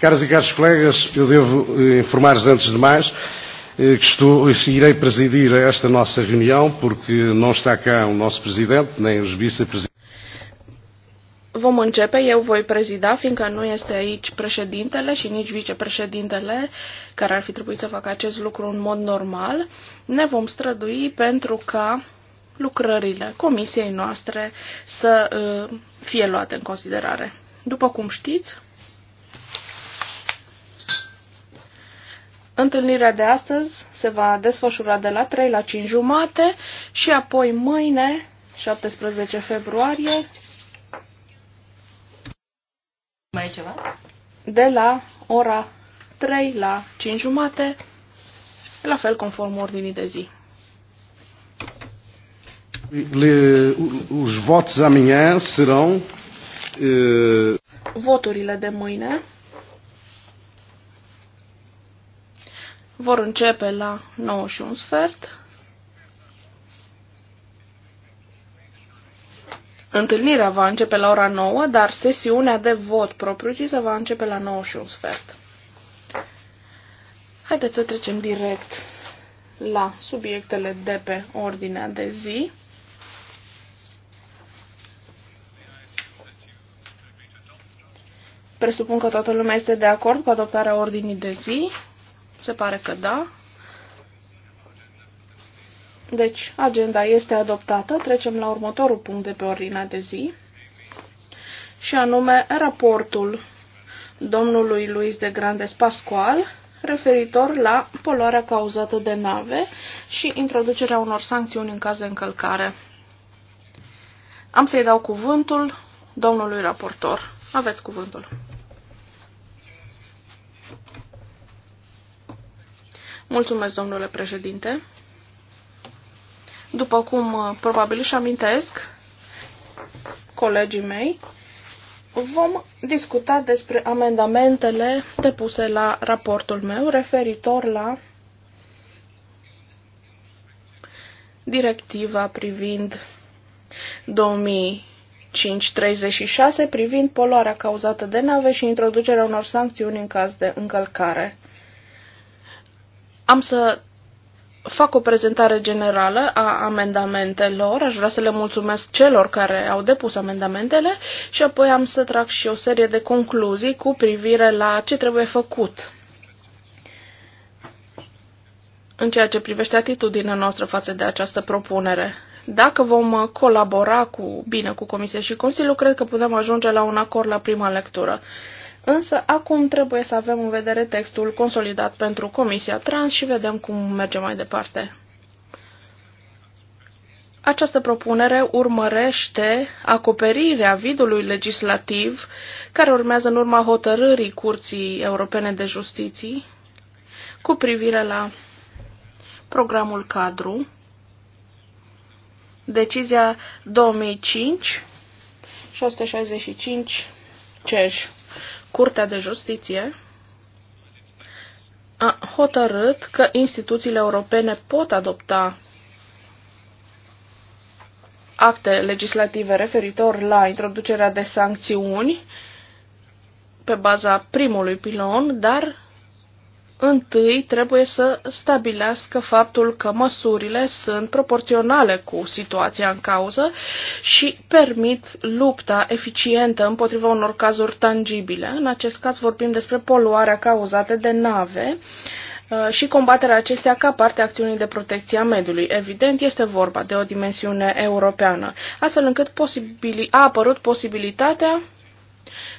Caras e caros colegas, eu devo eh, informar-vos antes de mais eh, que estou, irei presidir esta nossa reunião porque não está cá o nosso presidente nem os vice-presidentes. Vom începe, eu voi prezida, fiindcă nu este aici președintele și nici vicepreședintele, care ar fi trebuit să facă acest lucru în mod normal. Ne vom strădui pentru ca lucrările comisiei noastre să eh, fie luate în considerare. După cum știți, Întâlnirea de astăzi se va desfășura de la 3 la 5 jumate și apoi mâine, 17 februarie, mai e ceva? De la ora 3 la 5 jumate, la fel conform ordinii de zi. Le, os votos amanhã serão. Uh... Voturile de mâine vor începe la 9 și un sfert. Întâlnirea va începe la ora 9, dar sesiunea de vot propriu-zisă va începe la 9 și un sfert. Haideți să trecem direct la subiectele de pe ordinea de zi. Presupun că toată lumea este de acord cu adoptarea ordinii de zi. Se pare că da. Deci, agenda este adoptată. Trecem la următorul punct de pe ordinea de zi, și anume raportul domnului Luis de Grandes Pascual referitor la poluarea cauzată de nave și introducerea unor sancțiuni în caz de încălcare. Am să-i dau cuvântul domnului raportor. Aveți cuvântul. Mulțumesc, domnule președinte. După cum uh, probabil își amintesc colegii mei, vom discuta despre amendamentele depuse la raportul meu referitor la directiva privind 2005-36 privind poluarea cauzată de nave și introducerea unor sancțiuni în caz de încălcare. Am să fac o prezentare generală a amendamentelor. Aș vrea să le mulțumesc celor care au depus amendamentele și apoi am să trag și o serie de concluzii cu privire la ce trebuie făcut în ceea ce privește atitudinea noastră față de această propunere. Dacă vom colabora cu, bine cu Comisia și Consiliul, cred că putem ajunge la un acord la prima lectură. Însă acum trebuie să avem în vedere textul consolidat pentru Comisia Trans și vedem cum merge mai departe. Această propunere urmărește acoperirea vidului legislativ care urmează în urma hotărârii Curții Europene de Justiții cu privire la programul cadru, decizia 2005 665 CEJ. Curtea de Justiție a hotărât că instituțiile europene pot adopta acte legislative referitor la introducerea de sancțiuni pe baza primului pilon, dar întâi trebuie să stabilească faptul că măsurile sunt proporționale cu situația în cauză și permit lupta eficientă împotriva unor cazuri tangibile. În acest caz vorbim despre poluarea cauzată de nave uh, și combaterea acestea ca parte a acțiunii de protecție a mediului. Evident, este vorba de o dimensiune europeană, astfel încât a apărut posibilitatea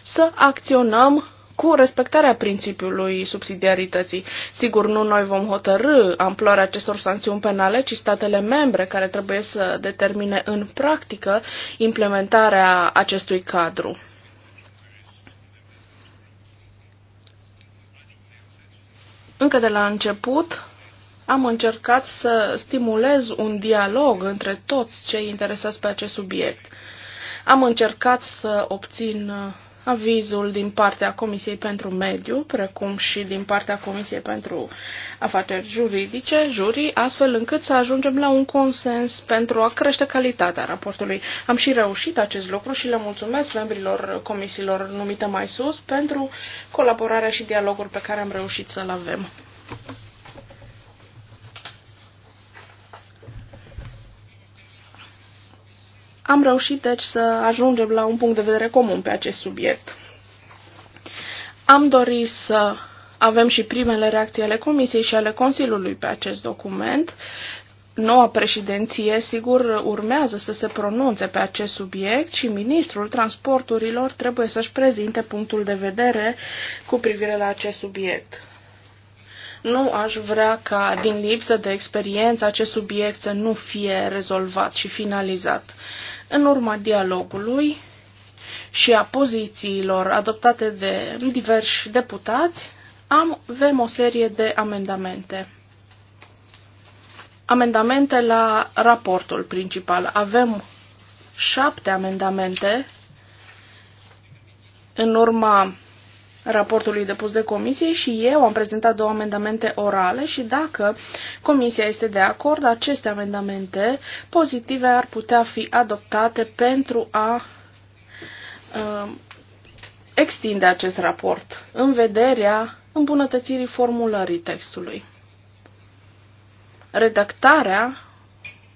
să acționăm cu respectarea principiului subsidiarității. Sigur, nu noi vom hotărâ amploarea acestor sancțiuni penale, ci statele membre care trebuie să determine în practică implementarea acestui cadru. Încă de la început, am încercat să stimulez un dialog între toți cei interesați pe acest subiect. Am încercat să obțin avizul din partea Comisiei pentru Mediu, precum și din partea Comisiei pentru Afaceri Juridice, jurii, astfel încât să ajungem la un consens pentru a crește calitatea raportului. Am și reușit acest lucru și le mulțumesc membrilor comisiilor numite mai sus pentru colaborarea și dialogul pe care am reușit să-l avem. Am reușit, deci, să ajungem la un punct de vedere comun pe acest subiect. Am dorit să avem și primele reacții ale Comisiei și ale Consiliului pe acest document. Noua președinție, sigur, urmează să se pronunțe pe acest subiect și ministrul transporturilor trebuie să-și prezinte punctul de vedere cu privire la acest subiect. Nu aș vrea ca, din lipsă de experiență, acest subiect să nu fie rezolvat și finalizat. În urma dialogului și a pozițiilor adoptate de diversi deputați, am, avem o serie de amendamente. Amendamente la raportul principal. Avem șapte amendamente în urma raportului depus de comisie și eu am prezentat două amendamente orale și dacă comisia este de acord, aceste amendamente pozitive ar putea fi adoptate pentru a uh, extinde acest raport în vederea îmbunătățirii formulării textului. Redactarea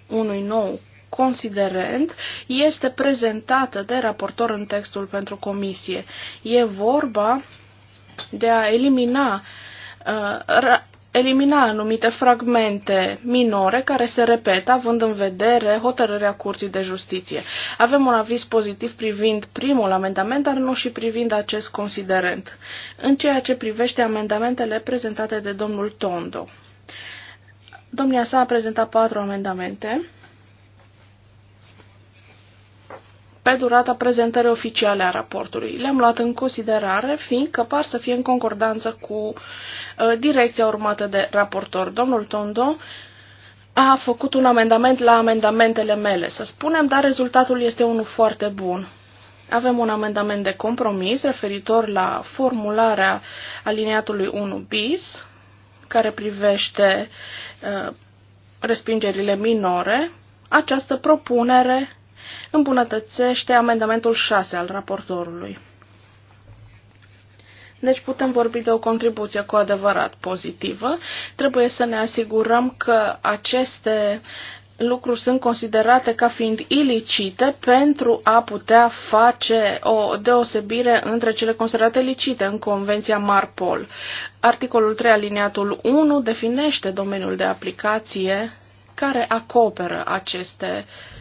unui nou considerent este prezentată de raportor în textul pentru comisie. E vorba de a elimina, uh, elimina anumite fragmente minore care se repetă având în vedere hotărârea Curții de Justiție. Avem un aviz pozitiv privind primul amendament, dar nu și privind acest considerent, în ceea ce privește amendamentele prezentate de domnul Tondo. Domnia sa a prezentat patru amendamente pe durata prezentării oficiale a raportului. Le-am luat în considerare, fiindcă par să fie în concordanță cu uh, direcția urmată de raportor. Domnul Tondo a făcut un amendament la amendamentele mele, să spunem, dar rezultatul este unul foarte bun. Avem un amendament de compromis referitor la formularea aliniatului 1 bis, care privește uh, respingerile minore. Această propunere îmbunătățește amendamentul 6 al raportorului. Deci putem vorbi de o contribuție cu adevărat pozitivă. Trebuie să ne asigurăm că aceste lucruri sunt considerate ca fiind ilicite pentru a putea face o deosebire între cele considerate licite în Convenția Marpol. Articolul 3 aliniatul 1 definește domeniul de aplicație care acoperă aceste uh,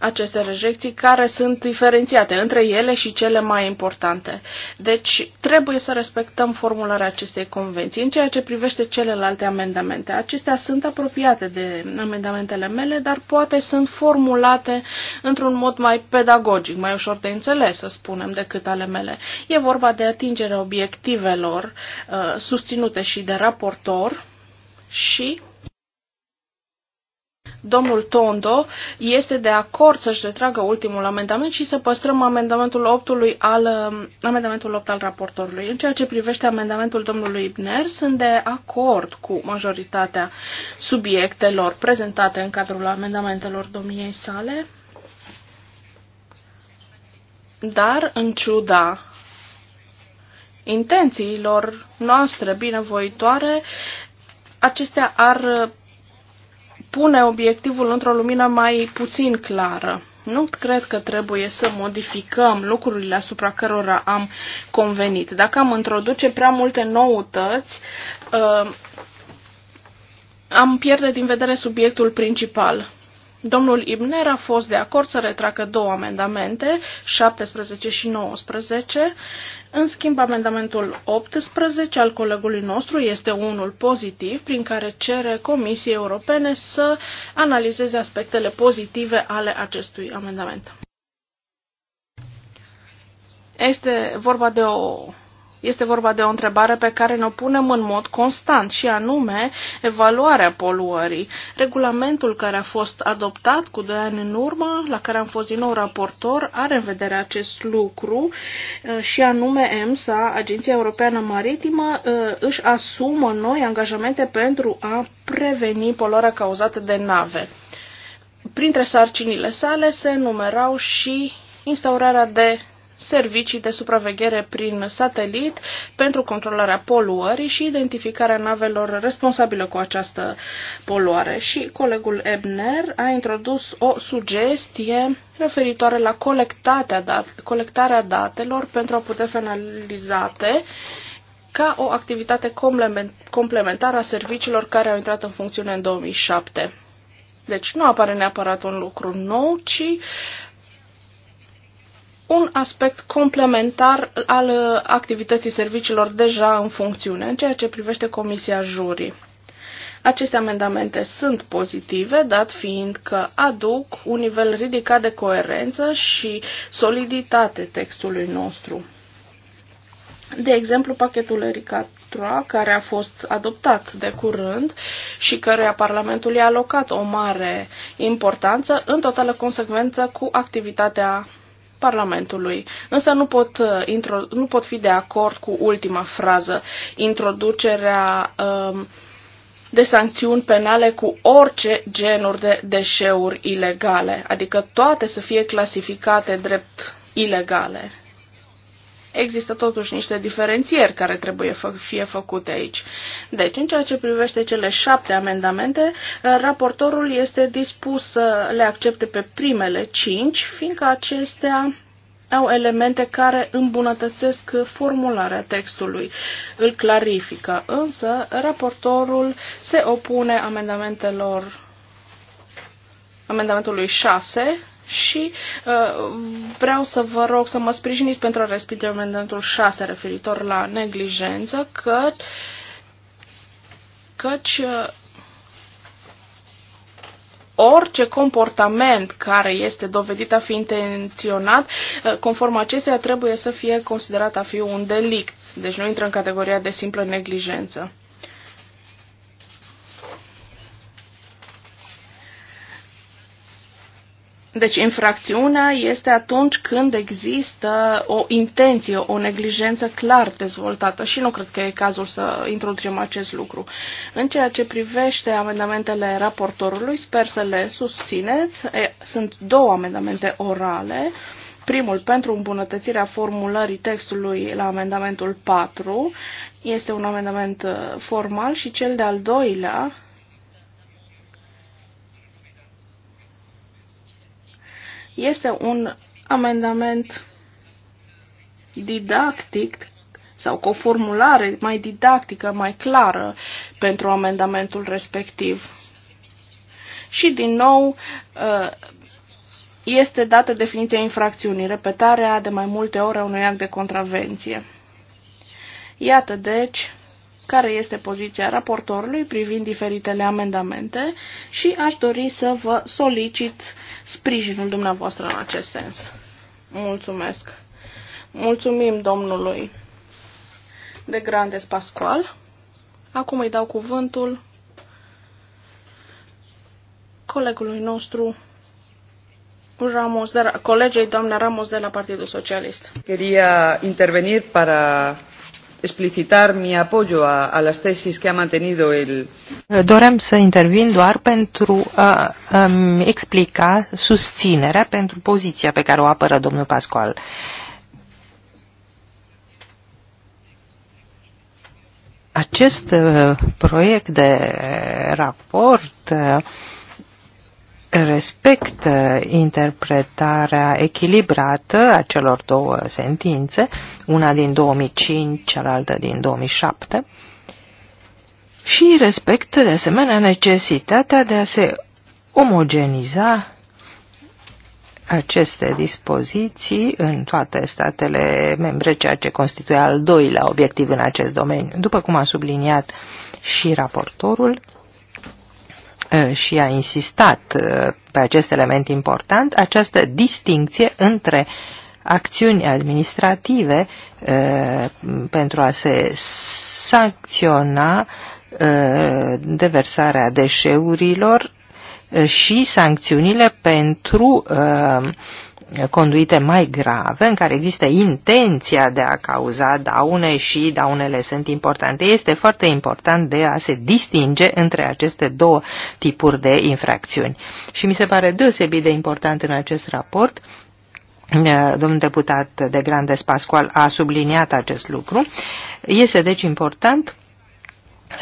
aceste rejecții care sunt diferențiate între ele și cele mai importante. Deci trebuie să respectăm formularea acestei convenții. În ceea ce privește celelalte amendamente, acestea sunt apropiate de amendamentele mele, dar poate sunt formulate într-un mod mai pedagogic, mai ușor de înțeles, să spunem, decât ale mele. E vorba de atingerea obiectivelor uh, susținute și de raportor și Domnul Tondo este de acord să-și retragă ultimul amendament și să păstrăm amendamentul 8 al, um, amendamentul 8 al raportorului. În ceea ce privește amendamentul domnului Ibner, sunt de acord cu majoritatea subiectelor prezentate în cadrul amendamentelor domniei sale, dar în ciuda intențiilor noastre binevoitoare, acestea ar pune obiectivul într-o lumină mai puțin clară. Nu cred că trebuie să modificăm lucrurile asupra cărora am convenit. Dacă am introduce prea multe noutăți, uh, am pierde din vedere subiectul principal. Domnul Ibner a fost de acord să retragă două amendamente, 17 și 19, în schimb, amendamentul 18 al colegului nostru este unul pozitiv, prin care cere Comisiei Europene să analizeze aspectele pozitive ale acestui amendament. Este vorba de o este vorba de o întrebare pe care ne-o punem în mod constant și anume evaluarea poluării. Regulamentul care a fost adoptat cu doi ani în urmă, la care am fost din nou raportor, are în vedere acest lucru uh, și anume EMSA, Agenția Europeană Maritimă, uh, își asumă noi angajamente pentru a preveni poluarea cauzată de nave. Printre sarcinile sale se numerau și instaurarea de servicii de supraveghere prin satelit pentru controlarea poluării și identificarea navelor responsabile cu această poluare. Și colegul Ebner a introdus o sugestie referitoare la dat- colectarea datelor pentru a putea fi analizate ca o activitate complementară a serviciilor care au intrat în funcțiune în 2007. Deci nu apare neapărat un lucru nou, ci un aspect complementar al uh, activității serviciilor deja în funcțiune, în ceea ce privește Comisia Jurii. Aceste amendamente sunt pozitive, dat fiind că aduc un nivel ridicat de coerență și soliditate textului nostru. De exemplu, pachetul Erika Troa, care a fost adoptat de curând și căruia Parlamentul i-a alocat o mare importanță, în totală consecvență cu activitatea Parlamentului. Însă nu pot, uh, intro, nu pot fi de acord cu ultima frază, introducerea um, de sancțiuni penale cu orice genuri de deșeuri ilegale, adică toate să fie clasificate drept ilegale. Există totuși niște diferențieri care trebuie fă- fie făcute aici. Deci, în ceea ce privește cele șapte amendamente, eh, raportorul este dispus să le accepte pe primele cinci, fiindcă acestea au elemente care îmbunătățesc formularea textului, îl clarifică, însă raportorul se opune amendamentelor amendamentului 6 și uh, vreau să vă rog să mă sprijiniți pentru a respinge amendamentul 6 referitor la neglijență, că, căci uh, orice comportament care este dovedit a fi intenționat, uh, conform acesteia trebuie să fie considerat a fi un delict, deci nu intră în categoria de simplă neglijență. Deci infracțiunea este atunci când există o intenție, o neglijență clar dezvoltată și nu cred că e cazul să introducem acest lucru. În ceea ce privește amendamentele raportorului, sper să le susțineți. Sunt două amendamente orale. Primul pentru îmbunătățirea formulării textului la amendamentul 4 este un amendament uh, formal și cel de-al doilea Este un amendament didactic sau cu o formulare mai didactică, mai clară pentru amendamentul respectiv. Și din nou uh, este dată definiția infracțiunii, repetarea de mai multe ore a unui act de contravenție. Iată deci care este poziția raportorului privind diferitele amendamente și aș dori să vă solicit sprijinul dumneavoastră în acest sens. Mulțumesc. Mulțumim domnului de Grandes Pascual. Acum îi dau cuvântul colegului nostru, Ramos de, colegei doamna Ramos de la Partidul Socialist. Queria intervenir para explicitar mi apoyo a, a las tesis que ha mantenido el... Dorem să intervin doar pentru a um, explica susținerea pentru poziția pe care o apără domnul Pascual. Acest uh, proiect de uh, raport uh, respectă interpretarea echilibrată a celor două sentințe, una din 2005, cealaltă din 2007, și respectă de asemenea necesitatea de a se omogeniza aceste dispoziții în toate statele membre, ceea ce constituie al doilea obiectiv în acest domeniu. După cum a subliniat și raportorul, Eh, și a insistat eh, pe acest element important, această distinție între acțiuni administrative eh, pentru a se sancționa deversarea deșeurilor și sancțiunile pentru uh, conduite mai grave, în care există intenția de a cauza daune și daunele sunt importante. Este foarte important de a se distinge între aceste două tipuri de infracțiuni. Și mi se pare deosebit de important în acest raport domnul deputat de Grandes Pascual a subliniat acest lucru. Este deci important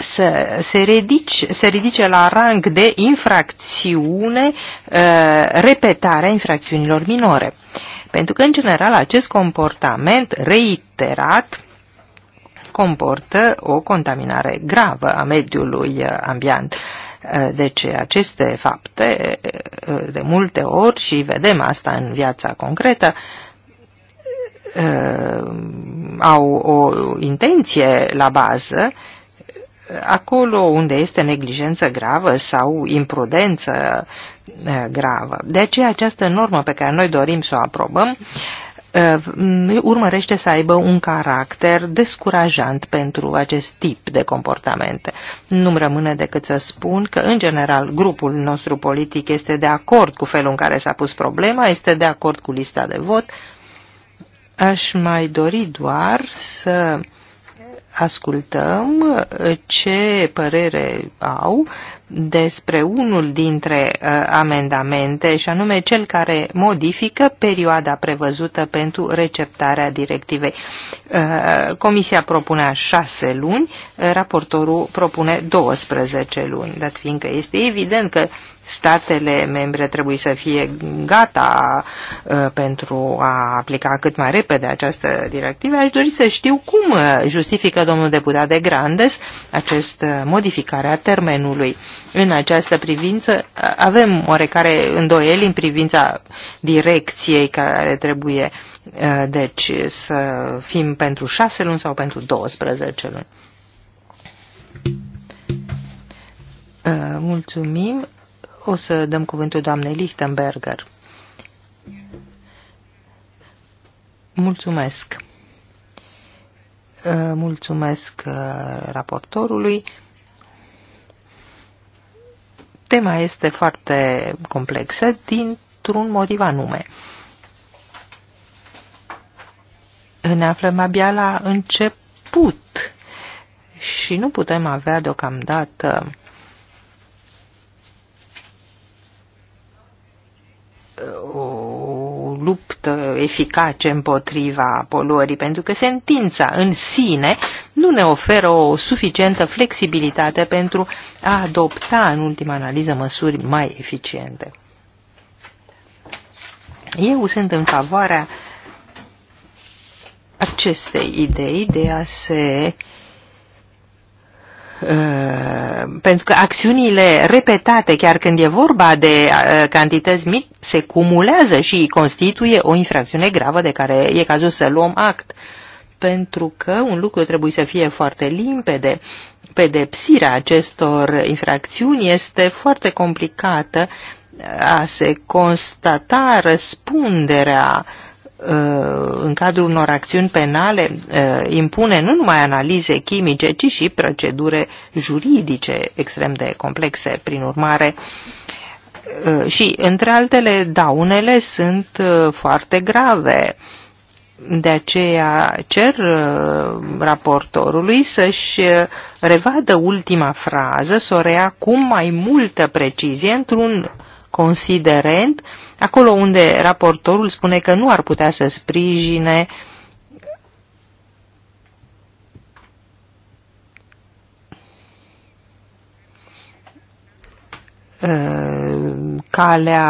să se ridice, se ridice la rang de infracțiune uh, repetarea infracțiunilor minore. Pentru că, în general, acest comportament reiterat comportă o contaminare gravă a mediului uh, ambient. Uh, deci aceste fapte, de multe ori, și vedem asta în viața concretă, au o intenție la bază acolo unde este neglijență gravă sau imprudență eh, gravă. De aceea această normă pe care noi dorim să o aprobăm eh, urmărește să aibă un caracter descurajant pentru acest tip de comportamente. Nu-mi rămâne decât să spun că, în general, grupul nostru politic este de acord cu felul în care s-a pus problema, este de acord cu lista de vot. Aș mai dori doar să ascultăm uh, ce părere au despre unul dintre uh, amendamente, și anume cel care modifică perioada prevăzută pentru receptarea directivei. Uh, Comisia propunea șase luni, raportorul propune 12 luni, dat fiindcă este evident că statele membre trebuie să fie gata uh, pentru a aplica cât mai repede această directivă, aș dori să știu cum uh, justifică domnul deputat de Grandes această uh, modificare a termenului. În această privință avem oarecare îndoieli în privința direcției care trebuie deci să fim pentru șase luni sau pentru 12 luni. Mulțumim. O să dăm cuvântul doamnei Lichtenberger. Mulțumesc. Uh, mulțumesc uh, raportorului. Tema este foarte complexă dintr-un motiv anume. Ne aflăm abia la început și nu putem avea deocamdată o luptă eficace împotriva poluării, pentru că sentința în sine nu ne oferă o suficientă flexibilitate pentru a adopta în ultima analiză măsuri mai eficiente. Eu sunt în favoarea acestei idei de a se uh, Uh, pentru că acțiunile repetate, chiar când e vorba de uh, cantități mici, se cumulează și constituie o infracțiune gravă de care e cazul să luăm act. Pentru că un lucru trebuie să fie foarte limpede. Pedepsirea acestor infracțiuni este foarte complicată a se constata răspunderea uh, Uh, în cadrul unor acțiuni penale uh, impune nu numai analize chimice, ci și procedure juridice extrem de complexe. Prin urmare, uh, și între altele, daunele sunt foarte grave. De aceea cer raportorului să-și revadă ultima frază, să o rea cu mai multă precizie într-un considerent uh, acolo unde raportorul spune că nu ar putea să sprijine Uh, calea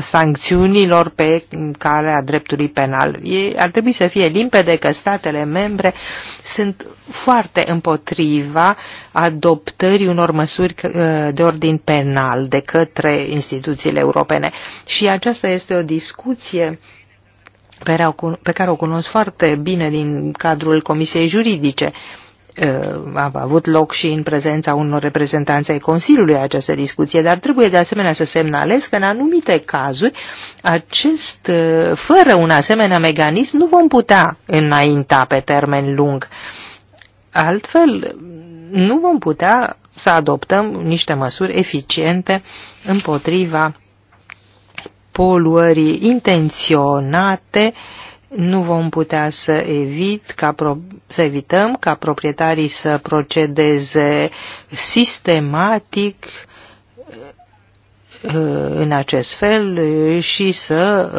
sancțiunilor pe calea dreptului penal. E, ar trebui să fie limpede că statele membre sunt foarte împotriva adoptării unor măsuri uh, de ordin penal de către instituțiile europene. Și aceasta este o discuție pe care o cunosc foarte bine din cadrul Comisiei Juridice. Uh, Uh, a avut loc și în prezența unor reprezentanți ai Consiliului această discuție, dar trebuie de asemenea să semnalez că în anumite cazuri, acest, uh, fără un asemenea mecanism, nu vom putea înainta pe termen lung. Altfel, nu vom putea să adoptăm niște măsuri eficiente împotriva poluării intenționate uh, nu vom putea să, evit ca pro, să evităm ca proprietarii să procedeze sistematic uh, în acest fel și să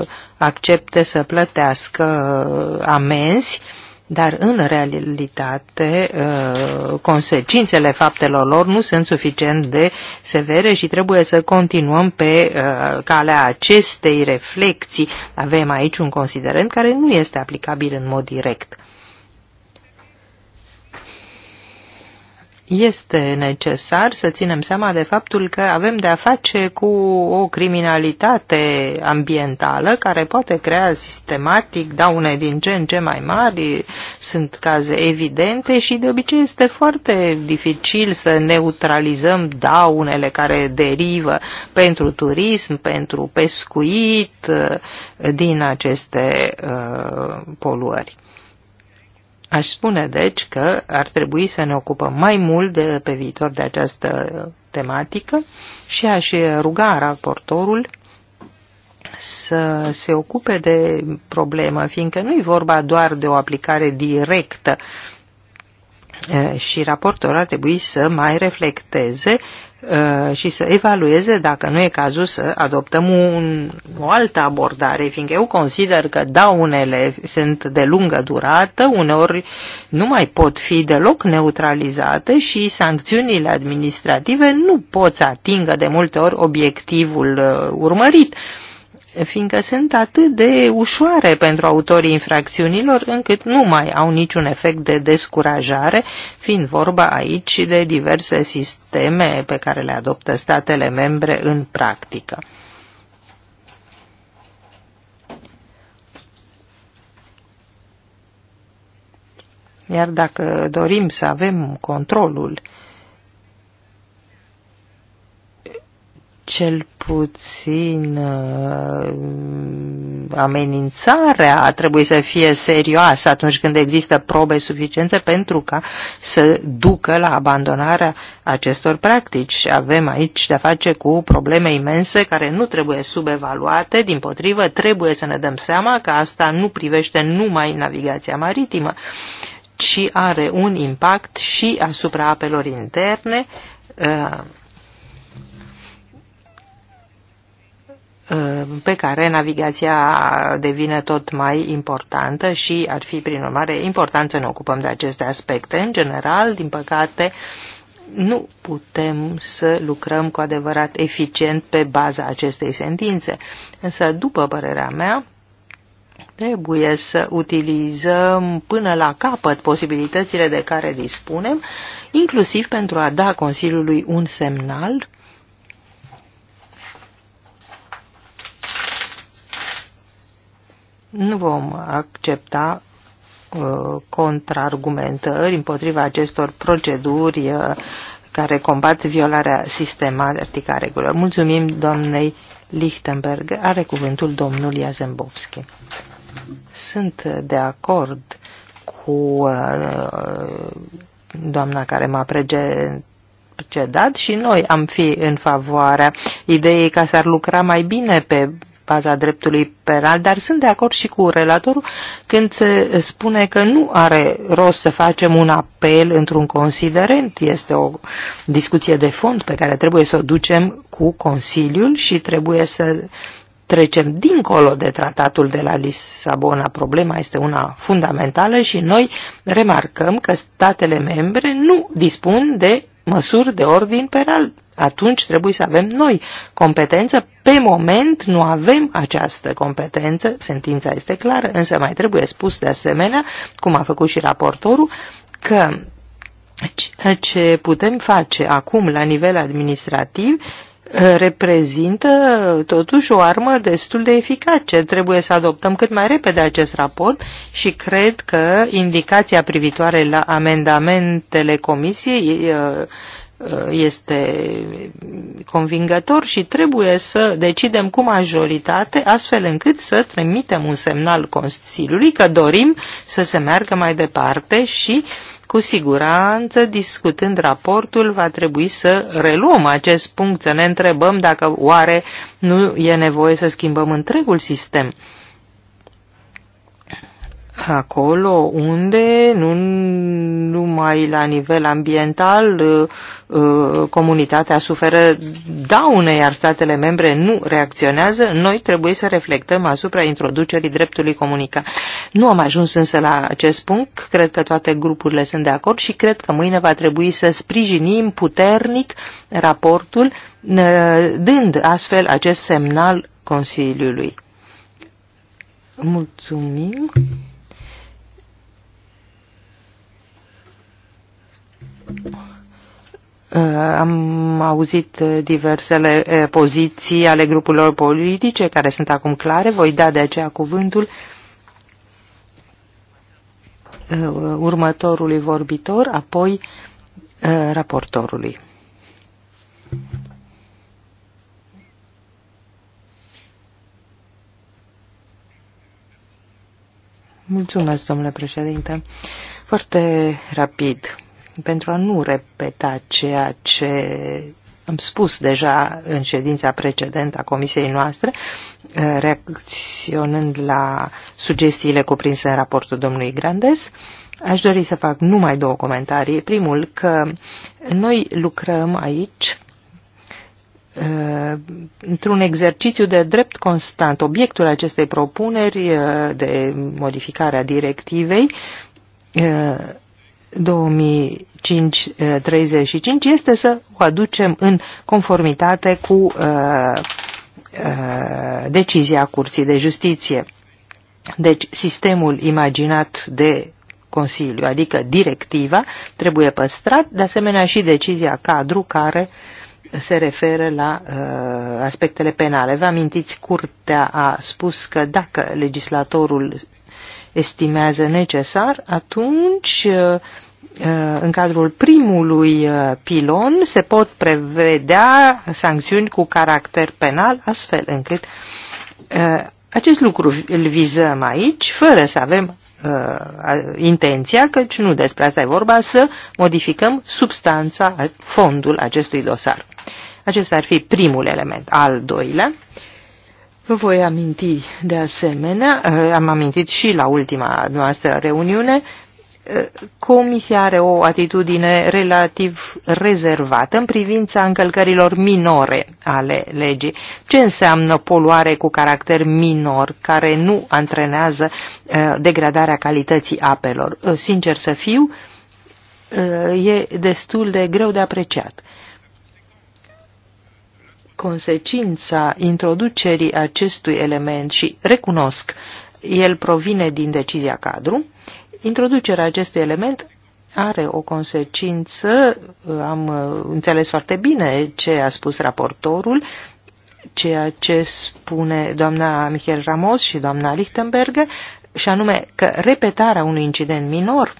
uh, accepte să plătească uh, amenzi dar în realitate uh, consecințele faptelor lor nu sunt suficient de severe și trebuie să continuăm pe uh, calea acestei reflexii. Avem aici un considerent care nu este aplicabil în mod direct. este necesar să ținem seama de faptul că avem de a face cu o criminalitate ambientală care poate crea sistematic daune din ce în ce mai mari, sunt caze evidente și de obicei este foarte dificil să neutralizăm daunele care derivă pentru turism, pentru pescuit uh, din aceste uh, poluări. Aș spune, deci, că ar trebui să ne ocupăm mai mult de, pe viitor de această tematică și aș ruga raportorul să se ocupe de problemă, fiindcă nu e vorba doar de o aplicare directă și raportorul ar trebui să mai reflecteze și să evalueze dacă nu e cazul să adoptăm un, o altă abordare, fiindcă eu consider că daunele sunt de lungă durată, uneori nu mai pot fi deloc neutralizate și sancțiunile administrative nu pot să atingă de multe ori obiectivul urmărit fiindcă sunt atât de ușoare pentru autorii infracțiunilor încât nu mai au niciun efect de descurajare, fiind vorba aici de diverse sisteme pe care le adoptă statele membre în practică. Iar dacă dorim să avem controlul cel puțin uh, amenințarea trebuie să fie serioasă atunci când există probe suficiente pentru ca să ducă la abandonarea acestor practici. Avem aici de-a face cu probleme imense care nu trebuie subevaluate, din potrivă trebuie să ne dăm seama că asta nu privește numai navigația maritimă, ci are un impact și asupra apelor interne, uh, Uh, pe care navigația devine tot mai importantă și ar fi, prin urmare, important să ne ocupăm de aceste aspecte. În general, din păcate, nu putem să lucrăm cu adevărat eficient pe baza acestei sentințe. Însă, după părerea mea, trebuie să utilizăm până la capăt posibilitățile de care dispunem, inclusiv pentru a da Consiliului un semnal Nu vom accepta uh, contraargumentări împotriva acestor proceduri uh, care combat violarea sistematică a regulilor. Mulțumim doamnei Lichtenberg. Are cuvântul domnul Iazembovski. Sunt de acord cu uh, doamna care m-a precedat și noi am fi în favoarea ideii ca s-ar lucra mai bine pe baza dreptului penal, dar sunt de acord și cu relatorul când se spune că nu are rost să facem un apel într-un considerent. Este o discuție de fond pe care trebuie să o ducem cu Consiliul și trebuie să trecem dincolo de tratatul de la Lisabona, problema este una fundamentală și noi remarcăm că statele membre nu dispun de măsuri de ordin penal atunci trebuie să avem noi competență. Pe moment nu avem această competență, sentința este clară, însă mai trebuie spus de asemenea, cum a făcut și raportorul, că ce putem face acum la nivel administrativ ă, reprezintă totuși o armă destul de eficace. Trebuie să adoptăm cât mai repede acest raport și cred că indicația privitoare la amendamentele comisiei ă, este convingător și trebuie să decidem cu majoritate astfel încât să trimitem un semnal Consiliului că dorim să se meargă mai departe și cu siguranță, discutând raportul, va trebui să reluăm acest punct, să ne întrebăm dacă oare nu e nevoie să schimbăm întregul sistem acolo unde nu numai la nivel ambiental uh, uh, comunitatea suferă daune, iar statele membre nu reacționează, noi trebuie să reflectăm asupra introducerii dreptului comunica. Nu am ajuns însă la acest punct, cred că toate grupurile sunt de acord și cred că mâine va trebui să sprijinim puternic raportul, uh, dând astfel acest semnal Consiliului. Mulțumim! Eh, am auzit diversele eh, poziții ale grupurilor politice care sunt acum clare. Voi da de aceea cuvântul eh, următorului vorbitor, apoi raportorului. Mulțumesc, domnule președinte. Foarte rapid pentru a nu repeta ceea ce am spus deja în ședința precedentă a comisiei noastre, eh, reacționând la sugestiile cuprinse în raportul domnului Grandes, aș dori să fac numai două comentarii. Primul, că noi lucrăm aici eh, într-un exercițiu de drept constant. Obiectul acestei propuneri eh, de modificare a directivei 2035 este să o aducem în conformitate cu uh, uh, decizia Curții de Justiție. Deci sistemul imaginat de Consiliu, adică directiva, trebuie păstrat, de asemenea și decizia cadru care se referă la uh, aspectele penale. Vă amintiți, Curtea a spus că dacă legislatorul estimează necesar, atunci uh, Uh, în cadrul primului uh, pilon se pot prevedea sancțiuni cu caracter penal, astfel încât uh, acest lucru îl vizăm aici, fără să avem intenția, căci nu despre asta e vorba, să modificăm substanța, fondul acestui dosar. Acesta ar fi primul element. Al doilea, vă voi aminti de asemenea, am amintit și la ultima noastră reuniune, Comisia are o atitudine relativ rezervată în privința încălcărilor minore ale legii. Ce înseamnă poluare cu caracter minor, care nu antrenează uh, degradarea calității apelor? Uh, sincer să fiu, uh, e destul de greu de apreciat. Consecința introducerii acestui element și recunosc, el provine din decizia cadru, Introducerea acestui element are o consecință, am înțeles foarte bine ce a spus raportorul, ceea ce spune doamna Michel Ramos și doamna Lichtenberg, și anume că repetarea unui incident minor,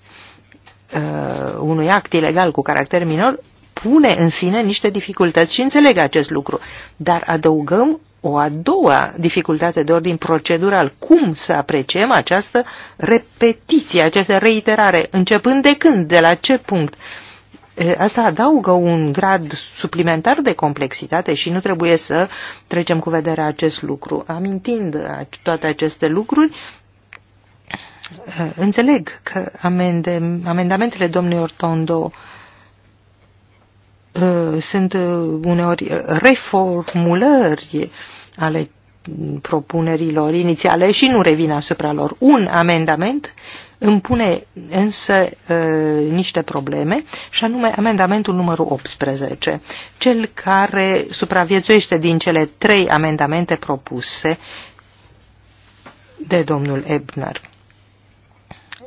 uh, unui act ilegal cu caracter minor, pune în sine niște dificultăți și înțeleg acest lucru, dar adăugăm o a doua dificultate de ordin procedural. Cum să apreciem această repetiție, această reiterare? Începând de când? De la ce punct? Asta adaugă un grad suplimentar de complexitate și nu trebuie să trecem cu vederea acest lucru. Amintind toate aceste lucruri, înțeleg că amende, amendamentele domnului Ortondo Uh, sunt uh, uneori uh, reformulări ale mm, propunerilor inițiale și nu revin asupra lor. Un amendament îmi pune însă niște probleme și anume amendamentul numărul 18, cel care supraviețuiește din cele trei amendamente propuse de domnul Ebner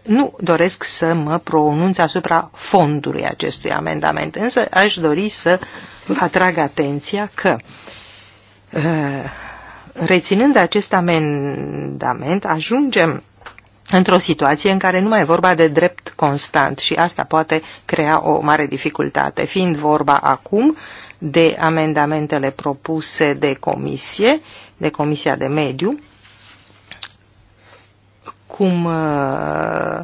nu doresc să mă pronunț asupra fondului acestui amendament, însă aș dori să vă atrag atenția că uh, reținând acest amendament ajungem într-o situație în care nu mai e vorba de drept constant și asta poate crea o mare dificultate, fiind vorba acum de amendamentele propuse de comisie, de Comisia de Mediu, cum uh,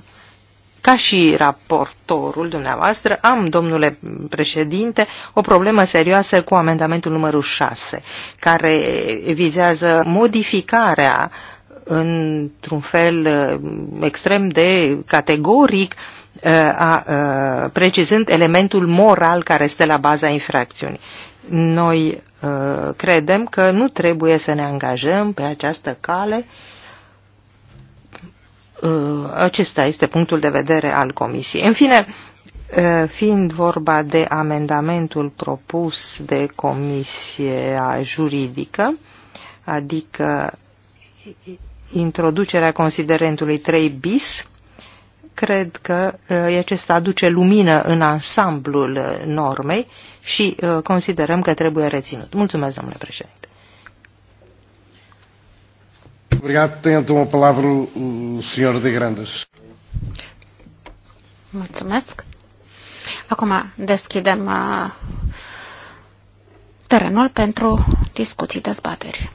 ca și raportorul dumneavoastră, am, domnule președinte, o problemă serioasă cu amendamentul numărul 6, care vizează modificarea într-un fel uh, extrem de categoric, uh, a, a, precizând elementul moral care stă la baza infracțiunii. Noi a, credem că nu trebuie să ne angajăm pe această cale uh, Uh, acesta este punctul de vedere al Comisiei. În fine, uh, fiind vorba de amendamentul propus de Comisia Juridică, adică introducerea considerentului 3 bis, cred că uh, acesta aduce lumină în ansamblul normei și considerăm că trebuie reținut. Mulțumesc, domnule președinte. Obrigado. Tem então a palavra o senhor de Grandes. Mulțumesc. Acum deschidem uh, terenul pentru discuții, dezbateri.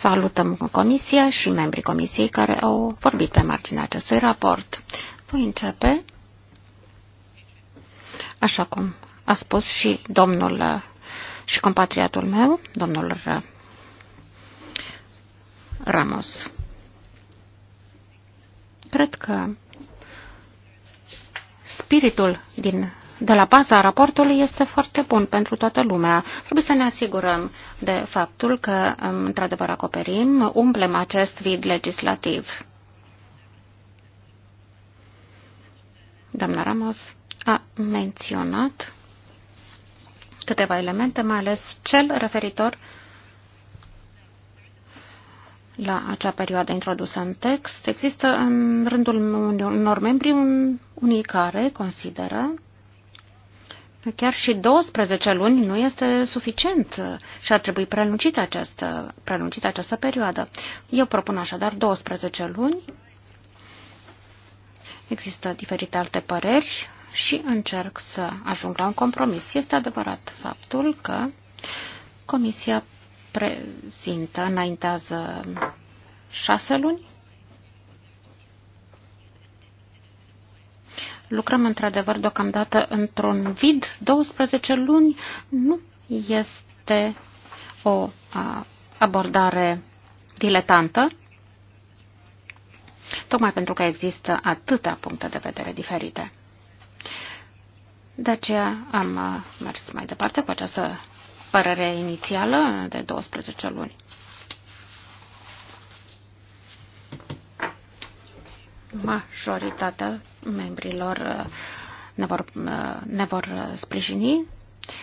Salutăm Comisia și membrii Comisiei care au vorbit pe marginea acestui raport. Voi începe, așa cum a spus și domnul și compatriatul meu, domnul Ramos. Cred că spiritul din, de la baza raportului este foarte bun pentru toată lumea. Trebuie să ne asigurăm de faptul că, um, într-adevăr, acoperim, umplem acest vid legislativ. Doamna Ramos a menționat câteva elemente, mai ales cel referitor la acea perioadă introdusă în text. Există în rândul unor membri un, unii care consideră că chiar și 12 luni nu este suficient și ar trebui prelungită această, prelungită această perioadă. Eu propun așadar 12 luni Există diferite alte păreri și încerc să ajung la un compromis. Este adevărat faptul că Comisia prezintă, înaintează șase luni. Lucrăm într-adevăr deocamdată într-un vid. 12 luni nu este o abordare diletantă, tocmai pentru că există atâtea puncte de vedere diferite. De aceea am uh, mers mai departe cu această părere inițială de 12 luni. Majoritatea membrilor uh, ne vor, uh, ne vor sprijini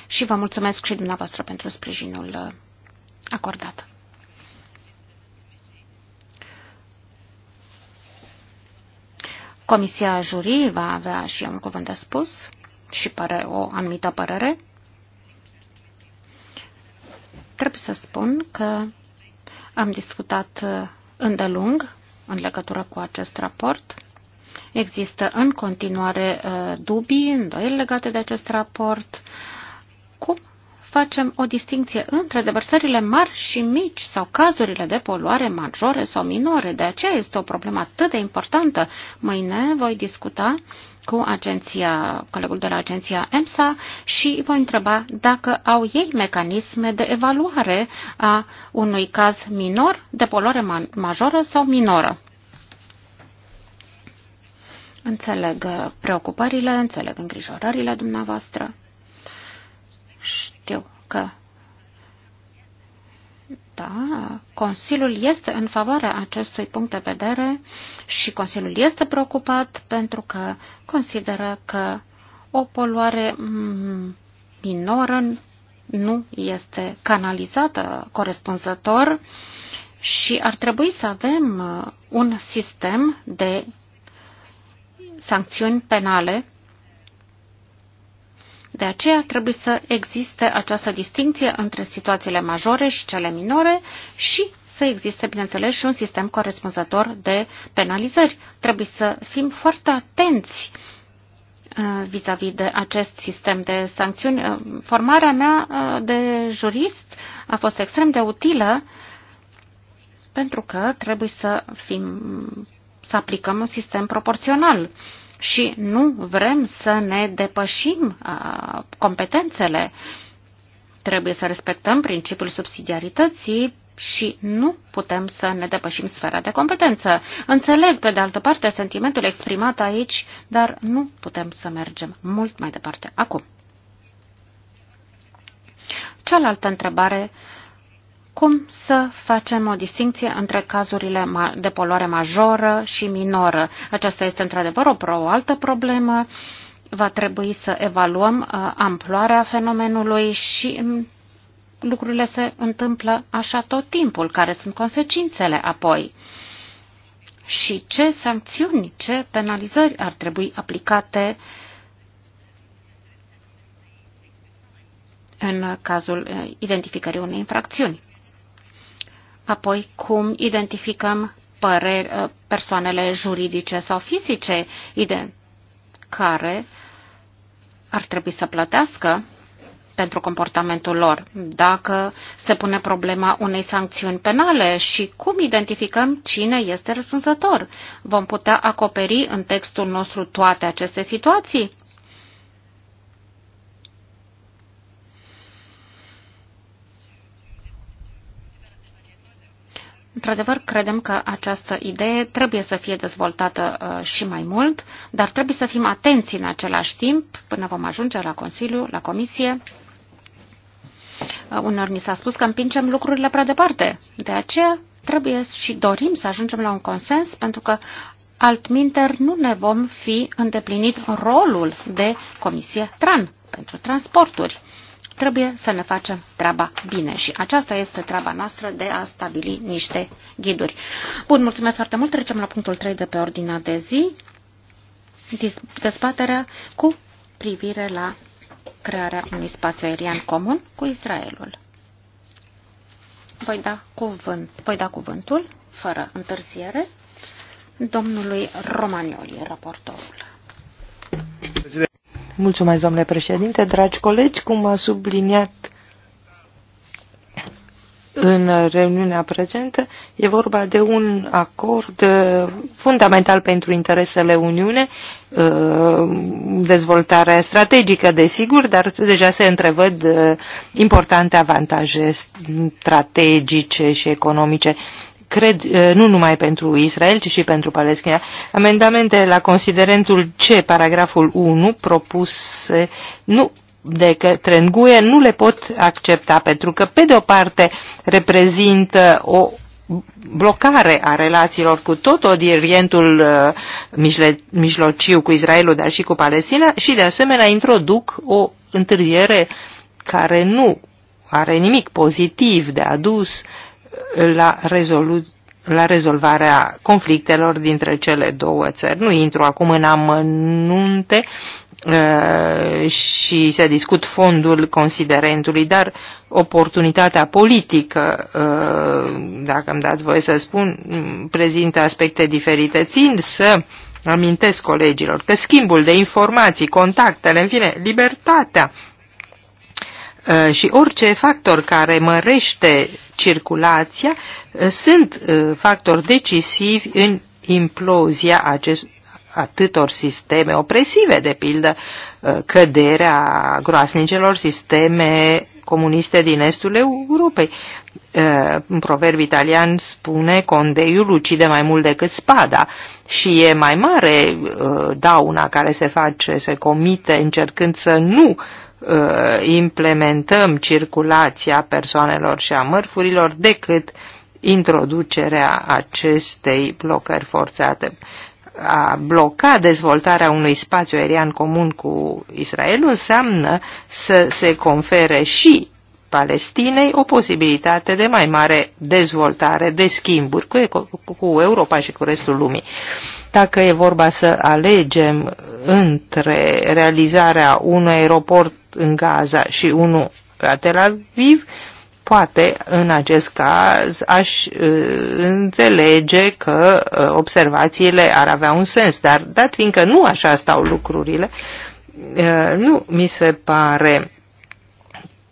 și vă mulțumesc și dumneavoastră pentru sprijinul acordat. Comisia jurii va avea și un cuvânt de spus și pare o anumită părere, trebuie să spun că am discutat uh, îndelung în legătură cu acest raport. Există în continuare uh, dubii, îndoieli legate de acest raport. Cum facem o distinție între deversările mari și mici sau cazurile de poluare majore sau minore. De aceea este o problemă atât de importantă. Mâine voi discuta cu agenția, colegul de la agenția EMSA și voi întreba dacă au ei mecanisme de evaluare a unui caz minor, de poluare majoră sau minoră. Înțeleg uh, preocupările, înțeleg îngrijorările dumneavoastră. Știu că da, Consiliul este în favoarea acestui punct de vedere și Consiliul este preocupat pentru că consideră că o poluare mm, minoră nu este canalizată corespunzător și ar trebui să avem uh, un sistem de sancțiuni penale de aceea trebuie să existe această distinție între situațiile majore și cele minore și să existe, bineînțeles, și un sistem corespunzător de penalizări. Trebuie să fim foarte atenți uh, vis-a-vis -vis de acest sistem de sancțiuni. Uh, formarea mea uh, de jurist a fost extrem de utilă pentru că trebuie să, fim, să aplicăm un sistem proporțional și nu vrem să ne depășim competențele. Trebuie să respectăm principiul subsidiarității și nu putem să ne depășim sfera de competență. Înțeleg, pe de altă parte, sentimentul exprimat aici, dar nu putem să mergem mult mai departe acum. Cealaltă întrebare uh, cum să facem o distinție între cazurile de poluare majoră și minoră? Aceasta este într-adevăr o, o altă problemă. Va trebui să evaluăm uh, amploarea fenomenului și um, lucrurile se întâmplă așa tot timpul. Care sunt consecințele apoi? Și ce sancțiuni, ce penalizări ar trebui aplicate în cazul uh, identificării unei infracțiuni? apoi cum identificăm păreri, uh, persoanele juridice sau fizice care ar trebui să plătească pentru comportamentul lor, dacă se pune problema unei sancțiuni penale și cum identificăm cine este răspunzător. Vom putea acoperi în textul nostru toate aceste situații? Într-adevăr, credem că această idee trebuie să fie dezvoltată uh, și mai mult, dar trebuie să fim atenți în același timp până vom ajunge la Consiliu, la Comisie. Uh, unor ni s-a spus că împingem lucrurile prea departe. De aceea trebuie și dorim să ajungem la un consens, pentru că altminteri nu ne vom fi îndeplinit rolul de Comisie TRAN pentru transporturi. Trebuie să ne facem treaba bine și aceasta este treaba noastră de a stabili niște ghiduri. Bun, mulțumesc foarte mult. Trecem la punctul 3 de pe ordinea de zi. Dezbaterea cu privire la crearea unui spațiu aerian comun cu Israelul. Voi da, cuvânt, voi da cuvântul, fără întârziere, domnului Romanioli, raportorul. Mulțumesc, domnule președinte. Dragi colegi, cum a subliniat în reuniunea prezentă, e vorba de un acord uh, fundamental pentru interesele Uniune, uh, dezvoltarea strategică, desigur, dar deja se întrevăd uh, importante avantaje strategice și economice cred, eh, nu numai pentru Israel, ci și pentru Palestina. Amendamentele la considerentul C, paragraful 1, propuse nu de către Nguie, nu le pot accepta, pentru că, pe de o parte, reprezintă o blocare a relațiilor cu tot Orientul uh, mijlociu, cu Israelul, dar și cu Palestina și de asemenea introduc o întârziere care nu are nimic pozitiv de adus uh, la, rezolu la rezolvarea conflictelor dintre cele două țări. Nu intru acum în amănunte uh, și se discut fondul considerentului, dar oportunitatea politică, uh, dacă îmi dați voie să spun, prezintă aspecte diferite. Țin să amintesc colegilor că schimbul de informații, contactele, în fine, libertatea Uh, și orice factor care mărește circulația uh, sunt uh, factori decisivi în implozia acest, atâtor sisteme opresive, de pildă căderea groasnicelor sisteme comuniste din estul Europei. Un proverb italian spune condeiul ucide mai mult decât spada și e mai mare dauna care se face, se comite încercând să nu uh, Uh, implementăm circulația persoanelor și a mărfurilor decât introducerea acestei blocări forțate. A bloca dezvoltarea unui spațiu aerian comun cu Israel înseamnă să se confere și Palestinei o posibilitate de mai mare dezvoltare de schimburi cu, cu Europa și cu restul lumii. Dacă e vorba să alegem între realizarea unui aeroport în Gaza și unul la Tel Aviv, poate în acest caz aș uh, înțelege că uh, observațiile ar avea un sens, dar dat fiindcă nu așa stau lucrurile, uh, nu mi se pare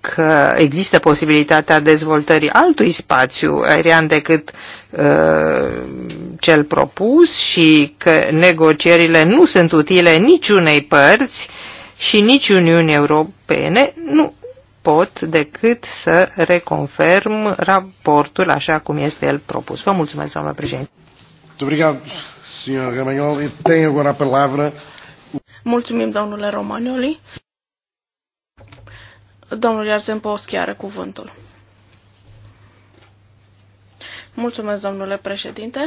că există posibilitatea dezvoltării altui spațiu aerian decât uh, cel propus și că negocierile nu sunt utile niciunei părți uh, și nici Uniunii Europene nu pot decât să reconfirm raportul așa cum este el propus. Vă mulțumesc, doamnă președinte. Mulțumim, domnule Romanioli. Domnul Poschi are cuvântul. Mulțumesc, domnule președinte.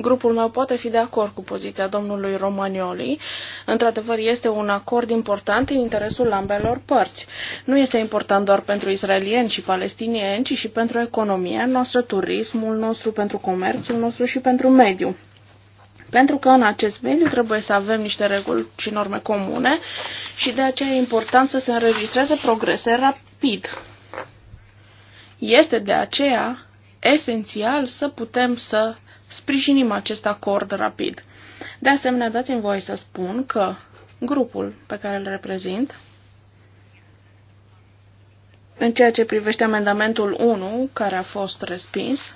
Grupul meu poate fi de acord cu poziția domnului Romagnoli. Într-adevăr, este un acord important în interesul ambelor părți. Nu este important doar pentru israelieni și palestinieni, ci și pentru economia noastră, turismul nostru, pentru comerțul nostru și pentru mediu. Pentru că în acest mediu trebuie să avem niște reguli și norme comune și de aceea e important să se înregistreze progrese rapid. Este de aceea esențial să putem să sprijinim acest acord rapid. De asemenea, dați-mi voie să spun că grupul pe care îl reprezint, în ceea ce privește amendamentul 1, care a fost respins,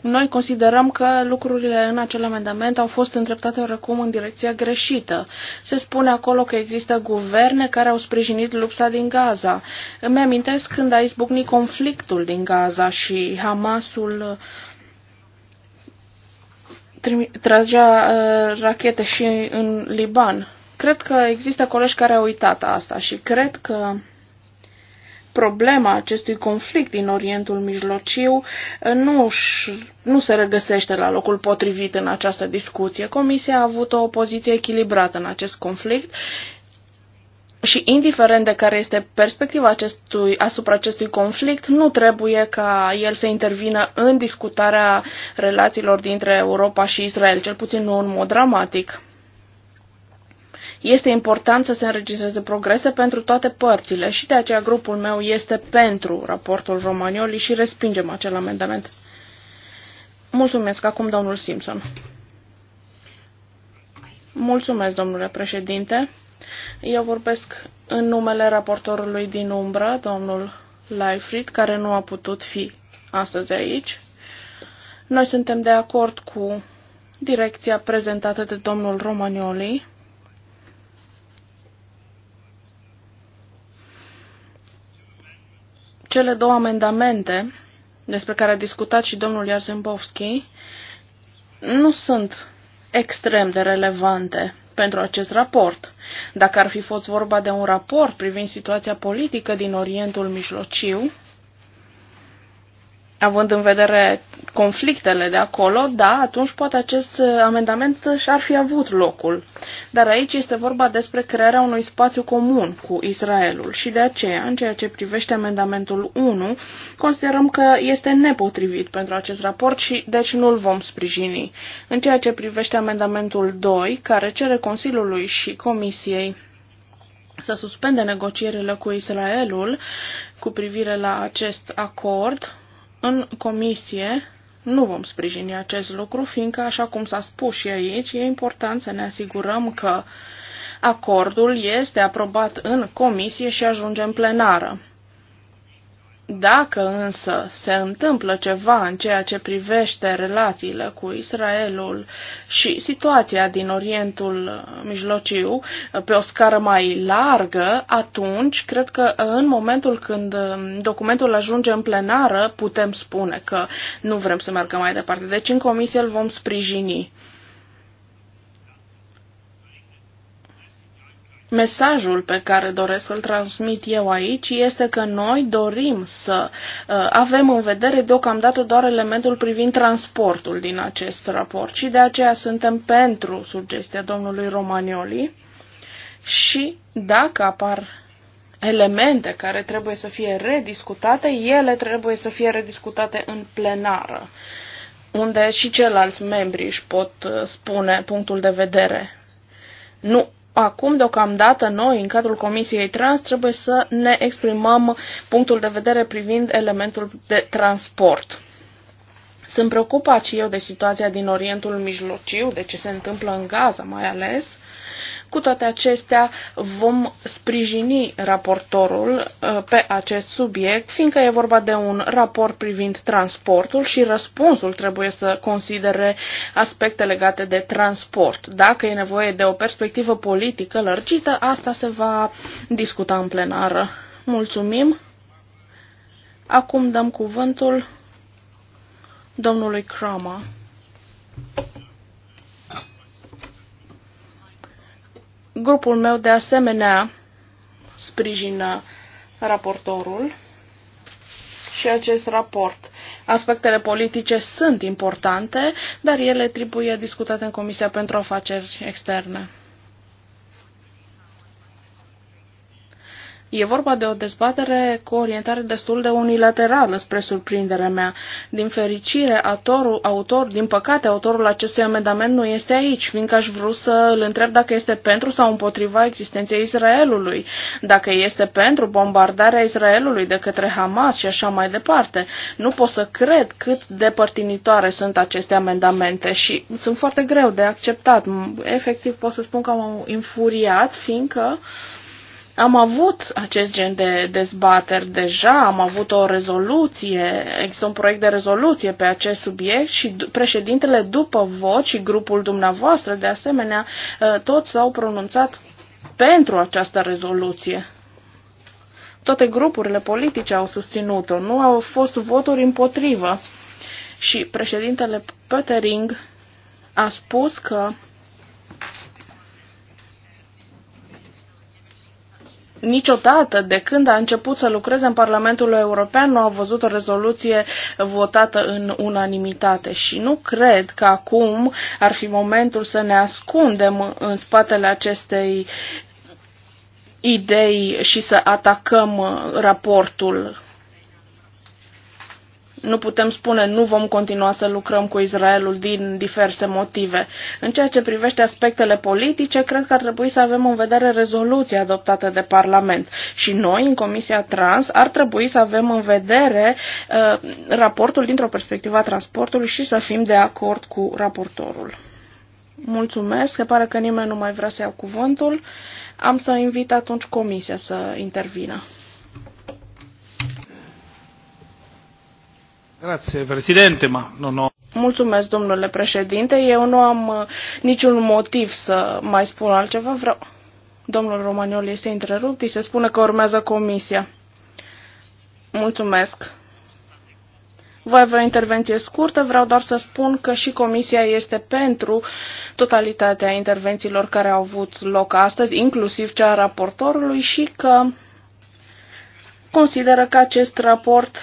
noi considerăm că lucrurile în acel amendament au fost îndreptate oricum în direcția greșită. Se spune acolo că există guverne care au sprijinit lupta din Gaza. Îmi amintesc când a izbucnit conflictul din Gaza și Hamasul tragea uh, rachete și în Liban. Cred că există colegi care au uitat asta și cred că problema acestui conflict din Orientul Mijlociu eh, nu, nu se regăsește la locul potrivit în această discuție. Comisia a avut o poziție echilibrată în acest conflict și indiferent de care este perspectiva acestui, asupra acestui conflict, nu trebuie ca el să intervină în discutarea relațiilor dintre Europa și Israel, cel puțin nu în mod dramatic. Este important să se înregistreze progrese pentru toate părțile și de aceea grupul meu este pentru raportul Romanioli și respingem acel amendament. Mulțumesc acum, domnul Simpson. Mulțumesc, domnule președinte. Eu vorbesc în numele raportorului din umbră, domnul Leifrit, care nu a putut fi astăzi aici. Noi suntem de acord cu direcția prezentată de domnul Romanioli. Cele două amendamente despre care a discutat și domnul Iarzembovski nu sunt extrem de relevante pentru acest raport. Dacă ar fi fost vorba de un raport privind situația politică din Orientul Mijlociu, având în vedere conflictele de acolo, da, atunci poate acest uh, amendament și-ar fi avut locul. Dar aici este vorba despre crearea unui spațiu comun cu Israelul și de aceea, în ceea ce privește amendamentul 1, considerăm că este nepotrivit pentru acest raport și deci nu-l vom sprijini. În ceea ce privește amendamentul 2, care cere Consiliului și Comisiei să suspende negocierile cu Israelul cu privire la acest acord, în comisie nu vom sprijini acest lucru, fiindcă, așa cum s-a spus și aici, e important să ne asigurăm că acordul este aprobat în comisie și ajunge în plenară. Dacă însă se întâmplă ceva în ceea ce privește relațiile cu Israelul și situația din Orientul Mijlociu uh, pe o scară mai largă, atunci cred că în momentul când um, documentul ajunge în plenară putem spune că nu vrem să meargă mai departe. Deci în comisie îl vom sprijini. Mesajul pe care doresc să-l transmit eu aici este că noi dorim să uh, avem în vedere deocamdată doar elementul privind transportul din acest raport și de aceea suntem pentru sugestia domnului Romanioli și dacă apar elemente care trebuie să fie rediscutate, ele trebuie să fie rediscutate în plenară, unde și ceilalți membri își pot uh, spune punctul de vedere. Nu acum, deocamdată, noi, în cadrul Comisiei Trans, trebuie să ne exprimăm punctul de vedere privind elementul de transport. Sunt preocupat și eu de situația din Orientul Mijlociu, de ce se întâmplă în Gaza mai ales, cu toate acestea, vom sprijini raportorul uh, pe acest subiect, fiindcă e vorba de un raport privind transportul și răspunsul trebuie să considere aspecte legate de transport. Dacă e nevoie de o perspectivă politică lărgită, asta se va discuta în plenară. Mulțumim! Acum dăm cuvântul domnului Crama. Grupul meu, de asemenea, sprijină raportorul și acest raport. Aspectele politice sunt importante, dar ele trebuie discutate în Comisia pentru Afaceri Externe. E vorba de o dezbatere cu orientare destul de unilaterală, spre surprinderea mea. Din fericire, autorul, autor, din păcate, autorul acestui amendament nu este aici, fiindcă aș vrea să îl întreb dacă este pentru sau împotriva existenței Israelului, dacă este pentru bombardarea Israelului de către Hamas și așa mai departe. Nu pot să cred cât de părtinitoare sunt aceste amendamente și sunt foarte greu de acceptat. Efectiv, pot să spun că am infuriat, fiindcă uh, am avut acest gen de dezbateri deja, am avut o rezoluție, există un proiect de rezoluție pe acest subiect și președintele după vot și grupul dumneavoastră, de asemenea, ă, toți s-au pronunțat pentru această rezoluție. Toate grupurile politice au susținut-o, nu au fost voturi împotrivă. Și președintele Pöttering a spus că niciodată de când a început să lucreze în Parlamentul European nu a văzut o rezoluție votată în unanimitate și nu cred că acum ar fi momentul să ne ascundem în spatele acestei idei și să atacăm uh, raportul nu putem spune nu vom continua să lucrăm cu Israelul din diverse motive. În ceea ce privește aspectele politice, cred că ar trebui să avem în vedere rezoluția adoptată de Parlament. Și noi, în Comisia Trans, ar trebui să avem în vedere uh, raportul dintr-o perspectivă a transportului și să fim de acord cu raportorul. Mulțumesc, se pare că nimeni nu mai vrea să iau cuvântul. Am să invit atunci comisia să intervină. Mulțumesc, domnule președinte. Eu nu am uh, niciun motiv să mai spun altceva. Vreau... Domnul Romagnol este întrerupt. Îi se spune că urmează comisia. Mulțumesc. Voi avea o intervenție scurtă, vreau doar să spun că și Comisia este pentru totalitatea intervențiilor care au avut loc astăzi, inclusiv cea a raportorului, și că consideră că acest raport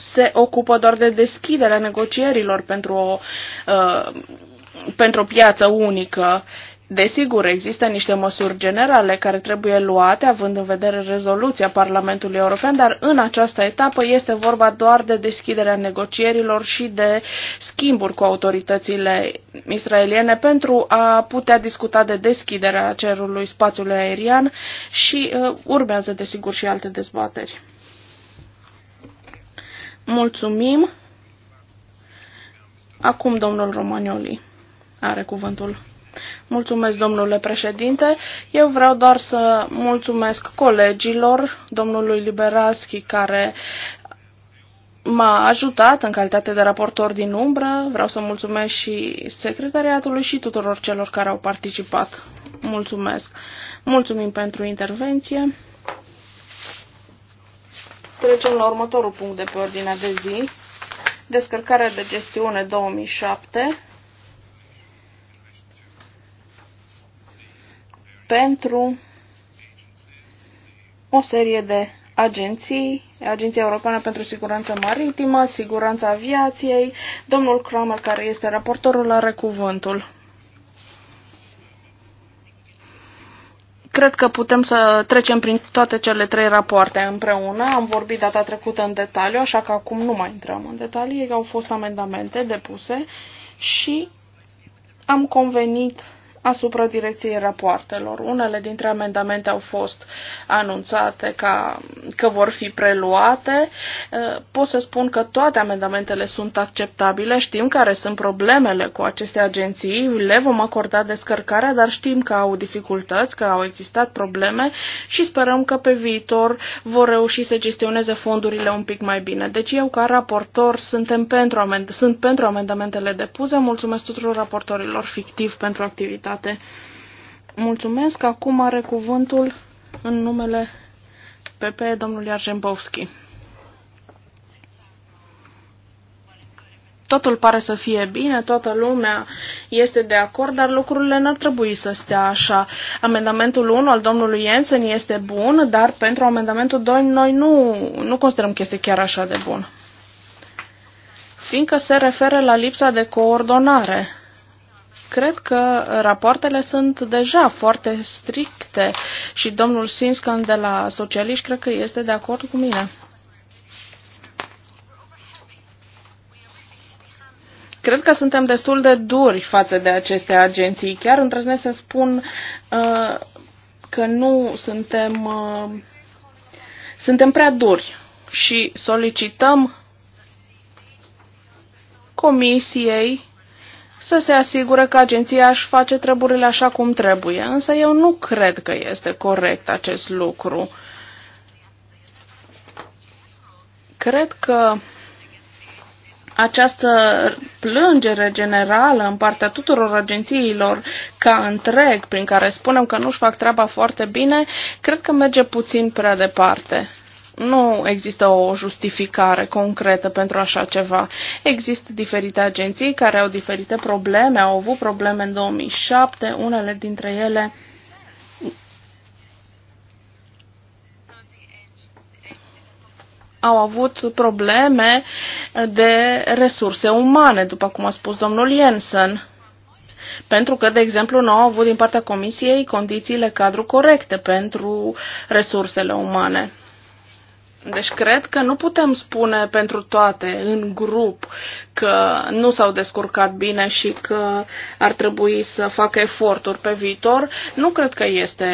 se ocupă doar de deschiderea negocierilor pentru o, uh, pentru o piață unică. Desigur, există niște măsuri generale care trebuie luate, având în vedere rezoluția Parlamentului European, dar în această etapă este vorba doar de deschiderea negocierilor și de schimburi cu autoritățile israeliene pentru a putea discuta de deschiderea cerului spațiului aerian și uh, urmează, desigur, și alte dezbateri. Mulțumim. Acum domnul Romagnoli are cuvântul. Mulțumesc, domnule președinte. Eu vreau doar să mulțumesc colegilor, domnului Liberaschi, care m-a ajutat în calitate de raportor din umbră. Vreau să mulțumesc și secretariatului și tuturor celor care au participat. Mulțumesc. Mulțumim pentru intervenție. Trecem la următorul punct de pe ordinea de zi. Descărcarea de gestiune 2007. Pentru o serie de agenții, Agenția Europeană pentru Siguranță Maritimă, Siguranța Aviației. Domnul Kramer, care este raportorul, are cuvântul. Cred că putem să trecem prin toate cele trei rapoarte împreună. Am vorbit data trecută în detaliu, așa că acum nu mai intrăm în detalii. Au fost amendamente depuse și am convenit asupra direcției rapoartelor. Unele dintre amendamente au fost anunțate ca că vor fi preluate. Eh, pot să spun că toate amendamentele sunt acceptabile, știm care sunt problemele cu aceste agenții, le vom acorda descărcarea, dar știm că au dificultăți, că au existat probleme și sperăm că pe viitor vor reuși să gestioneze fondurile un pic mai bine. Deci eu ca raportor suntem pentru, amend- sunt pentru amendamentele depuse. Mulțumesc tuturor raportorilor fictiv pentru activitate securitate. Mulțumesc. Acum are cuvântul în numele PP domnului Argembovski. totul pare să fie bine, toată lumea este de acord, dar lucrurile n-ar trebui să stea așa. Amendamentul 1 al domnului Jensen este bun, dar pentru amendamentul 2 noi nu, nu considerăm că este chiar așa de bun. Fiindcă se referă la lipsa de coordonare Cred că rapoartele sunt deja foarte stricte și domnul Sinscan de la Socialiști cred că este de acord cu mine. Cred că suntem destul de duri față de aceste agenții. Chiar îndrăznesc să spun uh, că nu suntem, uh, suntem prea duri și solicităm comisiei să se asigure că agenția își face treburile așa cum trebuie. Însă eu nu cred că este corect acest lucru. Cred că această plângere generală în partea tuturor agențiilor ca întreg, prin care spunem că nu-și fac treaba foarte bine, cred că merge puțin prea departe. Nu există o justificare concretă pentru așa ceva. Există diferite agenții care au diferite probleme, au avut probleme în 2007, unele dintre ele au avut probleme de resurse umane, după cum a spus domnul Jensen. Pentru că, de exemplu, nu au avut din partea Comisiei condițiile cadru corecte pentru resursele umane. Deci cred că nu putem spune pentru toate în grup că nu s-au descurcat bine și că ar trebui să facă eforturi pe viitor. Nu cred că este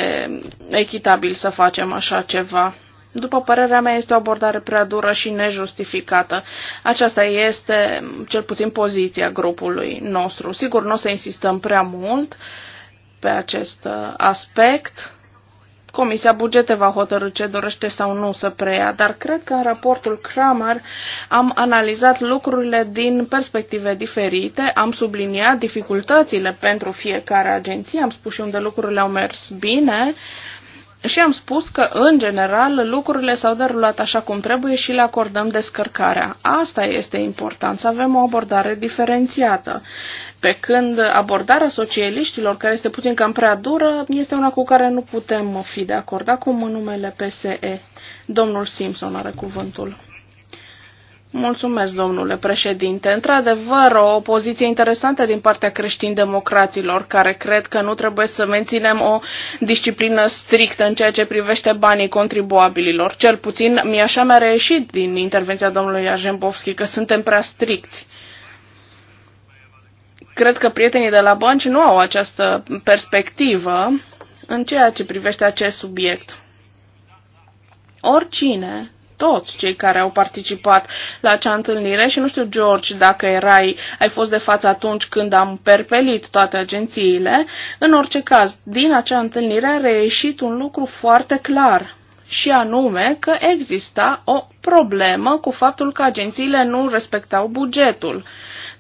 echitabil să facem așa ceva. După părerea mea, este o abordare prea dură și nejustificată. Aceasta este, cel puțin, poziția grupului nostru. Sigur, nu o să insistăm prea mult pe acest uh, aspect Comisia Bugete va hotărâ ce dorește sau nu să preia, dar cred că în raportul Kramer am analizat lucrurile din perspective diferite, am subliniat dificultățile pentru fiecare agenție, am spus și unde lucrurile au mers bine și am spus că, în general, lucrurile s-au derulat așa cum trebuie și le acordăm descărcarea. Asta este important, să avem o abordare diferențiată. Pe când abordarea socialiștilor, care este puțin cam prea dură, este una cu care nu putem fi de acord. Acum în numele PSE. Domnul Simpson are cuvântul. Mulțumesc, domnule președinte. Într-adevăr, o poziție interesantă din partea creștin-democraților, care cred că nu trebuie să menținem o disciplină strictă în ceea ce privește banii contribuabililor. Cel puțin, mi așa mi-a reieșit din intervenția domnului Ajembovski că suntem prea stricți. Cred că prietenii de la bănci nu au această perspectivă în ceea ce privește acest subiect. Oricine toți cei care au participat la acea întâlnire și nu știu, George, dacă erai, ai fost de față atunci când am perpelit toate agențiile. În orice caz, din acea întâlnire a reieșit un lucru foarte clar și anume că exista o problemă cu faptul că agențiile nu respectau bugetul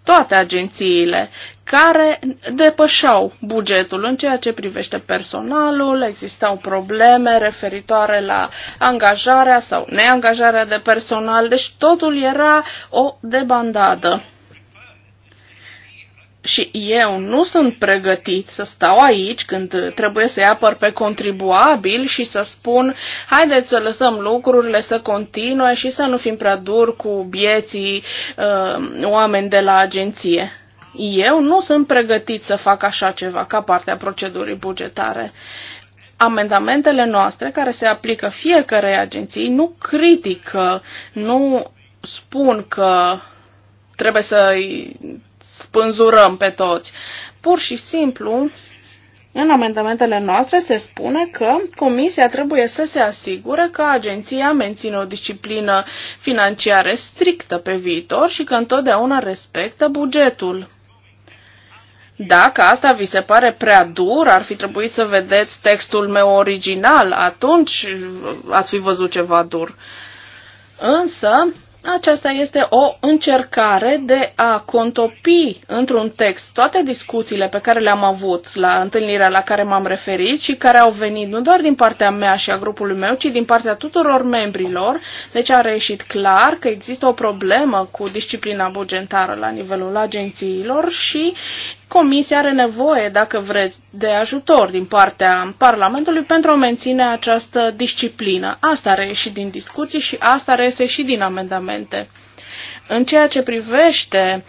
toate agențiile care depășeau bugetul în ceea ce privește personalul, existau probleme referitoare la angajarea sau neangajarea de personal, deci totul era o debandadă și eu nu sunt pregătit să stau aici când trebuie să-i apăr pe contribuabil și să spun haideți să lăsăm lucrurile să continue și să nu fim prea dur cu bieții uh, oameni de la agenție. Eu nu sunt pregătit să fac așa ceva ca parte a procedurii bugetare. Amendamentele noastre care se aplică fiecarei agenții nu critică, nu spun că trebuie să spânzurăm pe toți. Pur și simplu, în amendamentele noastre se spune că Comisia trebuie să se asigure că agenția menține o disciplină financiară strictă pe viitor și că întotdeauna respectă bugetul. Dacă asta vi se pare prea dur, ar fi trebuit să vedeți textul meu original, atunci ați fi văzut ceva dur. Însă, aceasta este o încercare de a contopi într-un text toate discuțiile pe care le-am avut la întâlnirea la care m-am referit și care au venit nu doar din partea mea și a grupului meu, ci din partea tuturor membrilor. Deci a reieșit clar că există o problemă cu disciplina bugetară la nivelul agențiilor și Comisia are nevoie, dacă vreți, de ajutor din partea Parlamentului pentru a menține această disciplină. Asta reiese din discuții și asta reiese și din amendamente. În ceea ce privește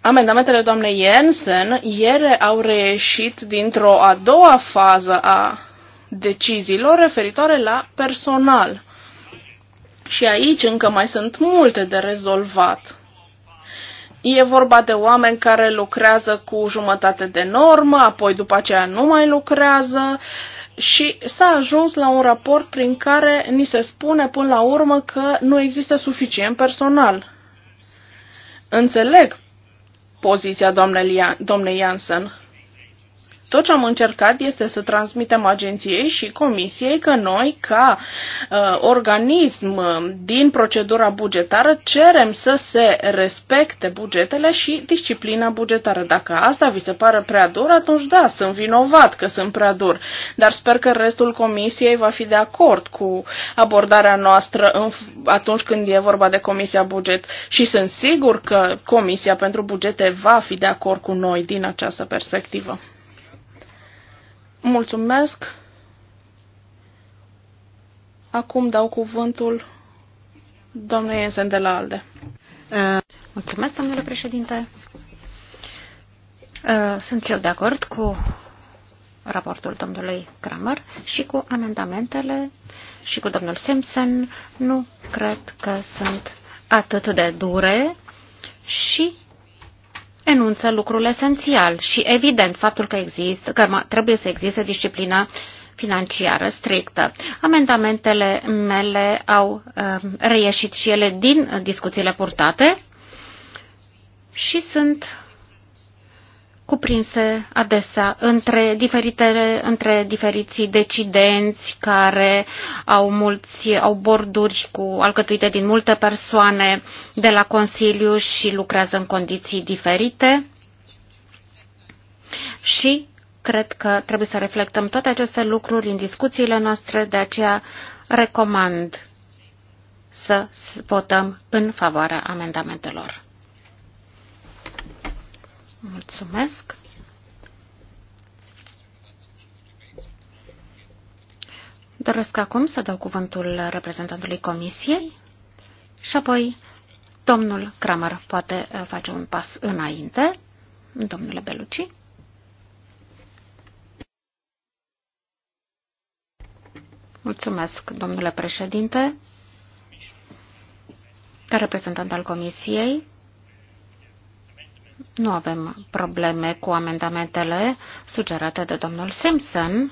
amendamentele doamnei Jensen, ele au reieșit dintr-o a doua fază a deciziilor referitoare la personal. Și aici încă mai sunt multe de rezolvat. E vorba de oameni care lucrează cu jumătate de normă, apoi după aceea nu mai lucrează și s-a ajuns la un raport prin care ni se spune până la urmă că nu există suficient personal. Înțeleg poziția doamnei Jansen, tot ce am încercat este să transmitem agenției și comisiei că noi, ca uh, organism uh, din procedura bugetară, cerem să se respecte bugetele și disciplina bugetară. Dacă asta vi se pare prea dur, atunci da, sunt vinovat că sunt prea dur, dar sper că restul comisiei va fi de acord cu abordarea noastră în, atunci când e vorba de Comisia Buget și sunt sigur că Comisia pentru Bugete va fi de acord cu noi din această perspectivă. Mulțumesc. Acum dau cuvântul doamnei Ensen de la ALDE. Mulțumesc, domnule președinte. Uh, sunt eu de acord cu raportul domnului Kramer și cu amendamentele și cu domnul Simpson. Nu cred că sunt atât de dure și enunță lucrul esențial și, evident, faptul că, există, că trebuie să existe disciplina financiară strictă. Amendamentele mele au uh, reieșit și ele din discuțiile purtate și sunt cuprinse adesea între, diferitele, între diferiții decidenți care au, mulți, au borduri cu, alcătuite din multe persoane de la Consiliu și lucrează în condiții diferite. Și cred că trebuie să reflectăm toate aceste lucruri în discuțiile noastre, de aceea recomand să votăm în favoarea amendamentelor. Mulțumesc. Doresc acum să dau cuvântul reprezentantului Comisiei și apoi domnul Kramer poate eh, face un pas înainte. Domnule Beluci. Mulțumesc, domnule președinte. Ca reprezentant al Comisiei, nu avem probleme cu amendamentele sugerate de domnul Simpson.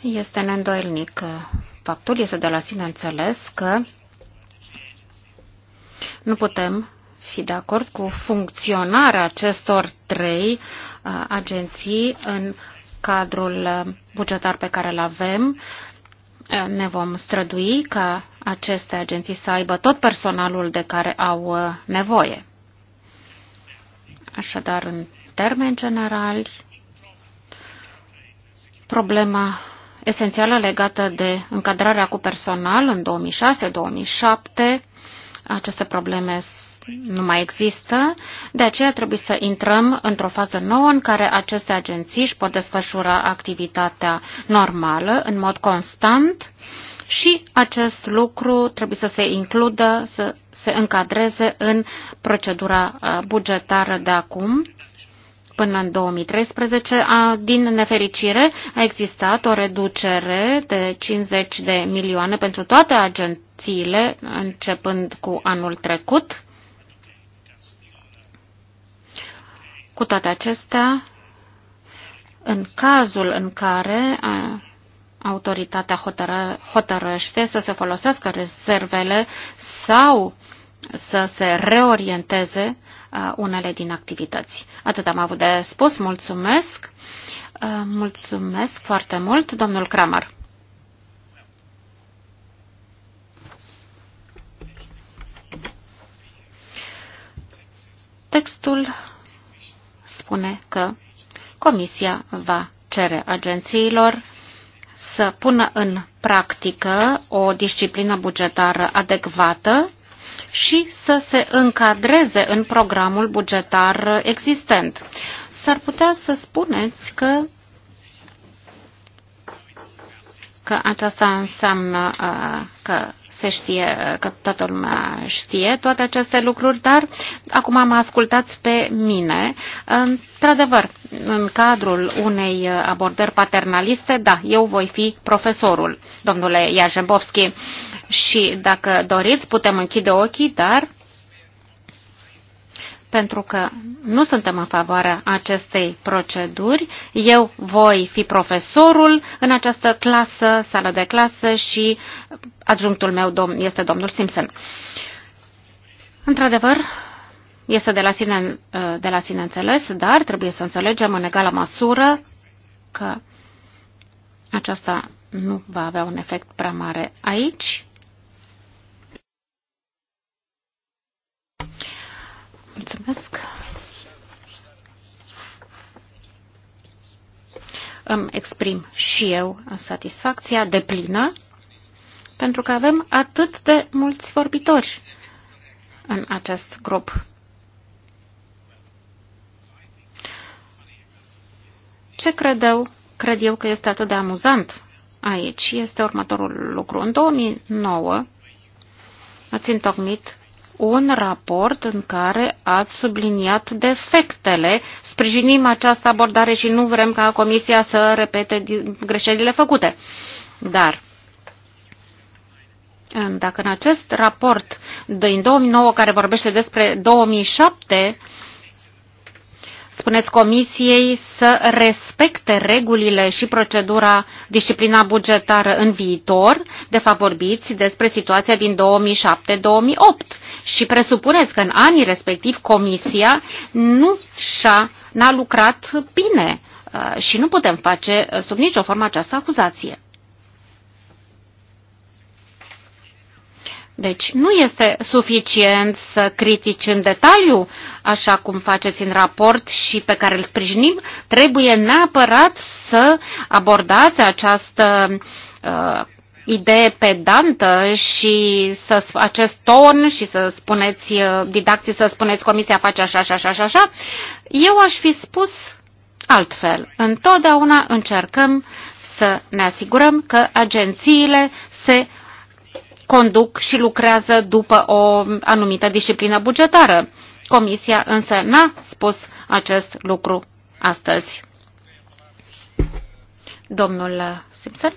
Este neîndoielnic faptul, este de la sine înțeles că nu putem fi de acord cu funcționarea acestor trei uh, agenții în cadrul bugetar pe care îl avem. Uh, ne vom strădui ca aceste agenții să aibă tot personalul de care au uh, nevoie. Așadar, în termeni generali, problema esențială legată de încadrarea cu personal în 2006-2007, aceste probleme nu mai există, de aceea trebuie să intrăm într-o fază nouă în care aceste agenții își pot desfășura activitatea normală, în mod constant, și acest lucru trebuie să se includă, să se încadreze în procedura uh, bugetară de acum până în 2013. A, din nefericire a existat o reducere de 50 de milioane pentru toate agențiile începând cu anul trecut. Cu toate acestea, în cazul în care uh, autoritatea hotără, hotărăște să se folosească rezervele sau să se reorienteze uh, unele din activități. Atât am avut de spus. Mulțumesc! Uh, mulțumesc foarte mult, domnul Kramer. Textul spune că Comisia va cere agențiilor să pună în practică o disciplină bugetară adecvată și să se încadreze în programul bugetar existent. S-ar putea să spuneți că că aceasta înseamnă uh, că se știe că toată lumea știe toate aceste lucruri, dar acum mă ascultați pe mine. Într-adevăr, în cadrul unei abordări paternaliste, da, eu voi fi profesorul, domnule Iajembovski, și dacă doriți putem închide ochii, dar pentru că nu suntem în favoarea acestei proceduri. Eu voi fi profesorul în această clasă, sală de clasă și adjunctul meu domn este domnul Simpson. Într-adevăr, este de la, sine, uh, de la sine înțeles, dar trebuie să înțelegem în egală măsură că aceasta nu va avea un efect prea mare aici. Mulțumesc. Îmi exprim și eu satisfacția de plină pentru că avem atât de mulți vorbitori în acest grup. Ce cred eu, cred eu că este atât de amuzant aici este următorul lucru. În 2009 ați întocmit un raport în care ați subliniat defectele. Sprijinim această abordare și nu vrem ca Comisia să repete greșelile făcute. Dar dacă în acest raport din 2009 care vorbește despre 2007 spuneți comisiei să respecte regulile și procedura disciplina bugetară în viitor. De fapt, vorbiți despre situația din 2007-2008 și presupuneți că în anii respectiv comisia nu și-a n-a lucrat bine uh, și nu putem face uh, sub nicio formă această acuzație. Deci nu este suficient să critici în detaliu, așa cum faceți în raport și pe care îl sprijinim, trebuie neapărat să abordați această uh, idee pedantă și să, acest ton și să spuneți uh, didacții, să spuneți comisia face așa, așa, așa, așa. Eu aș fi spus altfel. Întotdeauna încercăm să ne asigurăm că agențiile se conduc și lucrează după o anumită disciplină bugetară. Comisia însă n-a spus acest lucru astăzi. Domnul Simpson?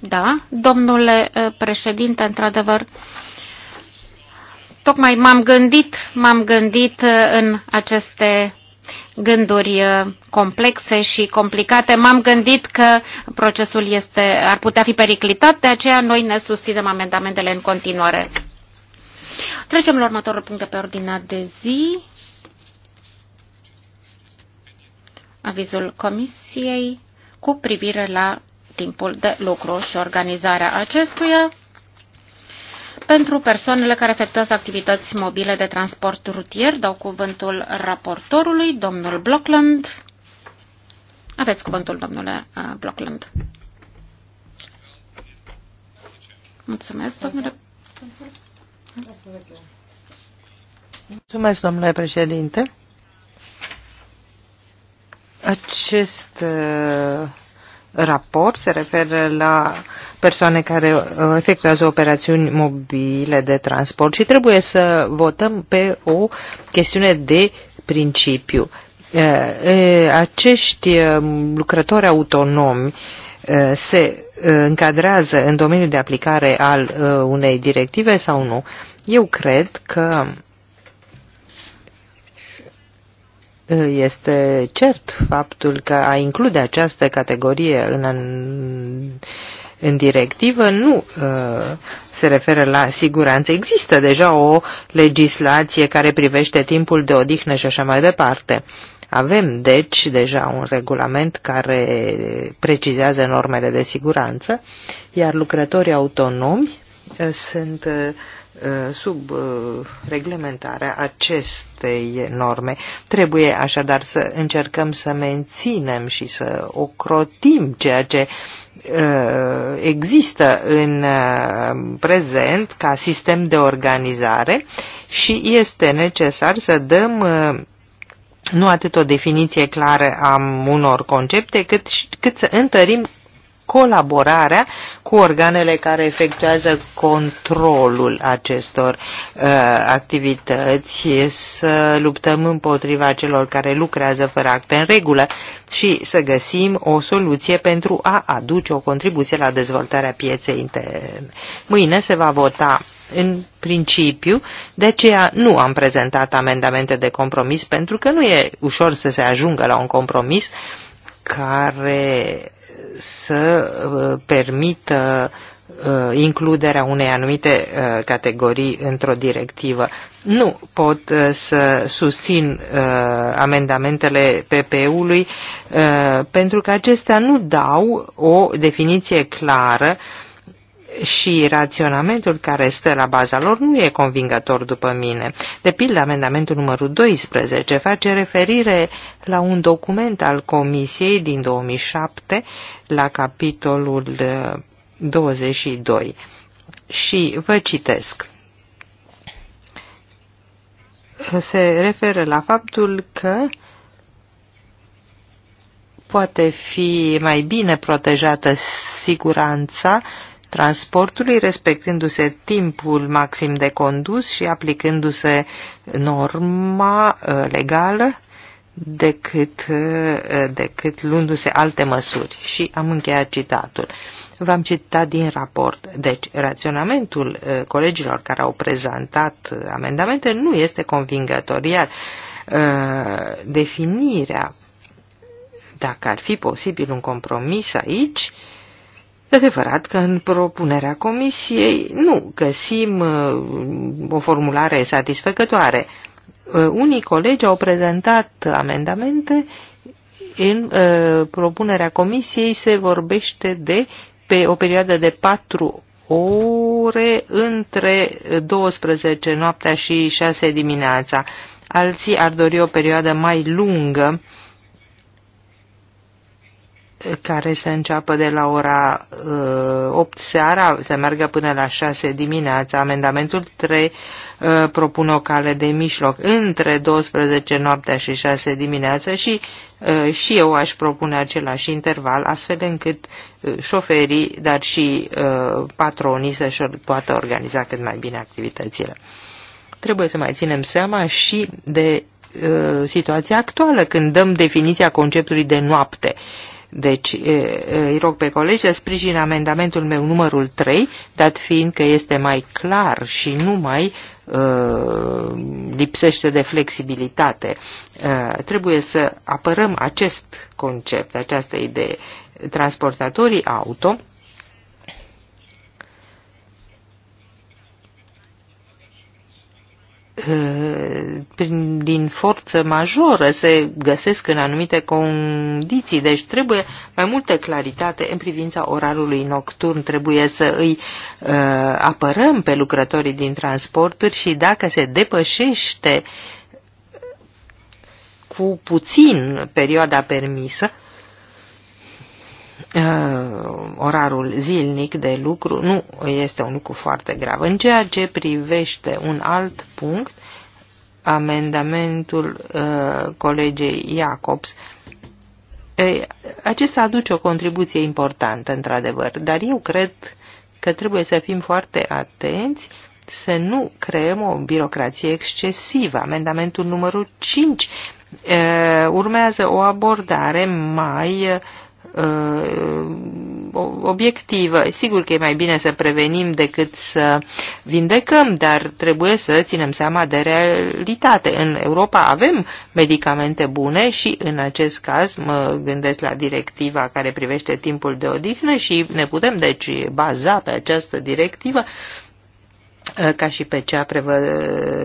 Da, domnule eh, președinte, într-adevăr, tocmai m-am gândit, m-am gândit eh, în aceste gânduri uh, complexe și complicate. M-am gândit că procesul este, ar putea fi periclitat, de aceea noi ne susținem amendamentele în continuare. Trecem la următorul punct de pe ordinea de zi. Avizul Comisiei cu privire la timpul de lucru și organizarea acestuia pentru persoanele care efectuează activități mobile de transport rutier. Dau cuvântul raportorului, domnul Blockland. Aveți cuvântul, domnule uh, Blockland. Mulțumesc, domnule. Mulțumesc, domnule președinte. Acest uh, raport se referă la persoane care uh, efectuează operațiuni mobile de transport și trebuie să votăm pe o chestiune de principiu. Uh, acești uh, lucrători autonomi se încadrează în domeniul de aplicare al unei directive sau nu? Eu cred că Este cert faptul că a include această categorie în, în, în directivă nu uh, se referă la siguranță. Există deja o legislație care privește timpul de odihnă și așa mai departe. Avem, deci, deja un regulament care precizează normele de siguranță, iar lucrătorii autonomi uh, sunt uh, Uh, sub uh, reglementarea acestei norme. Trebuie așadar să încercăm să menținem și să ocrotim ceea ce uh, există în prezent ca sistem de organizare și este necesar să dăm nu atât o definiție clară a unor concepte, cât, cât să întărim colaborarea cu organele care efectuează controlul acestor uh, activități, să luptăm împotriva celor care lucrează fără acte în regulă și să găsim o soluție pentru a aduce o contribuție la dezvoltarea pieței interne. Mâine se va vota în principiu, de aceea nu am prezentat amendamente de compromis pentru că nu e ușor să se ajungă la un compromis care să uh, permită uh, includerea unei anumite uh, categorii într-o directivă. Nu pot să susțin amendamentele PPU-ului pentru că acestea nu dau o definiție clară și raționamentul care stă la baza lor nu e convingător după mine. De pildă, amendamentul numărul 12 face referire la un document al Comisiei din 2007 la capitolul 22 uh, și vă citesc. Se referă la faptul că poate fi mai bine protejată siguranța transportului, respectându-se timpul maxim de condus și aplicându-se norma uh, legală decât, uh, decât luându-se alte măsuri. Și am încheiat citatul. V-am citat din raport. Deci, raționamentul uh, colegilor care au prezentat amendamente nu este convingător, iar definirea, dacă ar fi posibil un compromis aici, E adevărat că în propunerea comisiei nu găsim uh, o formulare satisfăcătoare. Uh, unii colegi au prezentat amendamente în uh, propunerea comisiei se vorbește de pe o perioadă de patru ore între 12 noaptea și 6 dimineața. Alții ar dori o perioadă mai lungă care se înceapă de la ora 8 uh, seara, se meargă până la 6 dimineața. Amendamentul 3 uh, propune o cale de mijloc între 12 noaptea și 6 dimineața și uh, și eu aș propune același interval, astfel încât șoferii, dar și patronii să-și poată organiza cât mai bine activitățile. Trebuie să mai ținem seama și de situația actuală, când dăm definiția conceptului de noapte. Uh, deci îi rog pe colegi să sprijin amendamentul meu numărul 3, dat fiind că este mai clar și nu mai uh, lipsește de flexibilitate. Uh, trebuie să apărăm acest concept, această idee. Transportatorii auto prin, din forță majoră se găsesc în anumite condiții, deci trebuie mai multă claritate în privința orarului nocturn, trebuie să îi uh, apărăm pe lucrătorii din transporturi și dacă se depășește cu puțin perioada permisă, uh, Uh, orarul zilnic de lucru nu este un lucru foarte grav. În ceea ce privește un alt punct, amendamentul uh, colegei Iacobs, acesta aduce o contribuție importantă, într-adevăr, dar eu cred că trebuie să fim foarte atenți să nu creăm o birocrație excesivă. Amendamentul numărul 5 uh, urmează o abordare mai uh, Uh, uh, obiectivă. Sigur că e mai bine să prevenim decât să vindecăm, dar trebuie să ținem seama de realitate. În Europa avem medicamente bune și în acest caz mă gândesc la directiva care privește timpul de odihnă și ne putem deci baza pe această directivă uh, ca și pe cea prevă,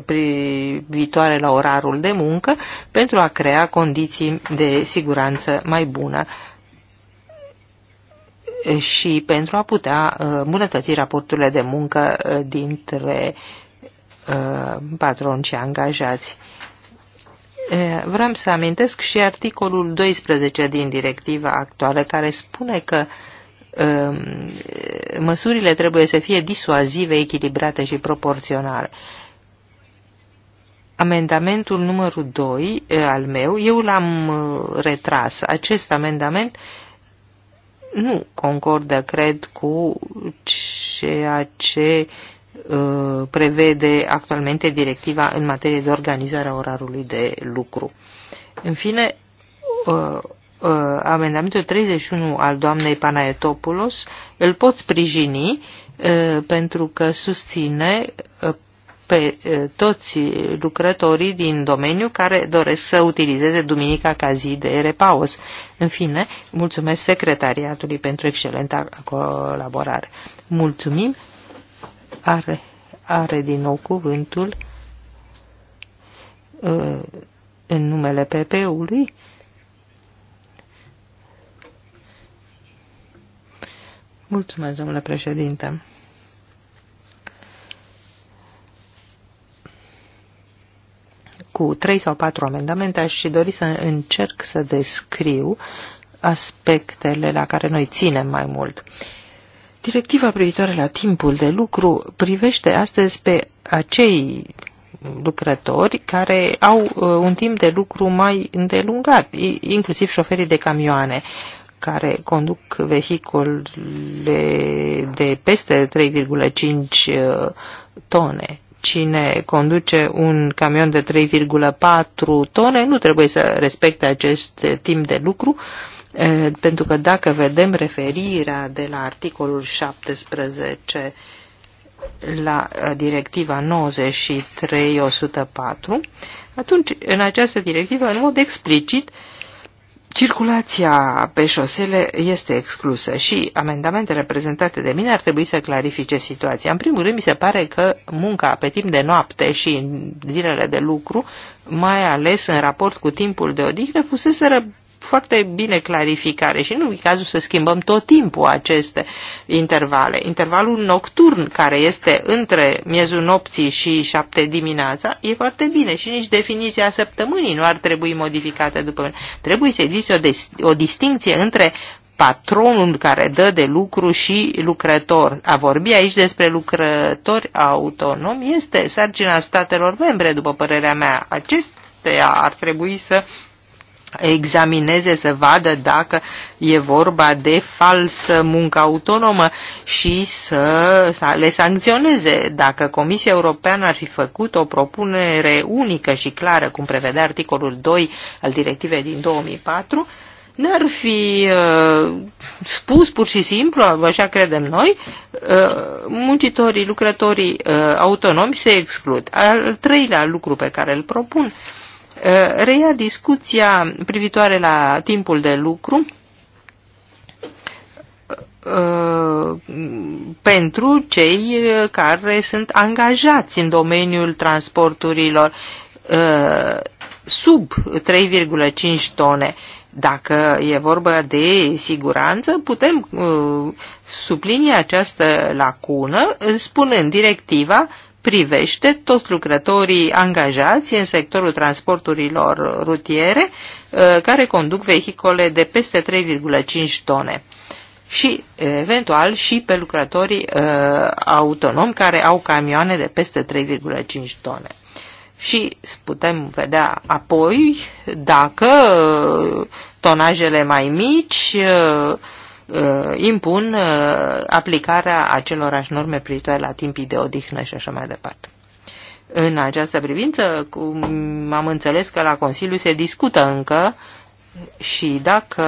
privitoare la orarul de muncă, pentru a crea condiții de siguranță mai bună și pentru a putea uh, îmbunătăți raporturile de muncă uh, dintre uh, patroni și angajați. Vreau să amintesc și articolul 12 din directiva actuală care spune că um, măsurile trebuie să fie disuazive, echilibrate și proporționale. Amendamentul numărul 2 al meu, eu l-am retras. Acest amendament uh, nu concordă, cred, cu ceea ce uh, prevede actualmente directiva în materie de organizare a orarului de lucru. În fine, uh, uh, amendamentul 31 al doamnei Panaetopoulos îl pot sprijini pentru că susține pe eh, toți lucrătorii din domeniu care doresc să utilizeze duminica ca zi de repaus. În fine, mulțumesc secretariatului pentru excelenta colaborare. Mulțumim. Are, are din nou cuvântul eh, în numele PP-ului. Mulțumesc, domnule președinte. cu trei sau patru amendamente, aș dori să încerc să descriu aspectele la care noi ținem mai mult. Directiva privitoare la timpul de lucru privește astăzi pe acei lucrători care au uh, un timp de lucru mai îndelungat, inclusiv șoferii de camioane care conduc vehicule de peste 3,5 uh, tone cine conduce un camion de 3,4 tone nu trebuie să respecte acest timp de lucru, pentru că dacă vedem referirea de la articolul 17 la directiva 93-104, atunci în această directivă, în mod explicit, circulația pe șosele este exclusă și amendamentele prezentate de mine ar trebui să clarifice situația. În primul rând, mi se pare că munca pe timp de noapte și în zilele de lucru, mai ales în raport cu timpul de odihnă, fuseseră foarte bine clarificare și nu e cazul să schimbăm tot timpul aceste intervale. Intervalul nocturn care este între miezul nopții și șapte dimineața e foarte bine și nici definiția săptămânii nu ar trebui modificată după mine. Trebuie să existe o, o distinție între patronul care dă de lucru și lucrător. A vorbi aici despre lucrători autonomi este sarcina statelor membre, după părerea mea. Acestea ar trebui să examineze, să vadă dacă e vorba de falsă muncă autonomă și să le sancționeze. Dacă Comisia Europeană ar fi făcut o propunere unică și clară, cum prevede articolul 2 al directivei din 2004, n-ar fi uh, spus pur și simplu, așa credem noi, uh, muncitorii, lucrătorii uh, autonomi se exclud. Al treilea lucru pe care îl propun uh, Eh, reia discuția privitoare la timpul de lucru eh, pentru cei care sunt angajați în domeniul transporturilor eh, sub 3,5 tone. Dacă e vorba de siguranță, putem sublinia această lacună spunând directiva privește toți lucrătorii angajați în sectorul transporturilor rutiere uh, care conduc vehicole de peste 3,5 tone și eventual și pe lucrătorii uh, autonomi care au camioane de peste 3,5 tone. Și putem vedea apoi dacă uh, tonajele mai mici Uh, impun uh, aplicarea acelorași norme privitoare la timpii de odihnă și așa mai departe. În această privință, cum am înțeles că la Consiliu se discută încă și dacă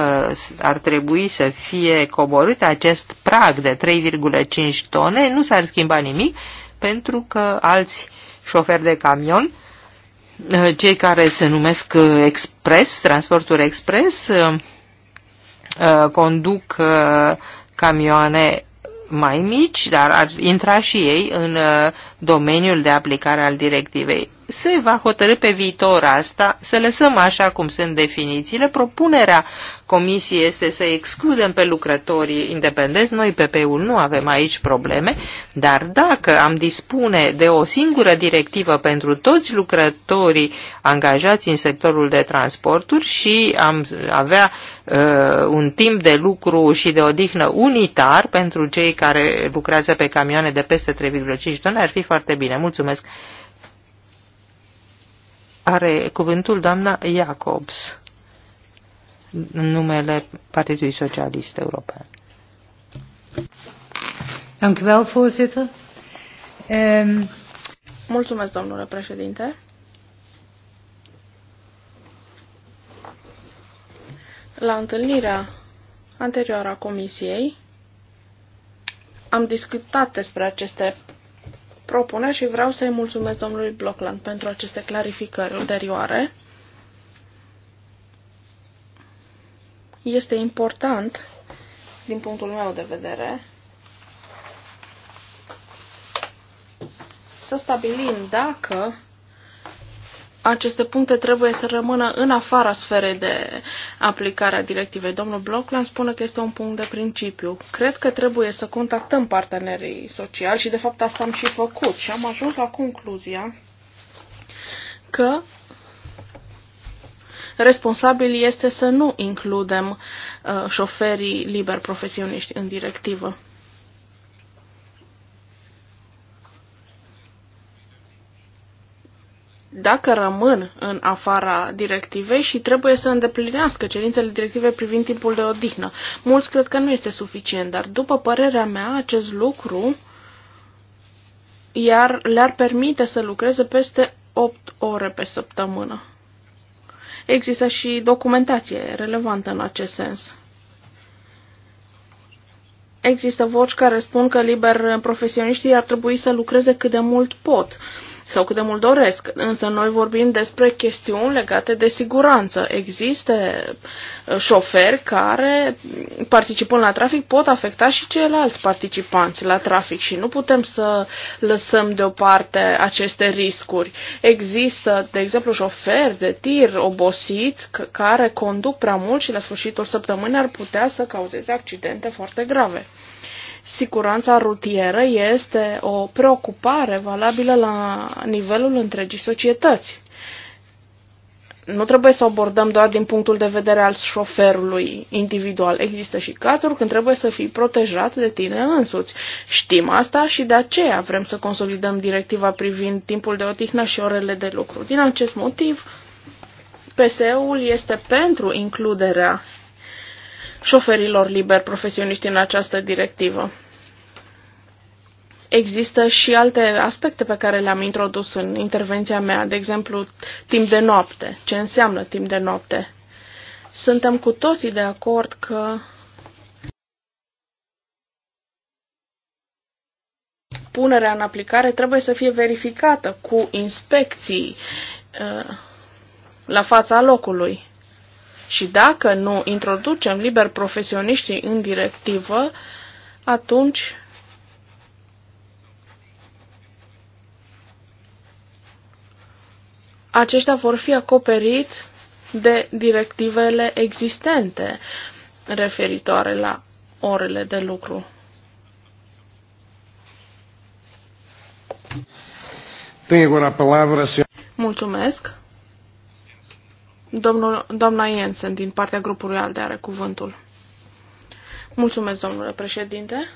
ar trebui să fie coborât acest prag de 3,5 tone, nu s-ar schimba nimic, pentru că alți șoferi de camion, uh, cei care se numesc expres, transportul expres, Uh, conduc uh, camioane mai mici, dar ar intra și ei în uh, domeniul de aplicare al directivei se va hotărâ pe viitor asta, să lăsăm așa cum sunt definițiile. Propunerea comisiei este să excludem pe lucrătorii independenți. Noi, PP-ul, nu avem aici probleme, dar dacă am dispune de o singură directivă pentru toți lucrătorii angajați în sectorul de transporturi și am avea uh, un timp de lucru și de odihnă unitar pentru cei care lucrează pe camioane de peste 3,5 tone, ar fi foarte bine. Mulțumesc! Are cuvântul doamna Jacobs, în numele Partidului Socialist European. voorzitter. Um... Mulțumesc, domnule președinte. La întâlnirea anterioară a Comisiei am discutat despre aceste Propune și vreau să-i mulțumesc domnului Blockland pentru aceste clarificări ulterioare. Este important, din punctul meu de vedere, să stabilim dacă aceste puncte trebuie să rămână în afara sferei de aplicare a directivei. Domnul Blockland spune că este un punct de principiu. Cred că trebuie să contactăm partenerii sociali și de fapt asta am și făcut și am ajuns la concluzia că responsabil este să nu includem uh, șoferii liber profesioniști în directivă. dacă rămân în afara directivei și trebuie să îndeplinească cerințele directive privind timpul de odihnă. Mulți cred că nu este suficient, dar după părerea mea acest lucru iar le-ar permite să lucreze peste 8 ore pe săptămână. Există și documentație relevantă în acest sens. Există voci care spun că liber profesioniștii ar trebui să lucreze cât de mult pot. Uh, sau cât de mult doresc. Însă noi vorbim despre chestiuni legate de siguranță. Există uh, șoferi care, participând la trafic, pot afecta și ceilalți participanți la trafic și nu putem să lăsăm deoparte aceste riscuri. Există, de exemplu, șoferi de tir obosiți care conduc prea mult și la sfârșitul săptămânii ar putea să cauzeze accidente foarte grave siguranța rutieră este o preocupare valabilă la nivelul întregii societăți. Nu trebuie să abordăm doar din punctul de vedere al șoferului individual. Există și cazuri când trebuie să fii protejat de tine însuți. Știm asta și de aceea vrem să consolidăm directiva privind timpul de odihnă și orele de lucru. Din acest motiv, PSE-ul este pentru includerea șoferilor liber profesioniști în această directivă. Există și alte aspecte pe care le-am introdus în intervenția mea, de exemplu, timp de noapte. Ce înseamnă timp de noapte? Suntem cu toții de acord că punerea în aplicare trebuie să fie verificată cu inspecții uh, la fața locului. Și dacă nu introducem liber profesioniștii în directivă, atunci aceștia vor fi acoperiți de directivele existente referitoare la orele de lucru. Mulțumesc. Domnul, doamna Jensen, din partea grupului ALDE, are cuvântul. Mulțumesc, domnule președinte.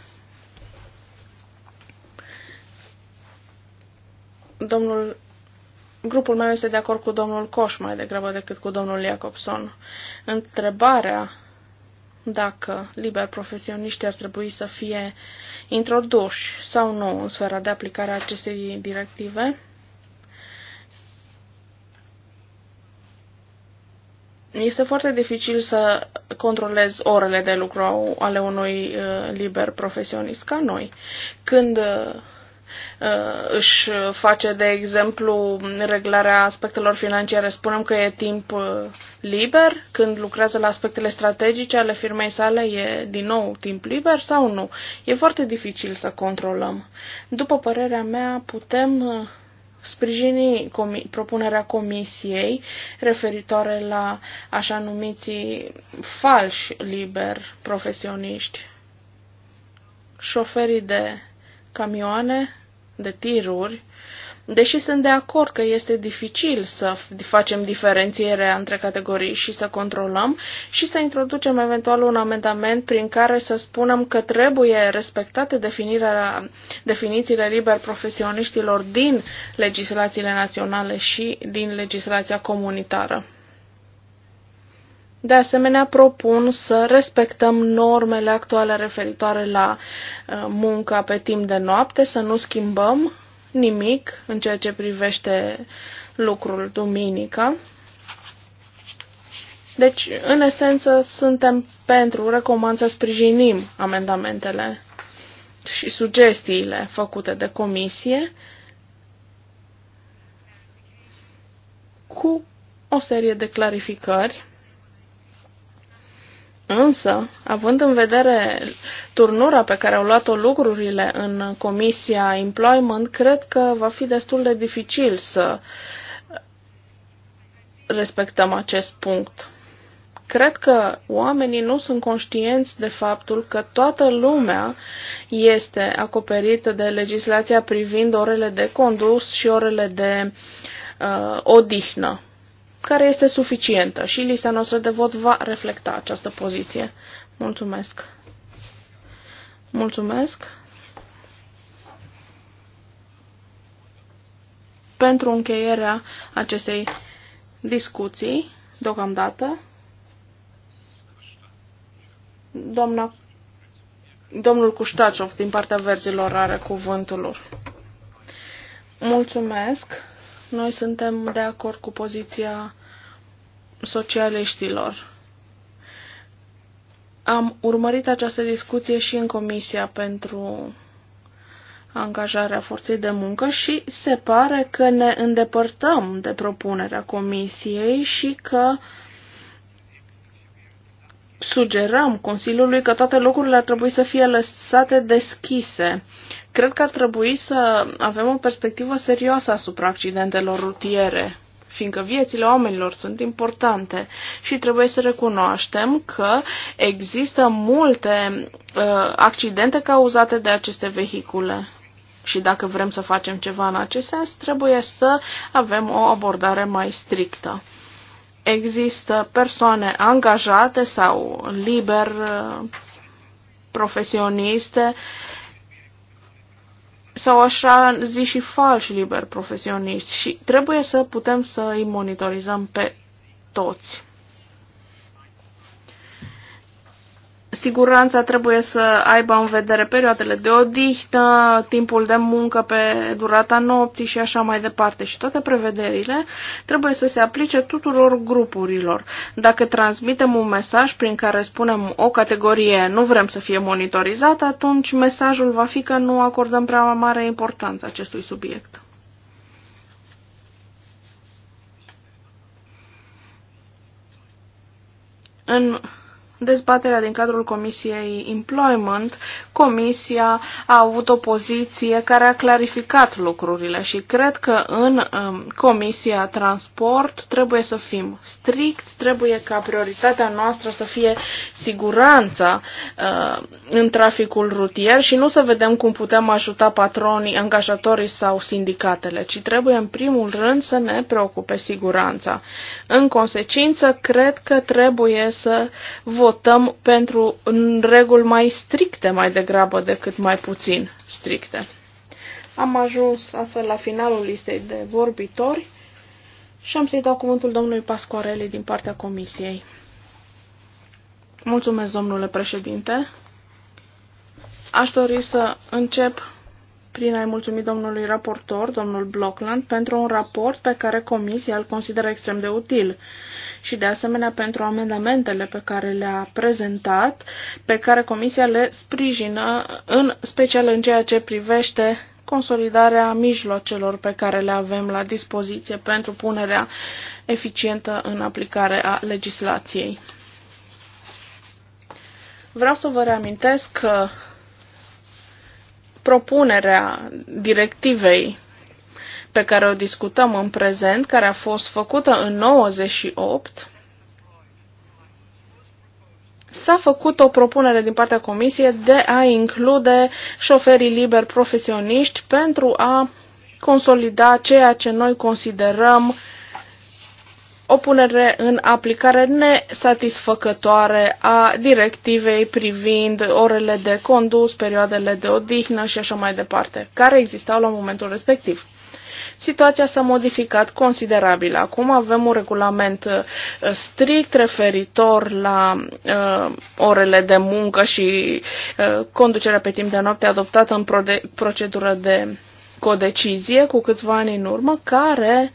Domnul, grupul meu este de acord cu domnul Coș mai degrabă decât cu domnul Jacobson. Întrebarea dacă liber profesioniști ar trebui să fie introduși sau nu în sfera de aplicare a acestei directive Este foarte dificil să controlezi orele de lucru ale unui uh, liber profesionist ca noi. Când uh, uh, își face, de exemplu, reglarea aspectelor financiare. Spunem că e timp liber, când lucrează la aspectele strategice ale firmei sale, e din nou timp liber sau nu? E foarte dificil să controlăm. După părerea mea, putem sprijini comi- propunerea comisiei referitoare la așa numiții falși liber profesioniști, șoferii de camioane, de tiruri, Deși sunt de acord că este dificil să facem diferențierea între categorii și să controlăm și să introducem eventual un amendament prin care să spunem că trebuie respectate definițiile liber profesioniștilor din legislațiile naționale și din legislația comunitară. De asemenea, propun să respectăm normele actuale referitoare la uh, munca pe timp de noapte, să nu schimbăm nimic în ceea ce privește lucrul duminică. Deci, în esență, suntem pentru, recomand să sprijinim amendamentele și sugestiile făcute de comisie cu o serie de clarificări Însă, având în vedere turnura pe care au luat-o lucrurile în Comisia Employment, cred că va fi destul de dificil să respectăm acest punct. Cred că oamenii nu sunt conștienți de faptul că toată lumea este acoperită de legislația privind orele de condus și orele de uh, odihnă care este suficientă și lista noastră de vot va reflecta această poziție. Mulțumesc! Mulțumesc! Pentru încheierea acestei discuții, deocamdată, doamna, domnul Cuștaciov din partea verzilor are cuvântul lor. Mulțumesc! Noi suntem de acord cu poziția socialiștilor. Am urmărit această discuție și în Comisia pentru angajarea forței de muncă și se pare că ne îndepărtăm de propunerea Comisiei și că sugerăm Consiliului că toate lucrurile ar trebui să fie lăsate deschise. Cred că ar trebui să avem o perspectivă serioasă asupra accidentelor rutiere fiindcă viețile oamenilor sunt importante și trebuie să recunoaștem că există multe uh, accidente cauzate de aceste vehicule. Și dacă vrem să facem ceva în acest sens, trebuie să avem o abordare mai strictă. Există persoane angajate sau liber uh, profesioniste sau așa zi și falși liberi profesioniști și trebuie să putem să îi monitorizăm pe toți. Siguranța trebuie să aibă în vedere perioadele de odihnă, timpul de muncă pe durata nopții și așa mai departe. Și toate prevederile trebuie să se aplice tuturor grupurilor. Dacă transmitem un mesaj prin care spunem o categorie nu vrem să fie monitorizată, atunci mesajul va fi că nu acordăm prea mare importanță acestui subiect. În dezbaterea din cadrul Comisiei Employment, Comisia a avut o poziție care a clarificat lucrurile și cred că în um, Comisia Transport trebuie să fim stricți, trebuie ca prioritatea noastră să fie siguranța uh, în traficul rutier și nu să vedem cum putem ajuta patronii, angajatorii sau sindicatele, ci trebuie în primul rând să ne preocupe siguranța. În consecință, cred că trebuie să vorbim votăm pentru reguli mai stricte mai degrabă decât mai puțin stricte. Am ajuns astfel la finalul listei de vorbitori și am să-i dau cuvântul domnului Pascoarele din partea comisiei. Mulțumesc, domnule președinte. Aș dori să încep prin a-i mulțumi domnului raportor, domnul Blockland, pentru un raport pe care comisia îl consideră extrem de util și de asemenea pentru amendamentele pe care le-a prezentat, pe care Comisia le sprijină, în special în ceea ce privește consolidarea mijloacelor pe care le avem la dispoziție pentru punerea eficientă în aplicare a legislației. Vreau să vă reamintesc că propunerea directivei pe care o discutăm în prezent, care a fost făcută în 98, s-a făcut o propunere din partea Comisiei de a include șoferii liberi profesioniști pentru a consolida ceea ce noi considerăm o punere în aplicare nesatisfăcătoare a directivei privind orele de condus, perioadele de odihnă și așa mai departe, care existau la momentul respectiv situația s-a modificat considerabil. Acum avem un regulament uh, strict referitor la uh, orele de muncă și uh, conducerea pe timp de noapte adoptată în procedură de codecizie cu câțiva ani în urmă, care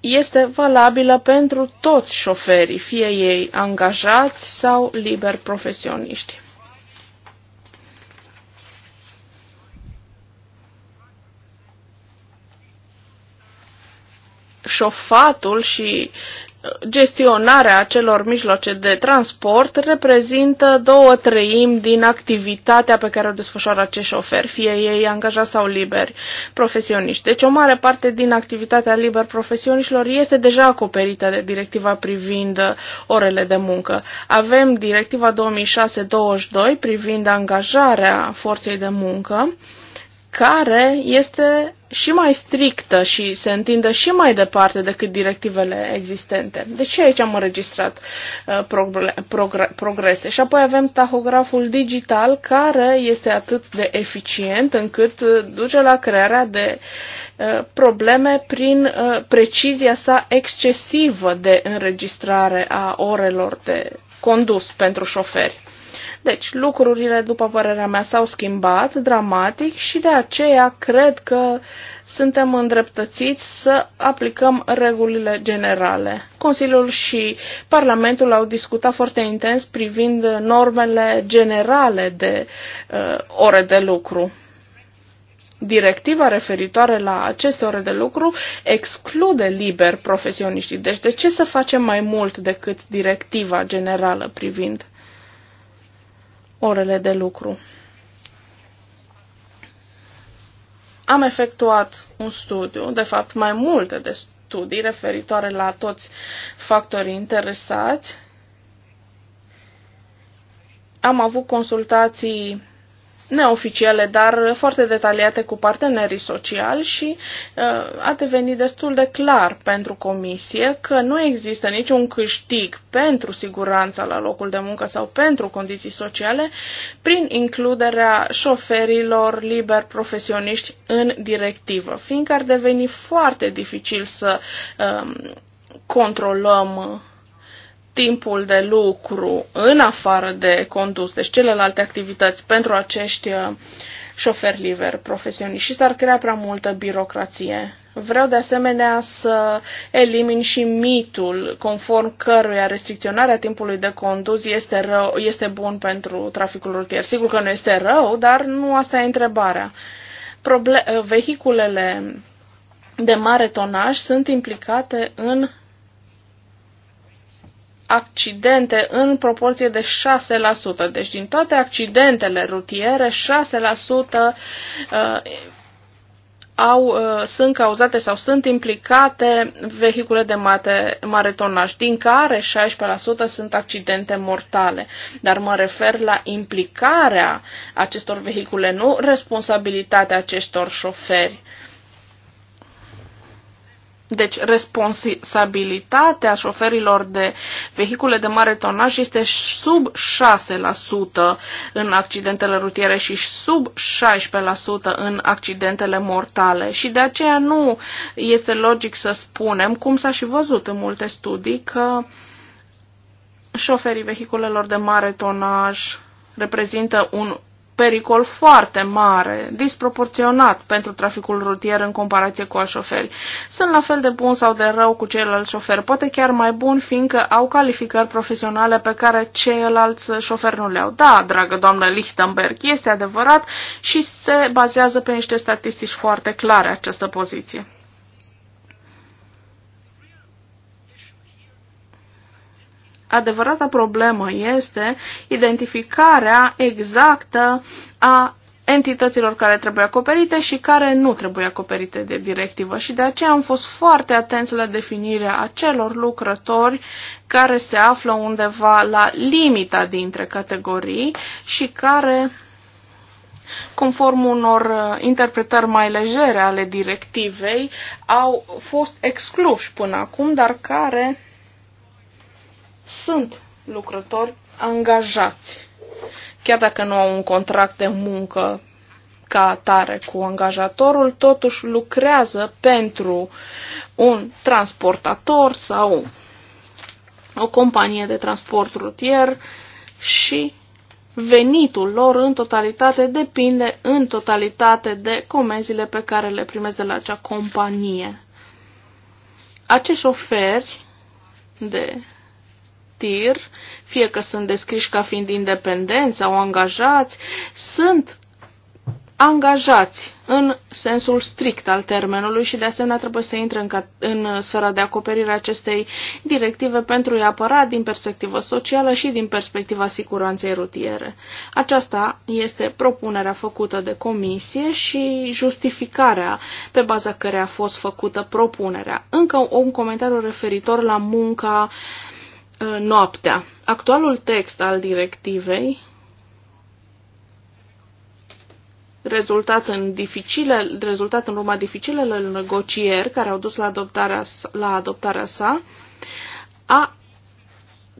este valabilă pentru toți șoferii, fie ei angajați sau liberi profesioniști. șofatul și uh, gestionarea acelor mijloace de transport reprezintă două treimi din activitatea pe care o desfășoară acești șoferi, fie ei angajați sau liberi profesioniști. Deci o mare parte din activitatea liber profesioniștilor este deja acoperită de directiva privind uh, orele de muncă. Avem directiva 2006-22 privind angajarea forței de muncă, care este și mai strictă și se întindă și mai departe decât directivele existente. Deci ce aici am înregistrat uh, progrese. Și apoi avem tahograful digital care este atât de eficient încât uh, duce la crearea de uh, probleme prin precizia sa excesivă de înregistrare a orelor de condus pentru șoferi. Deci, lucrurile, după părerea mea, s-au schimbat dramatic și de aceea cred că suntem îndreptățiți să aplicăm regulile generale. Consiliul și Parlamentul au discutat foarte intens privind normele generale de uh, ore de lucru. Directiva referitoare la aceste ore de lucru exclude liber profesioniștii. Deci de ce să facem mai mult decât directiva generală privind orele de lucru. Am efectuat un studiu, de fapt mai multe de studii referitoare la toți factorii interesați. Am avut consultații neoficiale, dar foarte detaliate cu partenerii sociali și uh, a devenit destul de clar pentru comisie că nu există niciun câștig pentru siguranța la locul de muncă sau pentru condiții sociale prin includerea șoferilor liber profesioniști în directivă, fiindcă ar deveni foarte dificil să um, controlăm timpul de lucru în afară de condus, deci celelalte activități pentru acești uh, șoferi liber profesioniști și s-ar crea prea multă birocrație. Vreau de asemenea să elimin și mitul conform căruia restricționarea timpului de condus este, rău, este bun pentru traficul rutier. Sigur că nu este rău, dar nu asta e întrebarea. Proble- vehiculele de mare tonaj sunt implicate în accidente în proporție de 6%. Deci din toate accidentele rutiere, 6% uh, au, uh, sunt cauzate sau sunt implicate vehicule de mate, mare tonaj, din care 16% sunt accidente mortale. Dar mă refer la implicarea acestor vehicule, nu responsabilitatea acestor șoferi. Deci responsabilitatea șoferilor de vehicule de mare tonaj este sub 6% în accidentele rutiere și sub 16% în accidentele mortale. Și de aceea nu este logic să spunem, cum s-a și văzut în multe studii, că șoferii vehiculelor de mare tonaj reprezintă un pericol foarte mare, disproporționat pentru traficul rutier în comparație cu alți șoferi. Sunt la fel de bun sau de rău cu ceilalți șoferi, poate chiar mai bun, fiindcă au calificări profesionale pe care ceilalți șoferi nu le au. Da, dragă doamnă Lichtenberg, este adevărat și se bazează pe niște statistici foarte clare această poziție. adevărata problemă este identificarea exactă a entităților care trebuie acoperite și care nu trebuie acoperite de directivă. Și de aceea am fost foarte atenți la definirea acelor lucrători care se află undeva la limita dintre categorii și care, conform unor uh, interpretări mai legere ale directivei, au fost excluși până acum, dar care sunt lucrători angajați. Chiar dacă nu au un contract de muncă ca atare cu angajatorul, totuși lucrează pentru un transportator sau o companie de transport rutier și venitul lor în totalitate depinde în totalitate de comenzile pe care le primez de la acea companie. Acești oferi de tir, fie că sunt descriși ca fiind independenți sau angajați, sunt angajați în sensul strict al termenului și de asemenea trebuie să intre în, în sfera de acoperire a acestei directive pentru a apăra din perspectivă socială și din perspectiva siguranței rutiere. Aceasta este propunerea făcută de comisie și justificarea pe baza care a fost făcută propunerea. Încă un comentariu referitor la munca uh, Uh, noaptea. Actualul text al directivei, rezultat în, dificile, rezultat în urma dificilelor negocieri care au dus la adoptarea, la adoptarea sa, a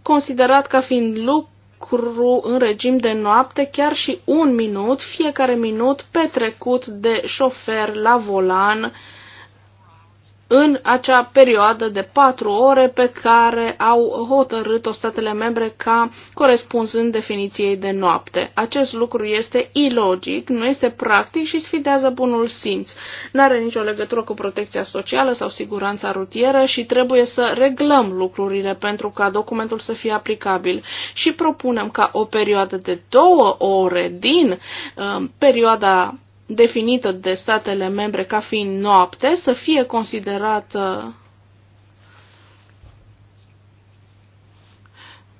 considerat ca fiind lucru în regim de noapte chiar și un minut, fiecare minut petrecut de șofer la volan în acea perioadă de patru ore pe care au hotărât-o statele membre ca corespunzând definiției de noapte. Acest lucru este ilogic, nu este practic și sfidează bunul simț. Nu are nicio legătură cu protecția socială sau siguranța rutieră și trebuie să reglăm lucrurile pentru ca documentul să fie aplicabil. Și propunem ca o perioadă de două ore din uh, perioada definită de statele membre ca fiind noapte să fie considerată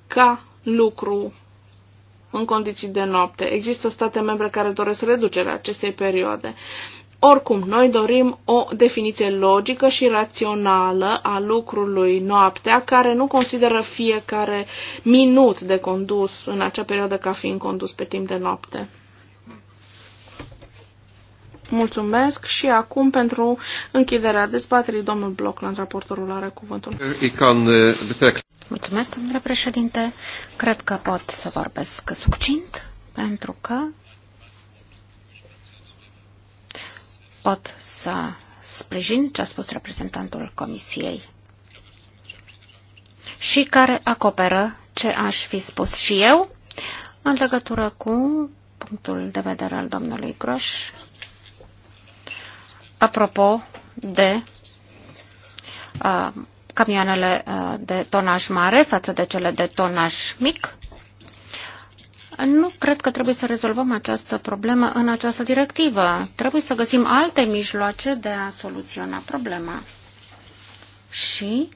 ca lucru în condiții de noapte. Există state membre care doresc reducerea acestei perioade. Oricum, noi dorim o definiție logică și rațională a lucrului noaptea, care nu consideră fiecare minut de condus în acea perioadă ca fiind condus pe timp de noapte. Mulțumesc și acum pentru închiderea dezbaterii, domnul Blockland, raportorul, are cuvântul. Uh, Mulțumesc, domnule președinte. Cred că pot să vorbesc succint, pentru că pot să sprijin ce a spus reprezentantul Comisiei și care acoperă ce aș fi spus și eu în legătură cu punctul de vedere al domnului Groș apropo de uh, camioanele uh, de tonaj mare față de cele de tonaj mic, nu cred că trebuie să rezolvăm această problemă în această directivă. Trebuie să găsim alte mijloace de a soluționa problema. Și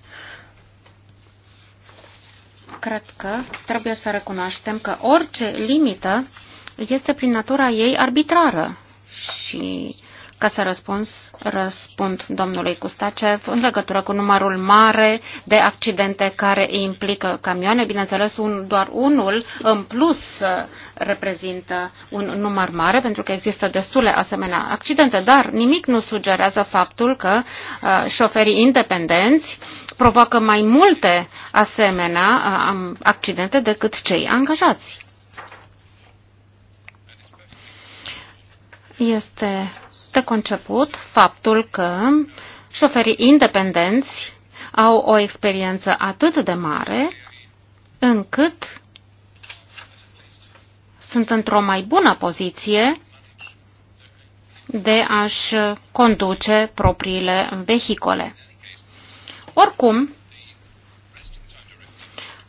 cred că trebuie să recunoaștem că orice limită este prin natura ei arbitrară și ca să răspuns, răspund domnului Custacev în legătură cu numărul mare de accidente care implică camioane. Bineînțeles, un, doar unul în plus uh, reprezintă un număr mare, pentru că există destule asemenea accidente, dar nimic nu sugerează faptul că uh, șoferii independenți provoacă mai multe asemenea uh, accidente decât cei angajați. Este de conceput faptul că șoferii independenți au o experiență atât de mare încât sunt într-o mai bună poziție de a-și conduce propriile vehicole. Oricum,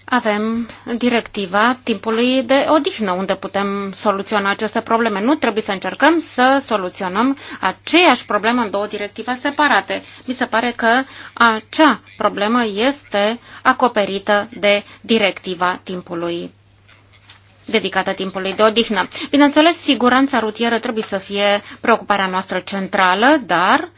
avem directiva timpului de odihnă unde putem soluționa aceste probleme. Nu trebuie să încercăm să soluționăm aceeași problemă în două directive separate. Mi se pare că acea problemă este acoperită de directiva timpului dedicată timpului de odihnă. Bineînțeles, siguranța rutieră trebuie să fie preocuparea noastră centrală, dar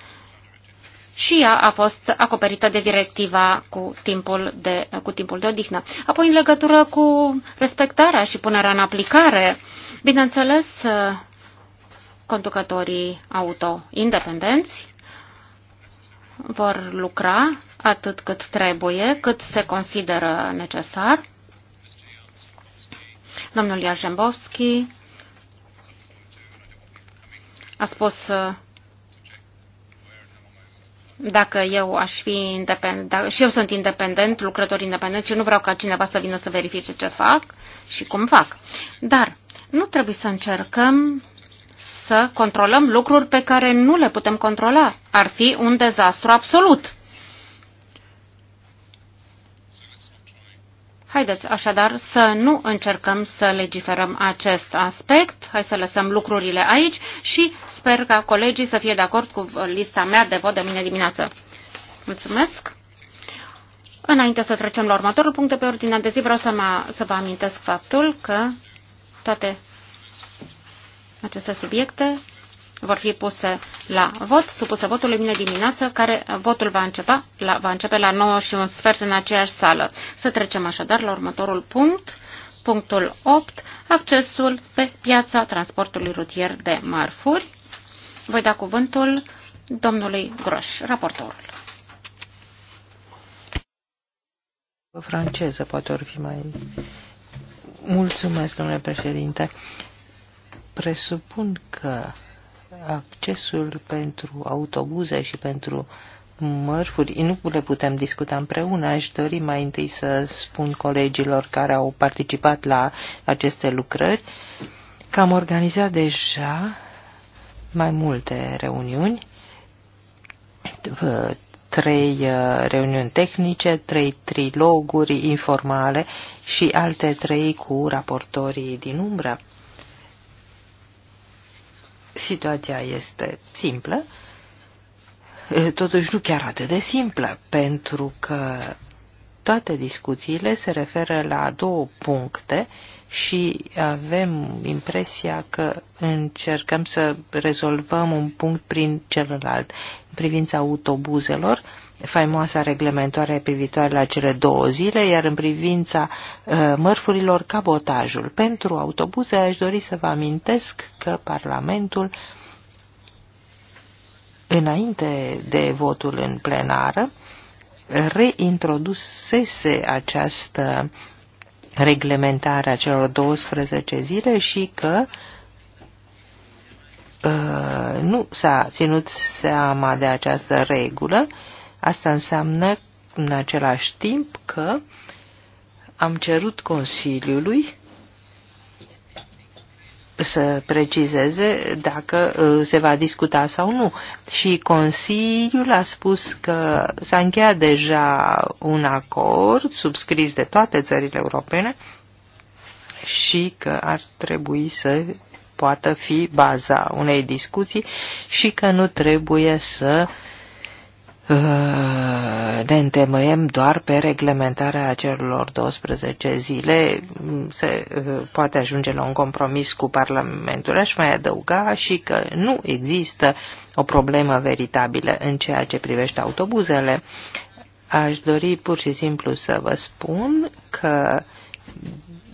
și ea a fost acoperită de directiva cu timpul de, cu timpul de odihnă. Apoi, în legătură cu respectarea și punerea în aplicare, bineînțeles, conducătorii auto independenți vor lucra atât cât trebuie, cât se consideră necesar. Domnul Iarzembovski a spus dacă eu aș fi independent, da, și eu sunt independent, lucrător independent și nu vreau ca cineva să vină să verifice ce fac și cum fac. Dar nu trebuie să încercăm să controlăm lucruri pe care nu le putem controla. Ar fi un dezastru absolut. Haideți așadar să nu încercăm să legiferăm acest aspect, hai să lăsăm lucrurile aici și sper ca colegii să fie de acord cu lista mea de vot de mine dimineață. Mulțumesc! Înainte să trecem la următorul punct de pe ordinea de zi, vreau să, mă, să vă amintesc faptul că toate aceste subiecte vor fi puse la vot, supuse votului mine dimineață, care votul va începe, la, va începe la 9 și un sfert în aceeași sală. Să trecem așadar la următorul punct, punctul 8, accesul pe piața transportului rutier de mărfuri. Voi da cuvântul domnului Groș, raportorul. Franceză poate ori fi mai... Mulțumesc, domnule președinte. Presupun că accesul pentru autobuze și pentru mărfuri, nu le putem discuta împreună. Aș dori mai întâi să spun colegilor care au participat la aceste lucrări că am organizat deja mai multe reuniuni, trei uh, reuniuni tehnice, trei triloguri informale și alte trei cu raportorii din umbră. Situația este simplă, totuși nu chiar atât de simplă, pentru că toate discuțiile se referă la două puncte și avem impresia că încercăm să rezolvăm un punct prin celălalt. În privința autobuzelor, uh, faimoasa reglementare privitoare la cele două zile, iar în privința uh, mărfurilor, cabotajul. Pentru autobuze aș dori să vă amintesc că Parlamentul, înainte de votul în plenară, reintrodusese această reglementare a celor 12 zile și că uh, nu s-a ținut seama de această regulă uh, Asta înseamnă în același timp că am cerut Consiliului să precizeze dacă uh, se va discuta sau nu. Și Consiliul a spus că s-a încheiat deja un acord subscris de toate țările europene și că ar trebui să poată fi baza unei discuții și că nu trebuie să uh, Eh, ne întemeiem doar pe reglementarea acelor 12 zile, se eh, poate ajunge la un compromis cu Parlamentul. Aș mai adăuga și că nu există o problemă veritabilă în ceea ce privește autobuzele. Aș dori pur și simplu să vă spun că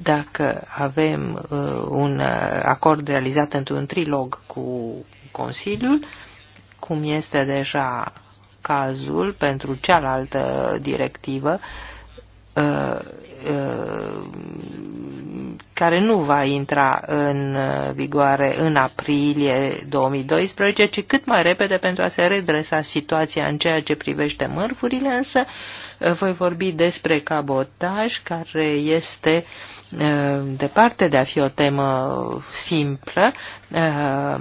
dacă avem eh, un acord realizat într-un trilog cu Consiliul, cum este deja cazul pentru cealaltă directivă uh, uh, care nu va intra în vigoare în aprilie 2012, ci cât mai repede pentru a se redresa situația în ceea ce privește mărfurile, însă uh, voi vorbi despre cabotaj, care este uh, Ă, departe de a fi o temă simplă, ă,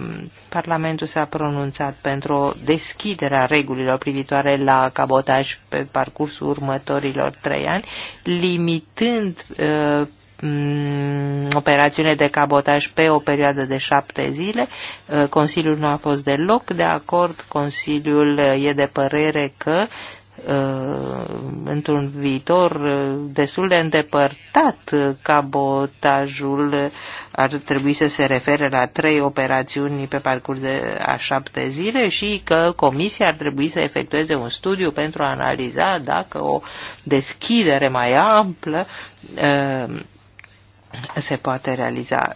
Parlamentul s-a pronunțat pentru deschiderea regulilor privitoare la cabotaj pe parcursul următorilor trei ani, limitând ă, operațiune de cabotaj pe o perioadă de șapte zile. Consiliul nu a fost deloc de acord. Consiliul e de părere că Uh, într-un viitor uh, destul de îndepărtat uh, cabotajul ar trebui să se refere la trei operațiuni pe parcurs de a șapte zile și că comisia ar trebui să efectueze un studiu pentru a analiza dacă o deschidere mai amplă se poate realiza.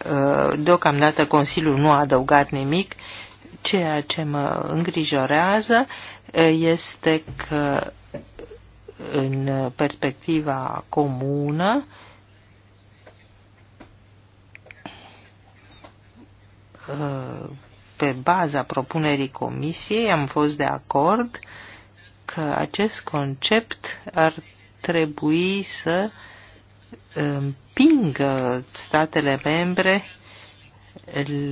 Deocamdată Consiliul nu a adăugat nimic. Ceea ce mă îngrijorează este că în perspectiva comună pe baza propunerii comisiei am fost de acord că acest concept ar trebui să împingă statele membre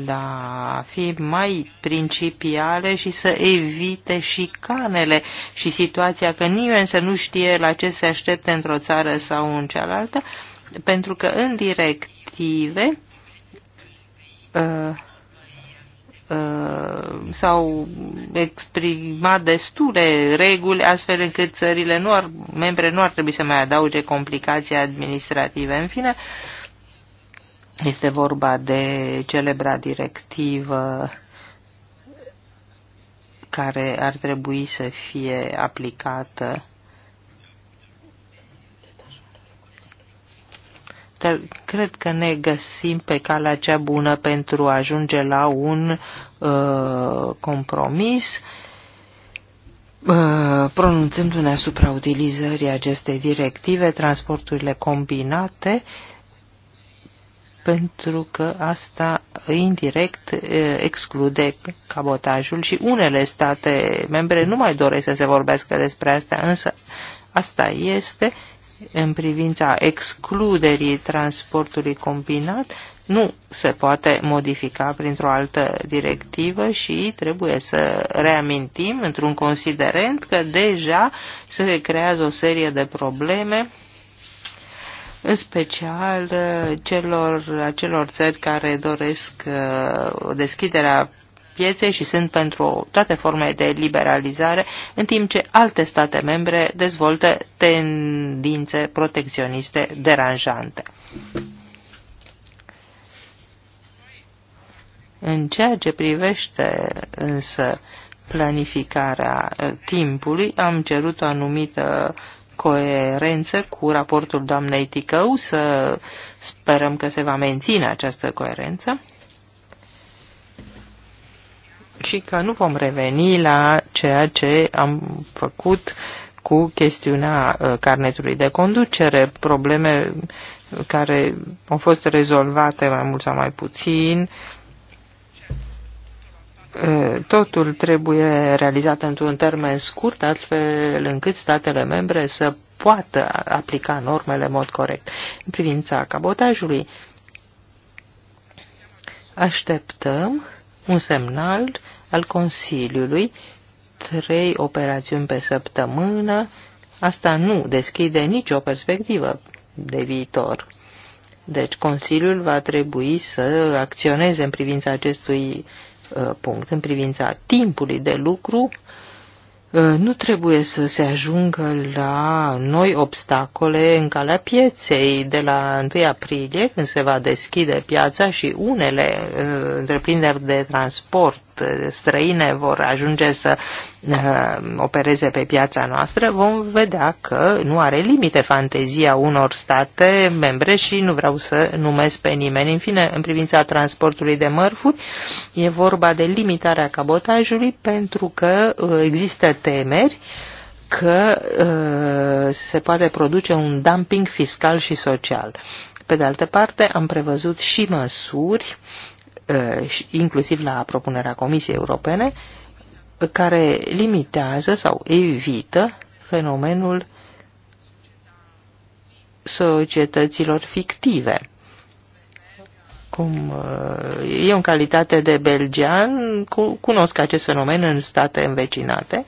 la fi mai principiale și să evite șicanele și situația că nimeni să nu știe la ce se aștepte într-o țară sau în cealaltă, pentru că în directive uh, uh, s-au exprimat destule reguli astfel încât țările nu ar, membre nu ar trebui să mai adauge complicații administrative. În fine, uh, este vorba de celebra directivă care ar trebui să fie aplicată dar cred că ne găsim pe calea cea bună pentru a ajunge la un uh, compromis uh, pronunțându-ne asupra utilizării acestei directive, transporturile combinate pentru că asta indirect eh, exclude cabotajul și unele state membre nu mai doresc să se vorbească despre asta, însă asta este în privința excluderii transportului combinat, nu se poate modifica printr-o altă directivă și trebuie să reamintim într-un considerent că deja se creează o serie de probleme în special uh, celor, celor țări care doresc uh, deschiderea pieței și sunt pentru toate formele de liberalizare, în timp ce alte state membre dezvoltă tendințe protecționiste deranjante. În ceea ce privește însă planificarea uh, timpului, am cerut o anumită coerență cu raportul doamnei Ticău, să sperăm că se va menține această coerență și că nu vom reveni la ceea ce am făcut cu chestiunea uh, carnetului de conducere, probleme care au fost rezolvate mai mult sau mai puțin, totul trebuie realizat într-un termen scurt, astfel încât statele membre să poată aplica normele în mod corect. În privința cabotajului, așteptăm un semnal al Consiliului, trei operațiuni pe săptămână, asta nu deschide nicio perspectivă de viitor. Deci Consiliul va trebui să acționeze în privința acestui Uh, punct, în privința timpului de lucru, uh, nu trebuie să se ajungă la noi obstacole în calea pieței de la 1 aprilie, când se va deschide piața și unele uh, întreprinderi de transport străine vor ajunge să uh, opereze pe piața noastră, vom vedea că nu are limite fantezia unor state membre și nu vreau să numesc pe nimeni. În fine, în privința transportului de mărfuri, e vorba de limitarea cabotajului pentru că uh, există temeri că uh, se poate produce un dumping fiscal și social. Pe de altă parte, am prevăzut și măsuri uh, Uh, inclusiv la propunerea Comisiei Europene, care limitează sau evită fenomenul societăților fictive. Cum uh, eu, în calitate de belgian, cunosc acest fenomen în state învecinate,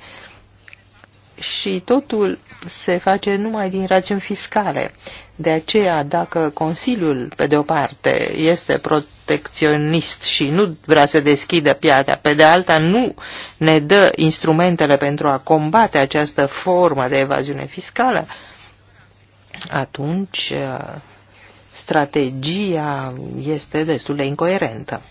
și totul se face numai din rațiuni fiscale. De aceea, dacă Consiliul, pe de o parte, este protecționist și nu vrea să deschidă piața, pe de alta nu ne dă instrumentele pentru a combate această formă de evaziune fiscală, atunci uh, strategia este destul de incoerentă.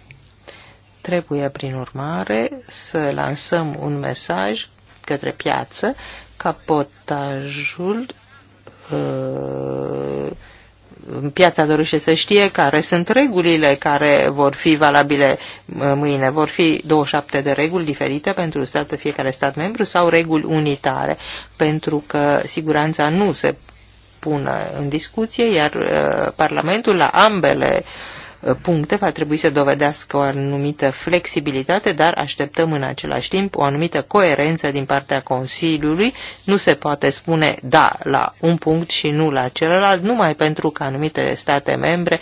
Trebuie, prin urmare, să lansăm un mesaj către piață, capotajul uh, piața dorește să știe care sunt regulile care vor fi valabile uh, mâine. Vor fi 27 de reguli diferite pentru stat, fiecare stat membru sau reguli unitare, pentru că siguranța nu se pună în discuție, iar uh, Parlamentul la ambele uh, Uh, puncte va trebui să dovedească o anumită flexibilitate, dar așteptăm în același timp o anumită coerență din partea Consiliului. Nu se poate spune da la un punct și nu la celălalt, numai pentru că anumite state membre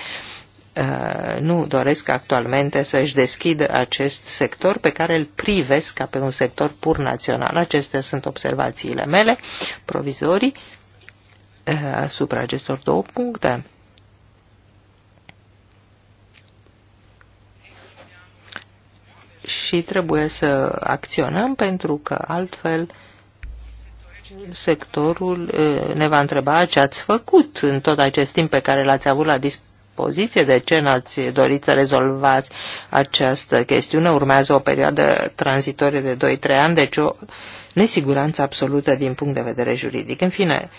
uh, nu doresc actualmente să-și deschidă acest sector pe care îl privesc ca pe un sector pur național. Acestea sunt observațiile mele provizorii uh, asupra acestor două puncte. și trebuie să acționăm pentru că altfel sectorul ne va întreba ce ați făcut în tot acest timp pe care l-ați avut la dispoziție, de ce n-ați dorit să rezolvați această chestiune. Urmează o perioadă tranzitorie de 2-3 ani, deci o nesiguranță absolută din punct de vedere juridic. În fine,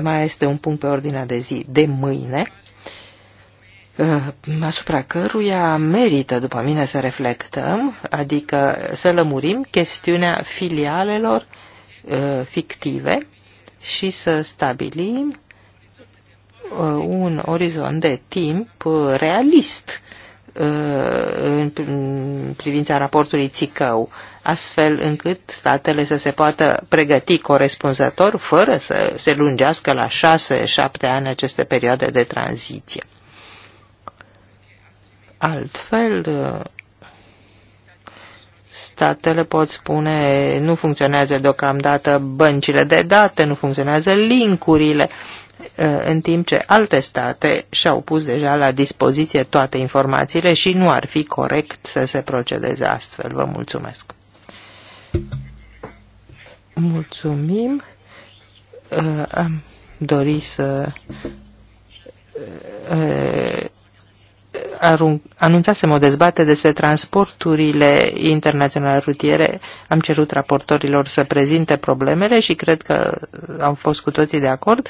mai este un punct pe ordinea de zi de mâine Uh, asupra căruia merită, după mine, să reflectăm, adică să lămurim chestiunea filialelor uh, fictive și să stabilim uh, un orizont de timp realist în privința raportului Țicău, astfel încât statele să se poată pregăti corespunzător fără să se lungească la șase-șapte ani aceste perioade de tranziție. Altfel, statele pot spune nu funcționează deocamdată băncile de date, nu funcționează linkurile, în timp ce alte state și-au pus deja la dispoziție toate informațiile și nu ar fi corect să se procedeze astfel. Vă mulțumesc. Mulțumim. Uh, am dorit să uh, anunțasem o dezbatere despre transporturile internaționale rutiere. Am cerut raportorilor să prezinte problemele și cred că am fost cu toții de acord.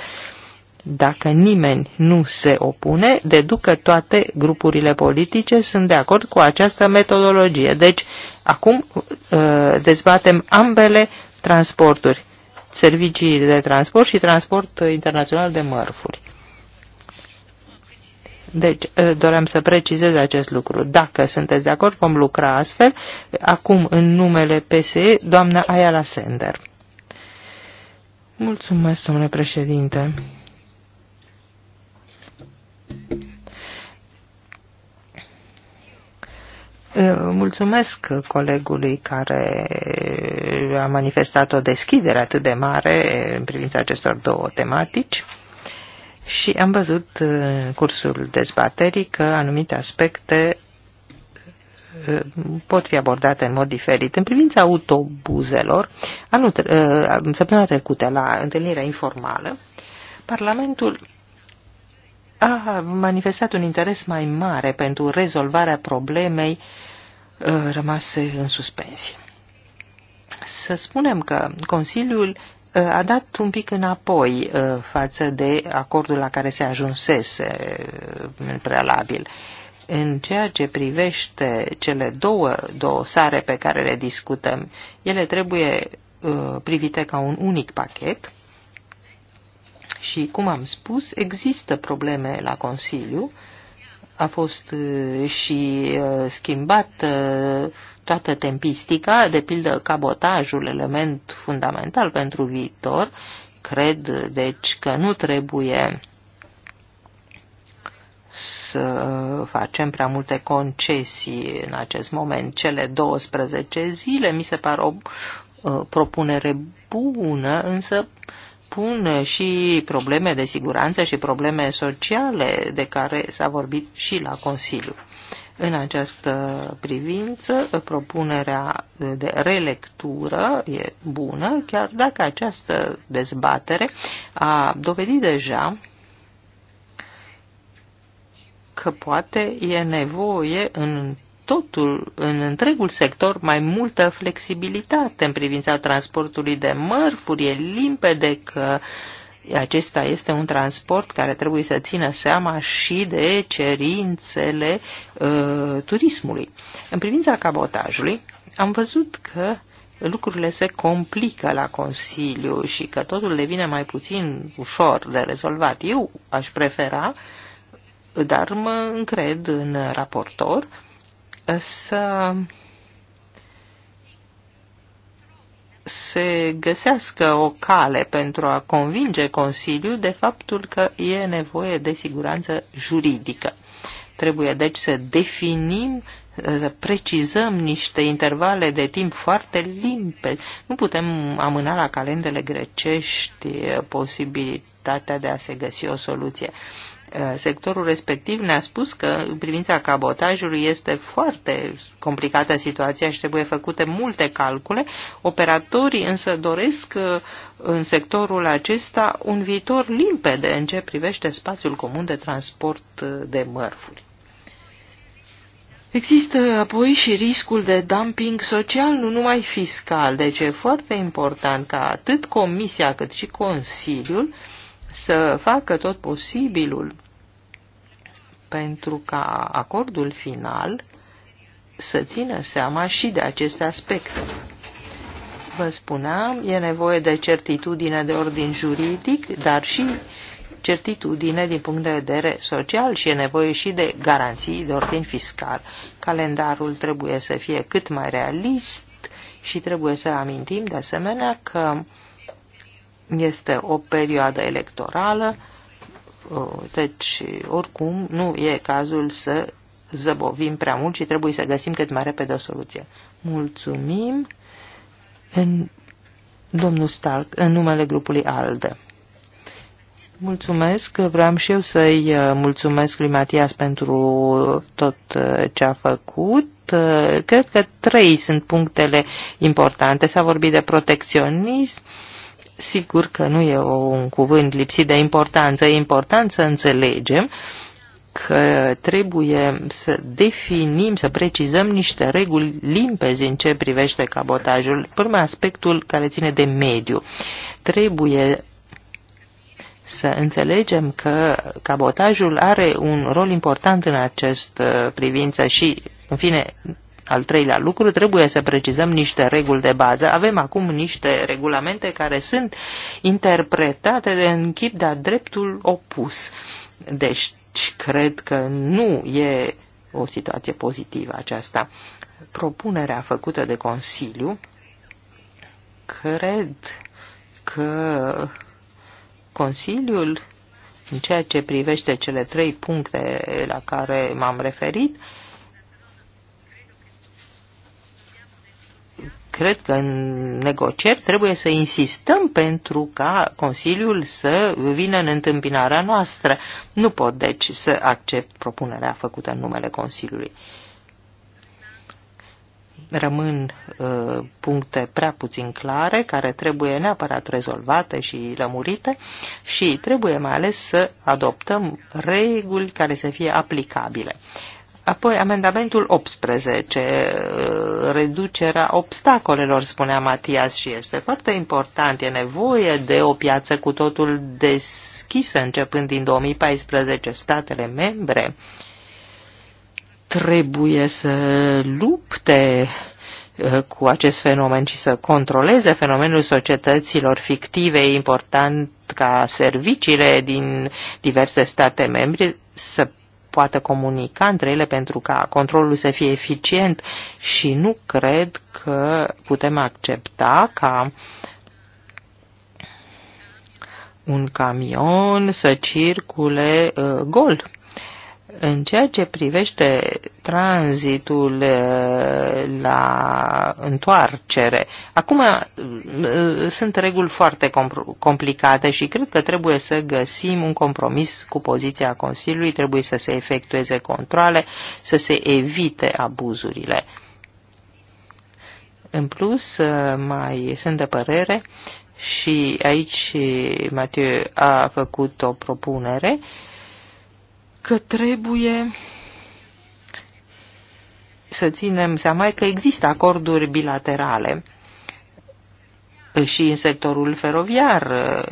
Dacă nimeni nu se opune, deduc că toate grupurile politice sunt de acord cu această metodologie. Deci, acum uh, dezbatem ambele transporturi, servicii de transport și transport internațional de mărfuri. Deci, eh, doream să precizez acest lucru. Dacă sunteți de acord, vom lucra astfel. Acum, în numele PSE, doamna Ayala Sender. Mulțumesc, domnule președinte. Eh, mulțumesc colegului care a manifestat o deschidere atât de mare în privința acestor două tematici. Și am văzut în cursul dezbaterii că anumite aspecte uh, pot fi abordate în mod diferit. În privința autobuzelor, anul, uh, săptămâna trecută, la întâlnirea informală, Parlamentul a manifestat un interes mai mare pentru rezolvarea problemei uh, rămase în suspensie. Să spunem că Consiliul a dat un pic înapoi uh, față de acordul la care se ajunsese uh, în prealabil. În ceea ce privește cele două dosare pe care le discutăm, ele trebuie uh, privite ca un unic pachet și, cum am spus, există probleme la Consiliu a fost uh, și uh, schimbat uh, toată tempistica, de pildă cabotajul, element fundamental pentru viitor. Cred, deci, că nu trebuie să facem prea multe concesii în acest moment. Cele 12 zile mi se par o propunere bună, însă pun și probleme de siguranță și probleme sociale de care s-a vorbit și la Consiliu. În această privință, propunerea de relectură e bună, chiar dacă această dezbatere a dovedit deja că poate e nevoie în totul, în întregul sector, mai multă flexibilitate în privința transportului de mărfuri. E limpede că acesta este un transport care trebuie să țină seama și de cerințele uh, turismului. În privința cabotajului, am văzut că lucrurile se complică la Consiliu și că totul devine mai puțin ușor de rezolvat. Eu aș prefera, dar mă încred în raportor, să se găsească o cale pentru a convinge Consiliul de faptul că e nevoie de siguranță juridică. Trebuie deci să definim, să precizăm niște intervale de timp foarte limpede. Nu putem amâna la calendele grecești posibilitatea de a se găsi o soluție. Eh, sectorul respectiv ne-a spus că în privința cabotajului este foarte complicată situația și trebuie făcute multe calcule. Operatorii însă doresc eh, în sectorul acesta un viitor limpede în ce privește spațiul comun de transport eh, de mărfuri. Există apoi și riscul de dumping social, nu numai fiscal, deci e foarte important ca atât Comisia cât și Consiliul să facă tot posibilul pentru ca acordul final să țină seama și de acest aspect. Vă spuneam, e nevoie de certitudine de ordin juridic, dar și certitudine din punct de vedere social și e nevoie și de garanții de ordin fiscal. Calendarul trebuie să fie cât mai realist și trebuie să amintim de asemenea că este o perioadă electorală deci, oricum, nu e cazul să zăbovim prea mult și trebuie să găsim cât mai repede o soluție. Mulțumim, în, domnul Stark, în numele grupului ALDE. Mulțumesc, vreau și eu să-i uh, mulțumesc lui Matias pentru tot uh, ce a făcut. Uh, cred că trei sunt punctele importante. S-a vorbit de protecționism, Sigur că nu e un cuvânt lipsit de importanță. E important să înțelegem că trebuie să definim, să precizăm niște reguli limpezi în ce privește cabotajul. Până aspectul care ține de mediu. Trebuie să înțelegem că cabotajul are un rol important în acest privință și, în fine, al treilea lucru, trebuie să precizăm niște reguli de bază. Avem acum niște regulamente care sunt interpretate în chip de-a dreptul opus. Deci, cred că nu e o situație pozitivă aceasta. Propunerea făcută de Consiliu, cred că Consiliul, în ceea ce privește cele trei puncte la care m-am referit, uh, cred că în negocieri trebuie să insistăm pentru ca Consiliul să vină în întâmpinarea noastră. Nu pot, deci, să accept propunerea făcută în numele Consiliului. Rămân uh, puncte prea puțin clare, care trebuie neapărat rezolvate și lămurite și trebuie mai ales să adoptăm reguli care să fie aplicabile. Uh, Apoi, amendamentul 18, uh, reducerea obstacolelor, spunea Matias, și este foarte important. E nevoie de o piață cu totul deschisă începând din 2014. Statele membre trebuie să lupte uh, cu acest fenomen și să controleze fenomenul societăților fictive. E important ca serviciile din diverse state membre să poată comunica între ele pentru ca controlul să fie eficient și nu cred că putem accepta ca un camion să circule uh, gol în ceea ce privește tranzitul uh, la întoarcere, acum uh, sunt reguli foarte complicate și cred că trebuie să găsim un compromis cu poziția Consiliului, trebuie să se efectueze controle, să se evite abuzurile. În plus, uh, mai sunt de părere și aici Mathieu a făcut o propunere uh, că trebuie să ținem seama că există acorduri bilaterale și în sectorul feroviar uh,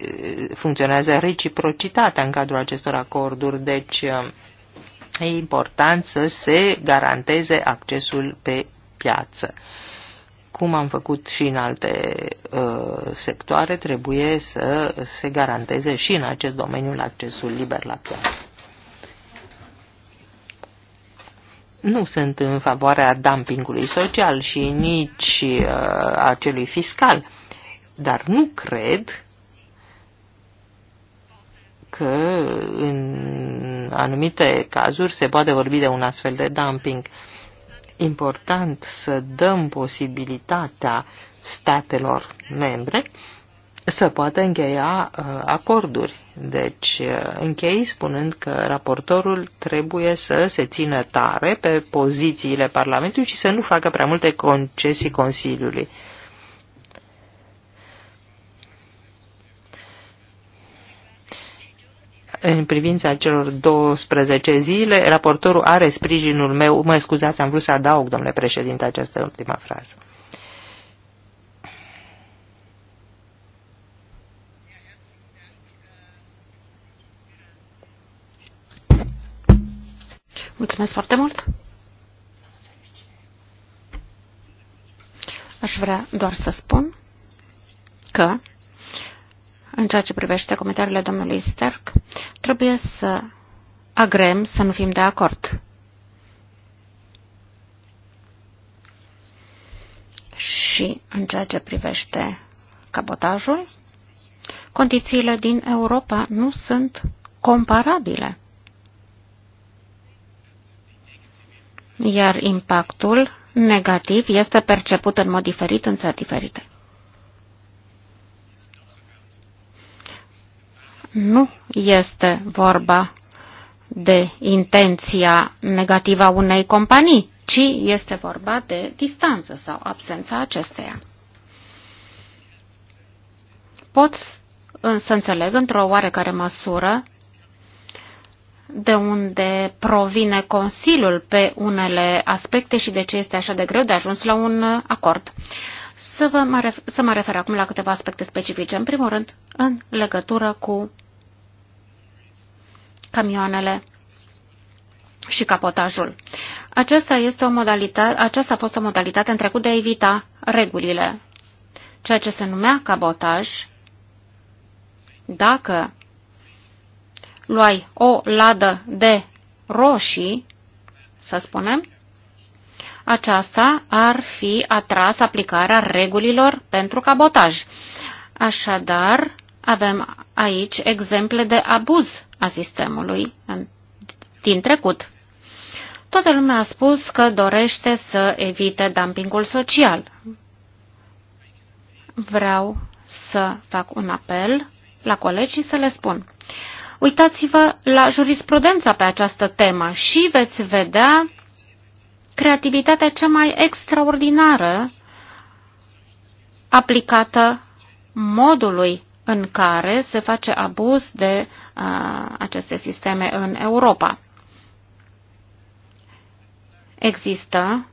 uh, funcționează reciprocitatea în cadrul acestor acorduri, deci uh, e important să se garanteze accesul pe piață cum am făcut și în alte uh, sectoare, trebuie să se garanteze și în acest domeniu accesul liber la piață. Nu sunt în favoarea dumpingului social și nici uh, acelui celui fiscal, dar nu cred că în anumite cazuri se poate vorbi de un astfel de dumping. Uh, important să dăm posibilitatea statelor membre să poată încheia uh, acorduri. Deci uh, închei spunând că raportorul trebuie să se țină tare pe pozițiile Parlamentului și să nu facă prea multe concesii Consiliului. în privința celor 12 zile, raportorul are sprijinul meu. Mă scuzați, am vrut să adaug, domnule președinte, această ultima frază. Mulțumesc foarte mult! Aș vrea doar să spun că în ceea ce privește comentariile domnului Sterk, trebuie să agrem să nu fim de acord. Și în ceea ce privește cabotajul, condițiile din Europa nu sunt comparabile. Iar impactul negativ este perceput în mod diferit în țări diferite. Nu este vorba de intenția negativă a unei companii, ci este vorba de distanță sau absența acesteia. Pot însă înțeleg într-o oarecare măsură de unde provine Consiliul pe unele aspecte și de ce este așa de greu de ajuns la un acord. Să, vă mă, refer, să mă refer acum la câteva aspecte specifice. În primul rând, în legătură cu camioanele și capotajul. Aceasta, este o modalitate, aceasta a fost o modalitate în trecut de a evita regulile. Ceea ce se numea cabotaj, dacă luai o ladă de roșii, să spunem, aceasta ar fi atras aplicarea regulilor pentru cabotaj. Așadar, avem aici exemple de abuz a sistemului din trecut. Toată lumea a spus că dorește să evite dumpingul social. Vreau să fac un apel la colegi și să le spun. Uitați-vă la jurisprudența pe această temă și veți vedea creativitatea cea mai extraordinară aplicată modului în care se face abuz de uh, aceste sisteme în Europa. Există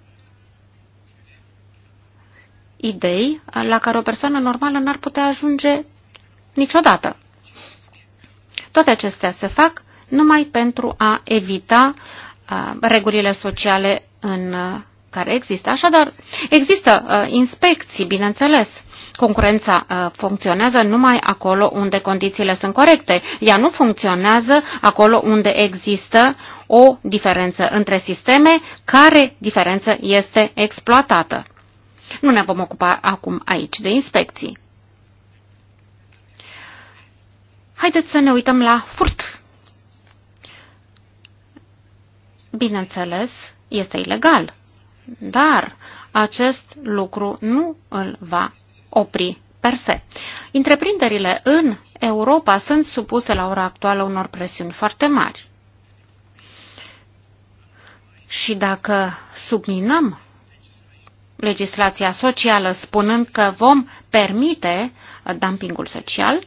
idei la care o persoană normală n-ar putea ajunge niciodată. Toate acestea se fac numai pentru a evita uh, regulile sociale în uh, care există. Așadar, există uh, inspecții, bineînțeles. Concurența uh, funcționează numai acolo unde condițiile sunt corecte. Ea nu funcționează acolo unde există o diferență între sisteme, care diferență este exploatată. Nu ne vom ocupa acum aici de inspecții. Haideți să ne uităm la furt. Bineînțeles, este ilegal dar acest lucru nu îl va opri per se. Întreprinderile în Europa sunt supuse la ora actuală unor presiuni foarte mari. Și dacă subminăm legislația socială spunând că vom permite dumpingul social,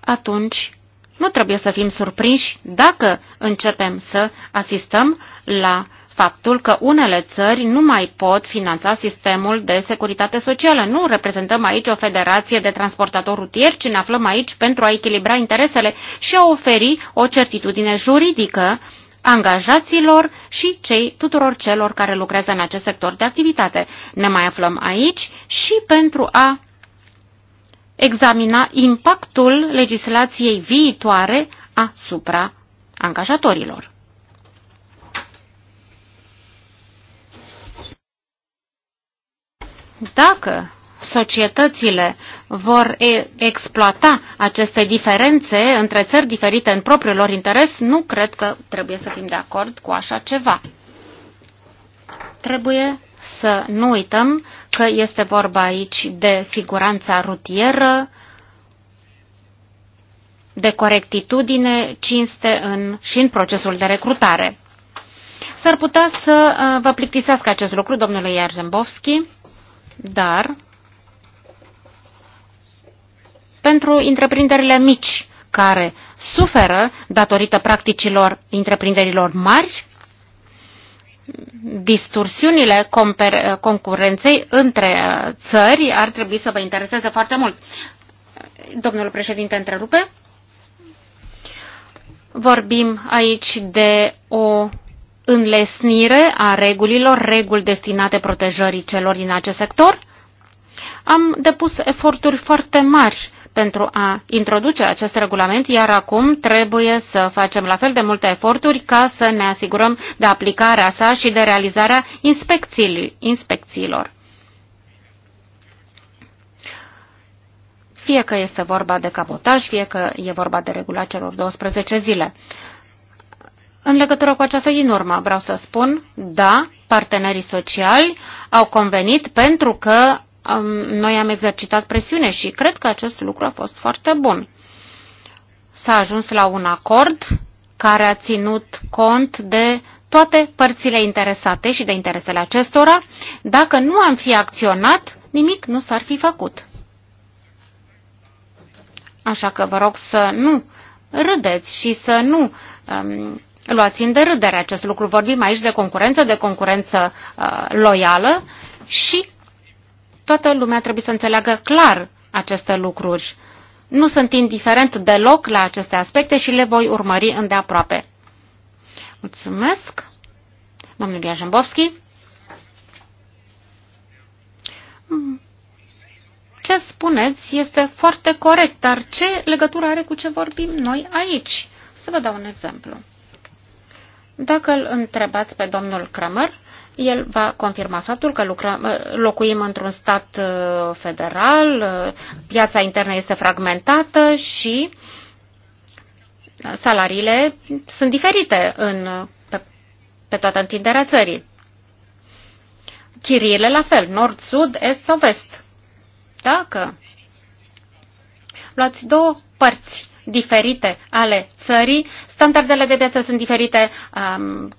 atunci nu trebuie să fim surprinși dacă începem să asistăm la faptul că unele țări nu mai pot finanța sistemul de securitate socială. Nu reprezentăm aici o federație de transportatori rutieri, ci ne aflăm aici pentru a echilibra interesele și a oferi o certitudine juridică angajaților și cei tuturor celor care lucrează în acest sector de activitate. Ne mai aflăm aici și pentru a examina impactul legislației viitoare asupra angajatorilor. Dacă societățile vor exploata aceste diferențe între țări diferite în propriul lor interes, nu cred că trebuie să fim de acord cu așa ceva. Trebuie să nu uităm că este vorba aici de siguranța rutieră, de corectitudine, cinste în, și în procesul de recrutare. S-ar putea să uh, vă plictisească acest lucru, domnule Iarzembovski, dar pentru întreprinderile mici care suferă datorită practicilor întreprinderilor mari, distorsiunile concurenței între uh, țări ar trebui să vă intereseze foarte mult. Domnul președinte, întrerupe. Vorbim aici de o înlesnire a regulilor, reguli destinate protejării celor din acest sector. Am depus eforturi foarte mari pentru a introduce acest regulament, iar acum trebuie să facem la fel de multe eforturi ca să ne asigurăm de aplicarea sa și de realizarea inspecțiilor. Fie că este vorba de cabotaj, fie că e vorba de regula celor 12 zile. În legătură cu această din urmă, vreau să spun, da, partenerii sociali au convenit pentru că noi am exercitat presiune și cred că acest lucru a fost foarte bun. S-a ajuns la un acord care a ținut cont de toate părțile interesate și de interesele acestora. Dacă nu am fi acționat, nimic nu s-ar fi făcut. Așa că vă rog să nu râdeți și să nu um, luați în derâdere acest lucru. Vorbim aici de concurență, de concurență uh, loială și Toată lumea trebuie să înțeleagă clar aceste lucruri. Nu sunt indiferent deloc la aceste aspecte și le voi urmări îndeaproape. Mulțumesc, domnul Iajambovski. Mm. Ce spuneți este foarte corect, dar ce legătură are cu ce vorbim noi aici? Să vă dau un exemplu. Dacă îl întrebați pe domnul Kramer, el va confirma faptul că lucrăm, locuim într-un stat uh, federal, uh, piața internă este fragmentată și salariile sunt diferite în, pe, pe toată întinderea țării. Chiriile la fel, nord, sud, est sau vest. Dacă luați două părți diferite ale țării, standardele de viață sunt diferite, um,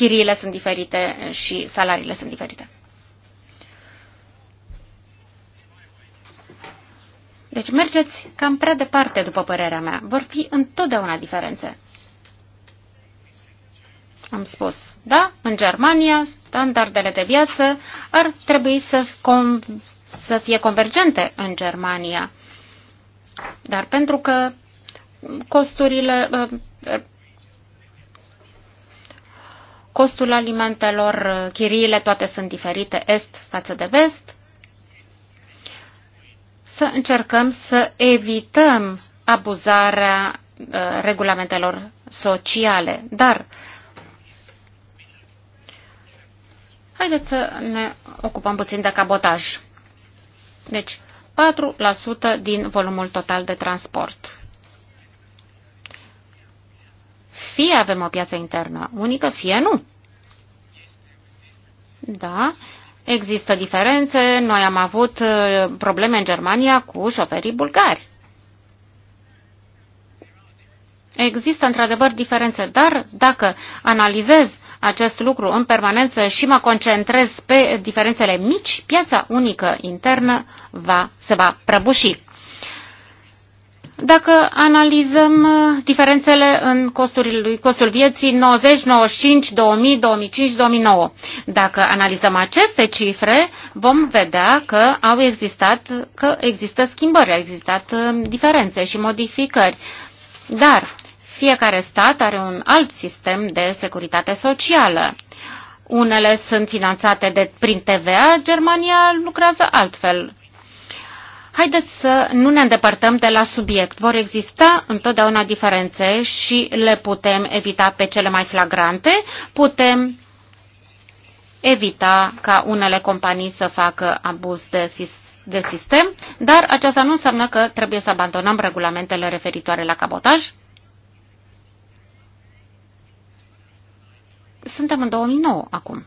chiriile sunt diferite și salariile sunt diferite. Deci mergeți cam prea departe, după părerea mea. Vor fi întotdeauna diferențe. Am spus, da, în Germania standardele de viață ar trebui să, con- să fie convergente în Germania. Dar pentru că costurile, uh, costul alimentelor, chiriile, toate sunt diferite est față de vest. Să încercăm să evităm abuzarea uh, regulamentelor sociale. Dar haideți să ne ocupăm puțin de cabotaj. Deci, 4% din volumul total de transport. Fie avem o piață internă unică, fie nu. Da, există diferențe. Noi am avut uh, probleme în Germania cu șoferii bulgari. Există într-adevăr diferențe, dar dacă analizez acest lucru în permanență și mă concentrez pe diferențele mici, piața unică internă va, se va prăbuși. Dacă analizăm uh, diferențele în costurile, costul vieții 90, 95, 2000, 2005, 2009, dacă analizăm aceste cifre, vom vedea că au existat, că există schimbări, au existat uh, diferențe și modificări. Dar fiecare stat are un alt sistem de securitate socială. Unele sunt finanțate de, prin TVA, Germania lucrează altfel. Haideți să nu ne îndepărtăm de la subiect. Vor exista întotdeauna diferențe și le putem evita pe cele mai flagrante. Putem evita ca unele companii să facă abuz de, de sistem, dar aceasta nu înseamnă că trebuie să abandonăm regulamentele referitoare la cabotaj. Suntem în 2009 acum.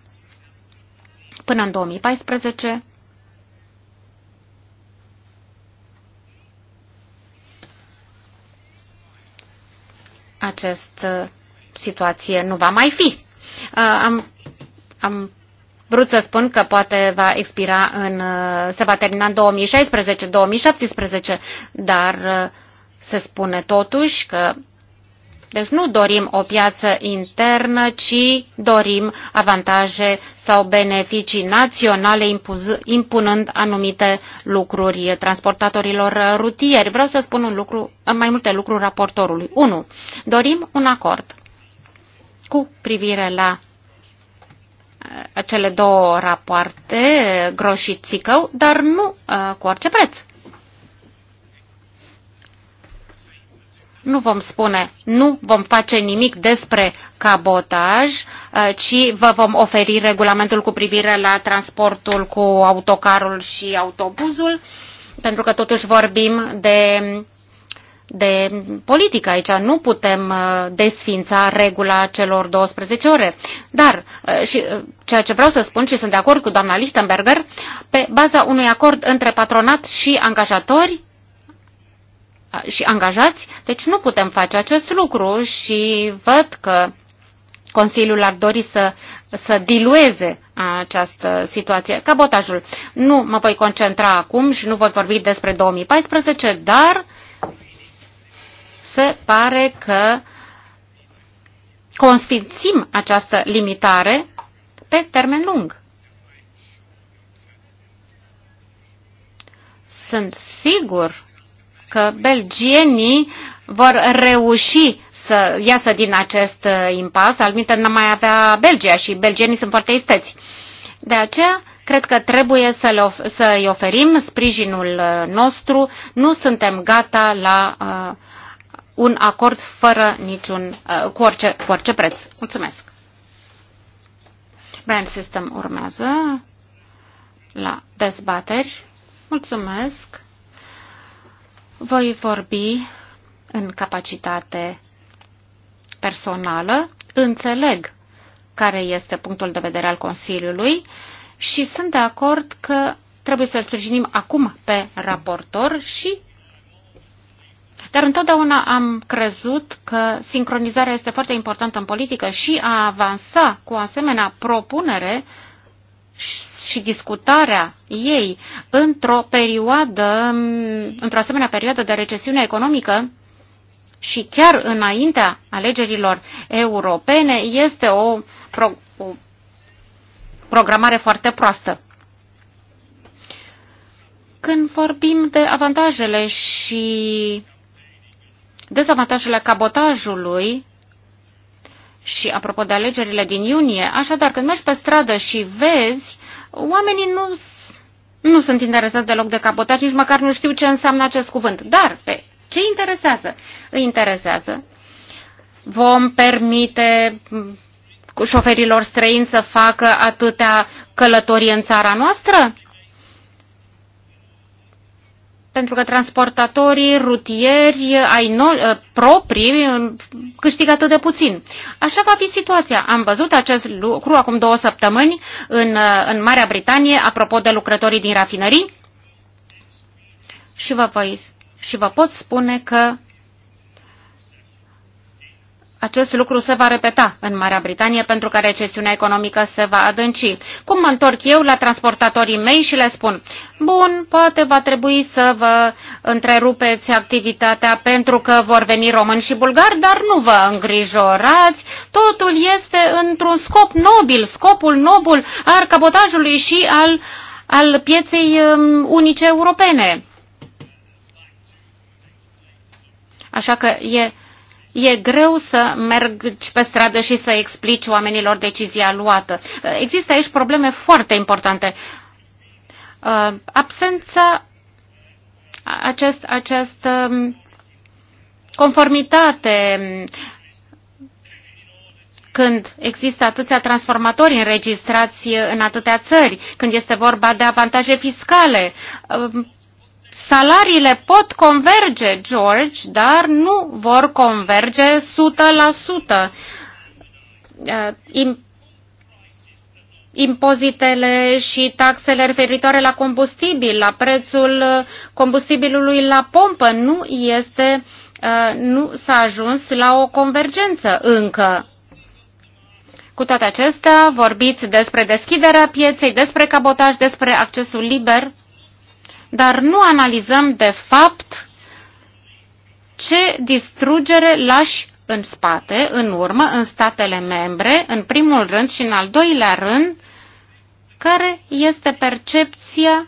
Până în 2014 această situație nu va mai fi. Uh, am, am vrut să spun că poate va expira în, uh, se va termina în 2016-2017, dar uh, se spune totuși că deci nu dorim o piață internă, ci dorim avantaje sau beneficii naționale impuz, impunând anumite lucruri transportatorilor rutieri. Vreau să spun un lucru, mai multe lucruri raportorului. 1. Dorim un acord cu privire la eh, cele două rapoarte, groș și țicău, dar nu uh, cu orice preț. nu vom spune, nu vom face nimic despre cabotaj, uh, ci vă vom oferi regulamentul cu privire la transportul cu autocarul și autobuzul, pentru că totuși vorbim de, de politică aici. Nu putem uh, desfința regula celor 12 ore. Dar, uh, și ceea ce vreau să spun și sunt de acord cu doamna Lichtenberger, pe baza unui acord între patronat și angajatori, și angajați, deci nu putem face acest lucru și văd că Consiliul ar dori să, să dilueze această situație. Cabotajul. Nu mă voi concentra acum și nu voi vorbi despre 2014, dar se pare că consfințim această limitare pe termen lung. Sunt sigur că belgienii vor reuși să iasă din acest uh, impas, alminte n-am mai avea Belgia și belgienii sunt foarte isteți. De aceea, cred că trebuie să-i of să oferim sprijinul uh, nostru, nu suntem gata la uh, un acord fără niciun, uh, cu, orice, cu orice preț. Mulțumesc! Brand System urmează la dezbateri. Mulțumesc! Voi vorbi în capacitate personală, înțeleg care este punctul de vedere al Consiliului și sunt de acord că trebuie să-l sprijinim acum pe raportor și dar întotdeauna am crezut că sincronizarea este foarte importantă în politică și a avansa cu asemenea propunere și discutarea ei într-o perioadă, într-o asemenea perioadă de recesiune economică și chiar înaintea alegerilor europene este o, pro, o programare foarte proastă. Când vorbim de avantajele și dezavantajele cabotajului, și apropo de alegerile din iunie, așadar când mergi pe stradă și vezi Oamenii nu, nu sunt interesați deloc de cabotaj, nici măcar nu știu ce înseamnă acest cuvânt. Dar pe ce interesează? Îi interesează. Vom permite șoferilor străini să facă atâtea călătorii în țara noastră? pentru că transportatorii rutieri ai no ă, proprii câștigă atât de puțin. Așa va fi situația. Am văzut acest lucru acum două săptămâni în, ă, în Marea Britanie, apropo de lucrătorii din rafinării. Și vă, voi, și vă pot spune că acest lucru se va repeta în Marea Britanie pentru că recesiunea economică se va adânci. Cum mă întorc eu la transportatorii mei și le spun, bun, poate va trebui să vă întrerupeți activitatea pentru că vor veni români și bulgari, dar nu vă îngrijorați, totul este într-un scop nobil, scopul nobil al cabotajului și al, al pieței um, unice europene. Așa că e e greu să mergi pe stradă și să explici oamenilor decizia luată. Există aici probleme foarte importante. Uh, absența, acest, această um, conformitate, când există atâția transformatori înregistrați în atâtea țări, când este vorba de avantaje fiscale, um, Salariile pot converge, George, dar nu vor converge 100%. Uh, impozitele și taxele referitoare la combustibil, la prețul uh, combustibilului la pompă, nu este, uh, nu s-a ajuns la o convergență încă. Cu toate acestea, vorbiți despre deschiderea pieței, despre cabotaj, despre accesul liber dar nu analizăm de fapt ce distrugere lași în spate, în urmă, în statele membre, în primul rând și în al doilea rând, care este percepția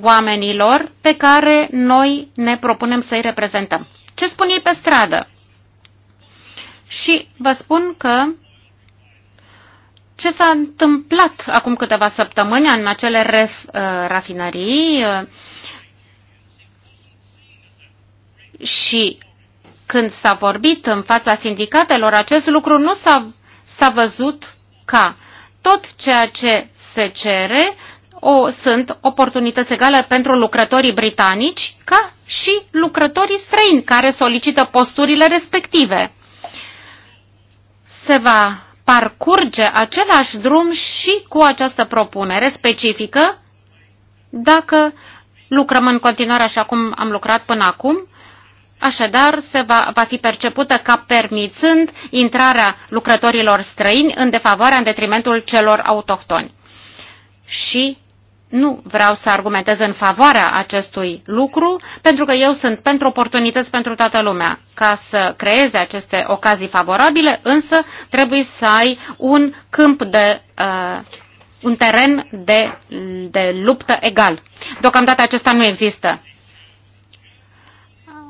oamenilor pe care noi ne propunem să-i reprezentăm. Ce spun ei pe stradă? Și vă spun că ce s-a întâmplat acum câteva săptămâni în acele ref, uh, rafinării uh, și când s-a vorbit în fața sindicatelor, acest lucru nu s-a văzut ca tot ceea ce se cere o, sunt oportunități egale pentru lucrătorii britanici ca și lucrătorii străini care solicită posturile respective. Se va parcurge același drum și cu această propunere specifică, dacă lucrăm în continuare așa cum am lucrat până acum, Așadar, se va, va fi percepută ca permițând intrarea lucrătorilor străini în defavoarea, în detrimentul celor autohtoni. Și nu vreau să argumentez în favoarea acestui lucru, pentru că eu sunt pentru oportunități pentru toată lumea. Ca să creeze aceste ocazii favorabile, însă trebuie să ai un câmp de, uh, un teren de, de luptă egal. Deocamdată acesta nu există.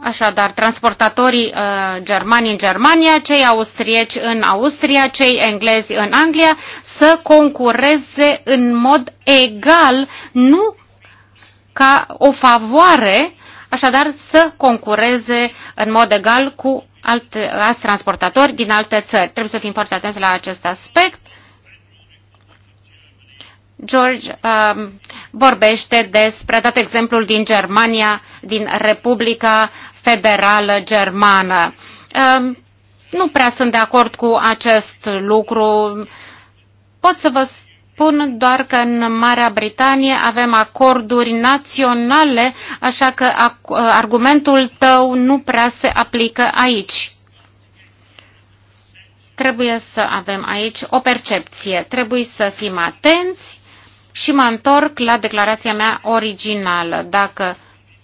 Așadar, transportatorii uh, germani în Germania, cei austrieci în Austria, cei englezi în Anglia, să concureze în mod egal, nu ca o favoare, așadar să concureze în mod egal cu alte, alți transportatori din alte țări. Trebuie să fim foarte atenți la acest aspect George um, vorbește despre, a dat exemplul din Germania, din Republica Federală Germană. Um, nu prea sunt de acord cu acest lucru. Pot să vă spun doar că în Marea Britanie avem acorduri naționale, așa că uh, argumentul tău nu prea se aplică aici. Trebuie să avem aici o percepție, trebuie să fim atenți și mă întorc la declarația mea originală. Dacă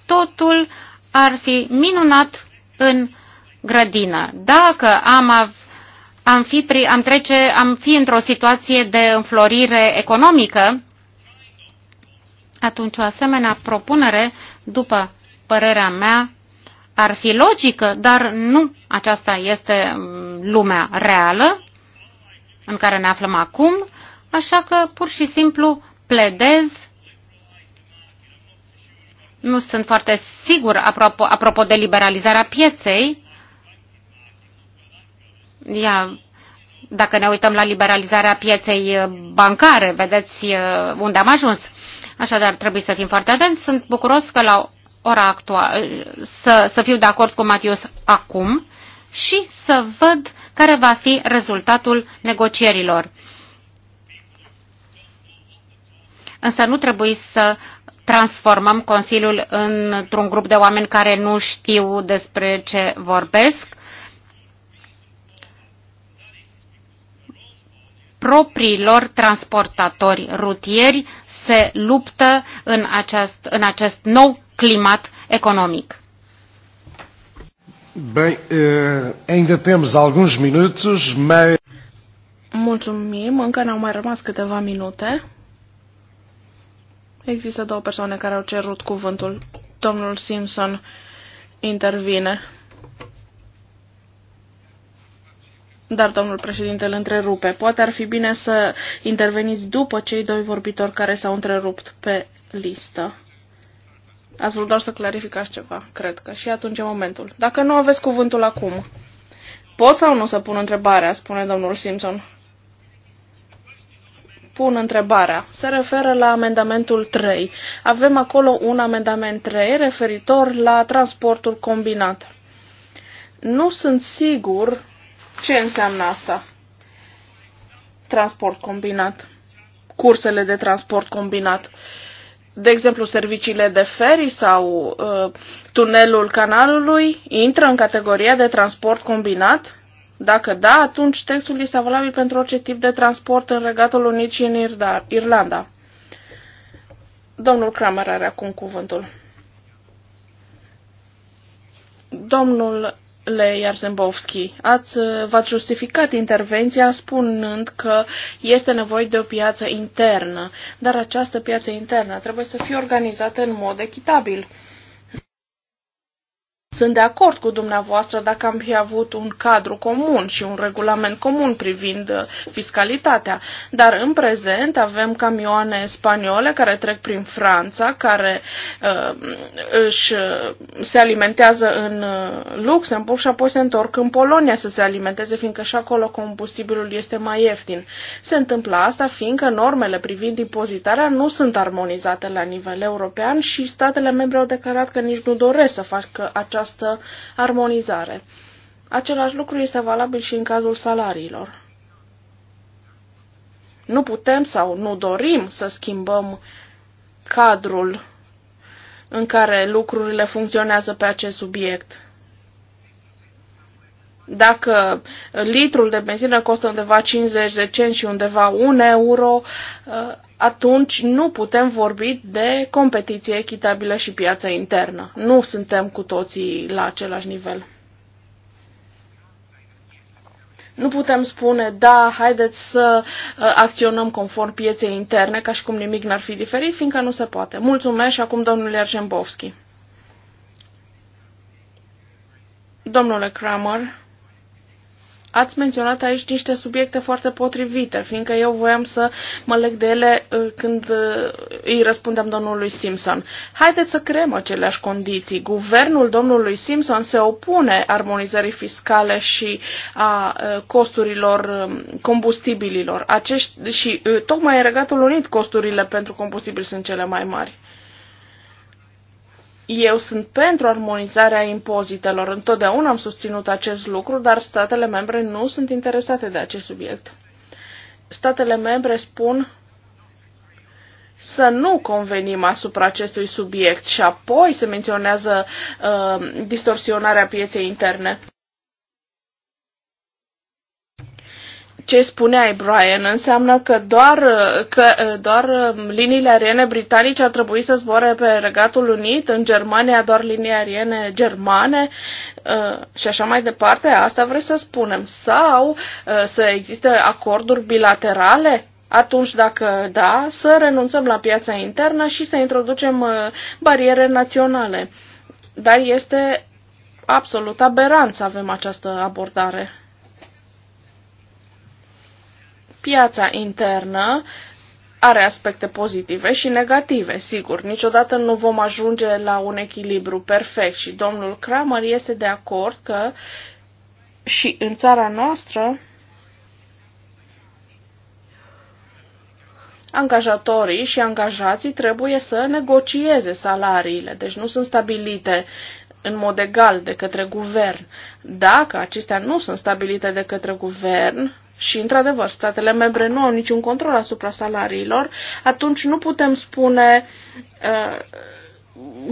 totul ar fi minunat în grădină, dacă am, av- am, fi, am, trece, am fi într-o situație de înflorire economică, atunci o asemenea propunere, după părerea mea, ar fi logică, dar nu aceasta este mm, lumea reală în care ne aflăm acum, așa că pur și simplu pledez. Nu sunt foarte sigur apropo, apropo de liberalizarea pieței. Ia, dacă ne uităm la liberalizarea pieței eh, bancare, vedeți eh, unde am ajuns. Așadar, trebuie să fim foarte atenți. Sunt bucuros că la ora actuală să, să fiu de acord cu Matius acum și să văd care va fi rezultatul negocierilor. însă nu trebuie să transformăm Consiliul într-un grup de oameni care nu știu despre ce vorbesc. Propriilor transportatori rutieri se luptă în acest, în acest nou climat economic. Bem, uh, ainda temos alguns minutos, mas... Mulțumim, încă ne-au mai rămas câteva minute. Există două persoane care au cerut cuvântul. Domnul Simpson intervine. Dar domnul președinte îl întrerupe. Poate ar fi bine să interveniți după cei doi vorbitori care s-au întrerupt pe listă. Ați vrut doar să clarificați ceva, cred că. Și atunci e momentul. Dacă nu aveți cuvântul acum, pot sau nu să pun întrebarea, spune domnul Simpson pun întrebarea. Se referă la amendamentul 3. Avem acolo un amendament 3 referitor la transportul combinat. Nu sunt sigur ce înseamnă asta. Transport combinat. Cursele de transport combinat. De exemplu, serviciile de ferii sau uh, tunelul canalului intră în categoria de transport combinat? Dacă da, atunci textul este valabil pentru orice tip de transport în Regatul Unit și în Irlanda. Domnul Kramer are acum cuvântul. Domnul le Iarzembovski. Ați, uh, v-ați justificat intervenția spunând că este nevoie de o piață internă, dar această piață internă trebuie să fie organizată în mod echitabil. Sunt de acord cu dumneavoastră dacă am fi avut un cadru comun și un regulament comun privind uh, fiscalitatea, dar în prezent avem camioane spaniole care trec prin Franța, care uh, își, uh, se alimentează în uh, Luxemburg și apoi se întorc în Polonia să se alimenteze, fiindcă și acolo combustibilul este mai ieftin. Se întâmplă asta fiindcă normele privind impozitarea nu sunt armonizate la nivel european și statele membre au declarat că nici nu doresc să facă această această armonizare. Același lucru este valabil și în cazul salariilor. Nu putem sau nu dorim să schimbăm cadrul în care lucrurile funcționează pe acest subiect. Dacă litrul de benzină costă undeva 50 de cenți și undeva 1 euro, eh, atunci nu putem vorbi de competiție echitabilă și piața internă. Nu suntem cu toții la același nivel. Nu putem spune, da, haideți să eh, acționăm conform pieței interne, ca și cum nimic n-ar fi diferit, fiindcă nu se poate. Mulțumesc și acum domnul Arjembovski. Domnule Kramer, Ați menționat aici niște subiecte foarte potrivite, fiindcă eu voiam să mă leg de ele uh, când uh, îi răspundeam domnului Simpson. Haideți să creăm aceleași condiții. Guvernul domnului Simpson se opune armonizării fiscale și a uh, costurilor um, combustibililor. Acești, și tocmai în Regatul Unit costurile pentru combustibil sunt cele mai mari. Eu sunt pentru armonizarea impozitelor. Întotdeauna am susținut acest lucru, dar statele membre nu sunt interesate de acest subiect. Statele membre spun să nu convenim asupra acestui subiect și apoi se menționează uh, distorsionarea pieței interne. ce spuneai, Brian, înseamnă că doar, că doar um, liniile aeriene britanice ar trebui să zboare pe Regatul Unit, în Germania doar linii aeriene germane uh, și așa mai departe. Asta vrei să spunem. Sau uh, să existe acorduri bilaterale? Atunci, dacă da, să renunțăm la piața internă și să introducem uh, bariere naționale. Dar este absolut aberant să avem această abordare. Piața internă are aspecte pozitive și negative, sigur. Niciodată nu vom ajunge la un echilibru perfect și domnul Kramer este de acord că și în țara noastră angajatorii și angajații trebuie să negocieze salariile, deci nu sunt stabilite în mod egal de către guvern. Dacă acestea nu sunt stabilite de către guvern, și, într-adevăr, statele membre nu au niciun control asupra salariilor, atunci nu putem spune uh,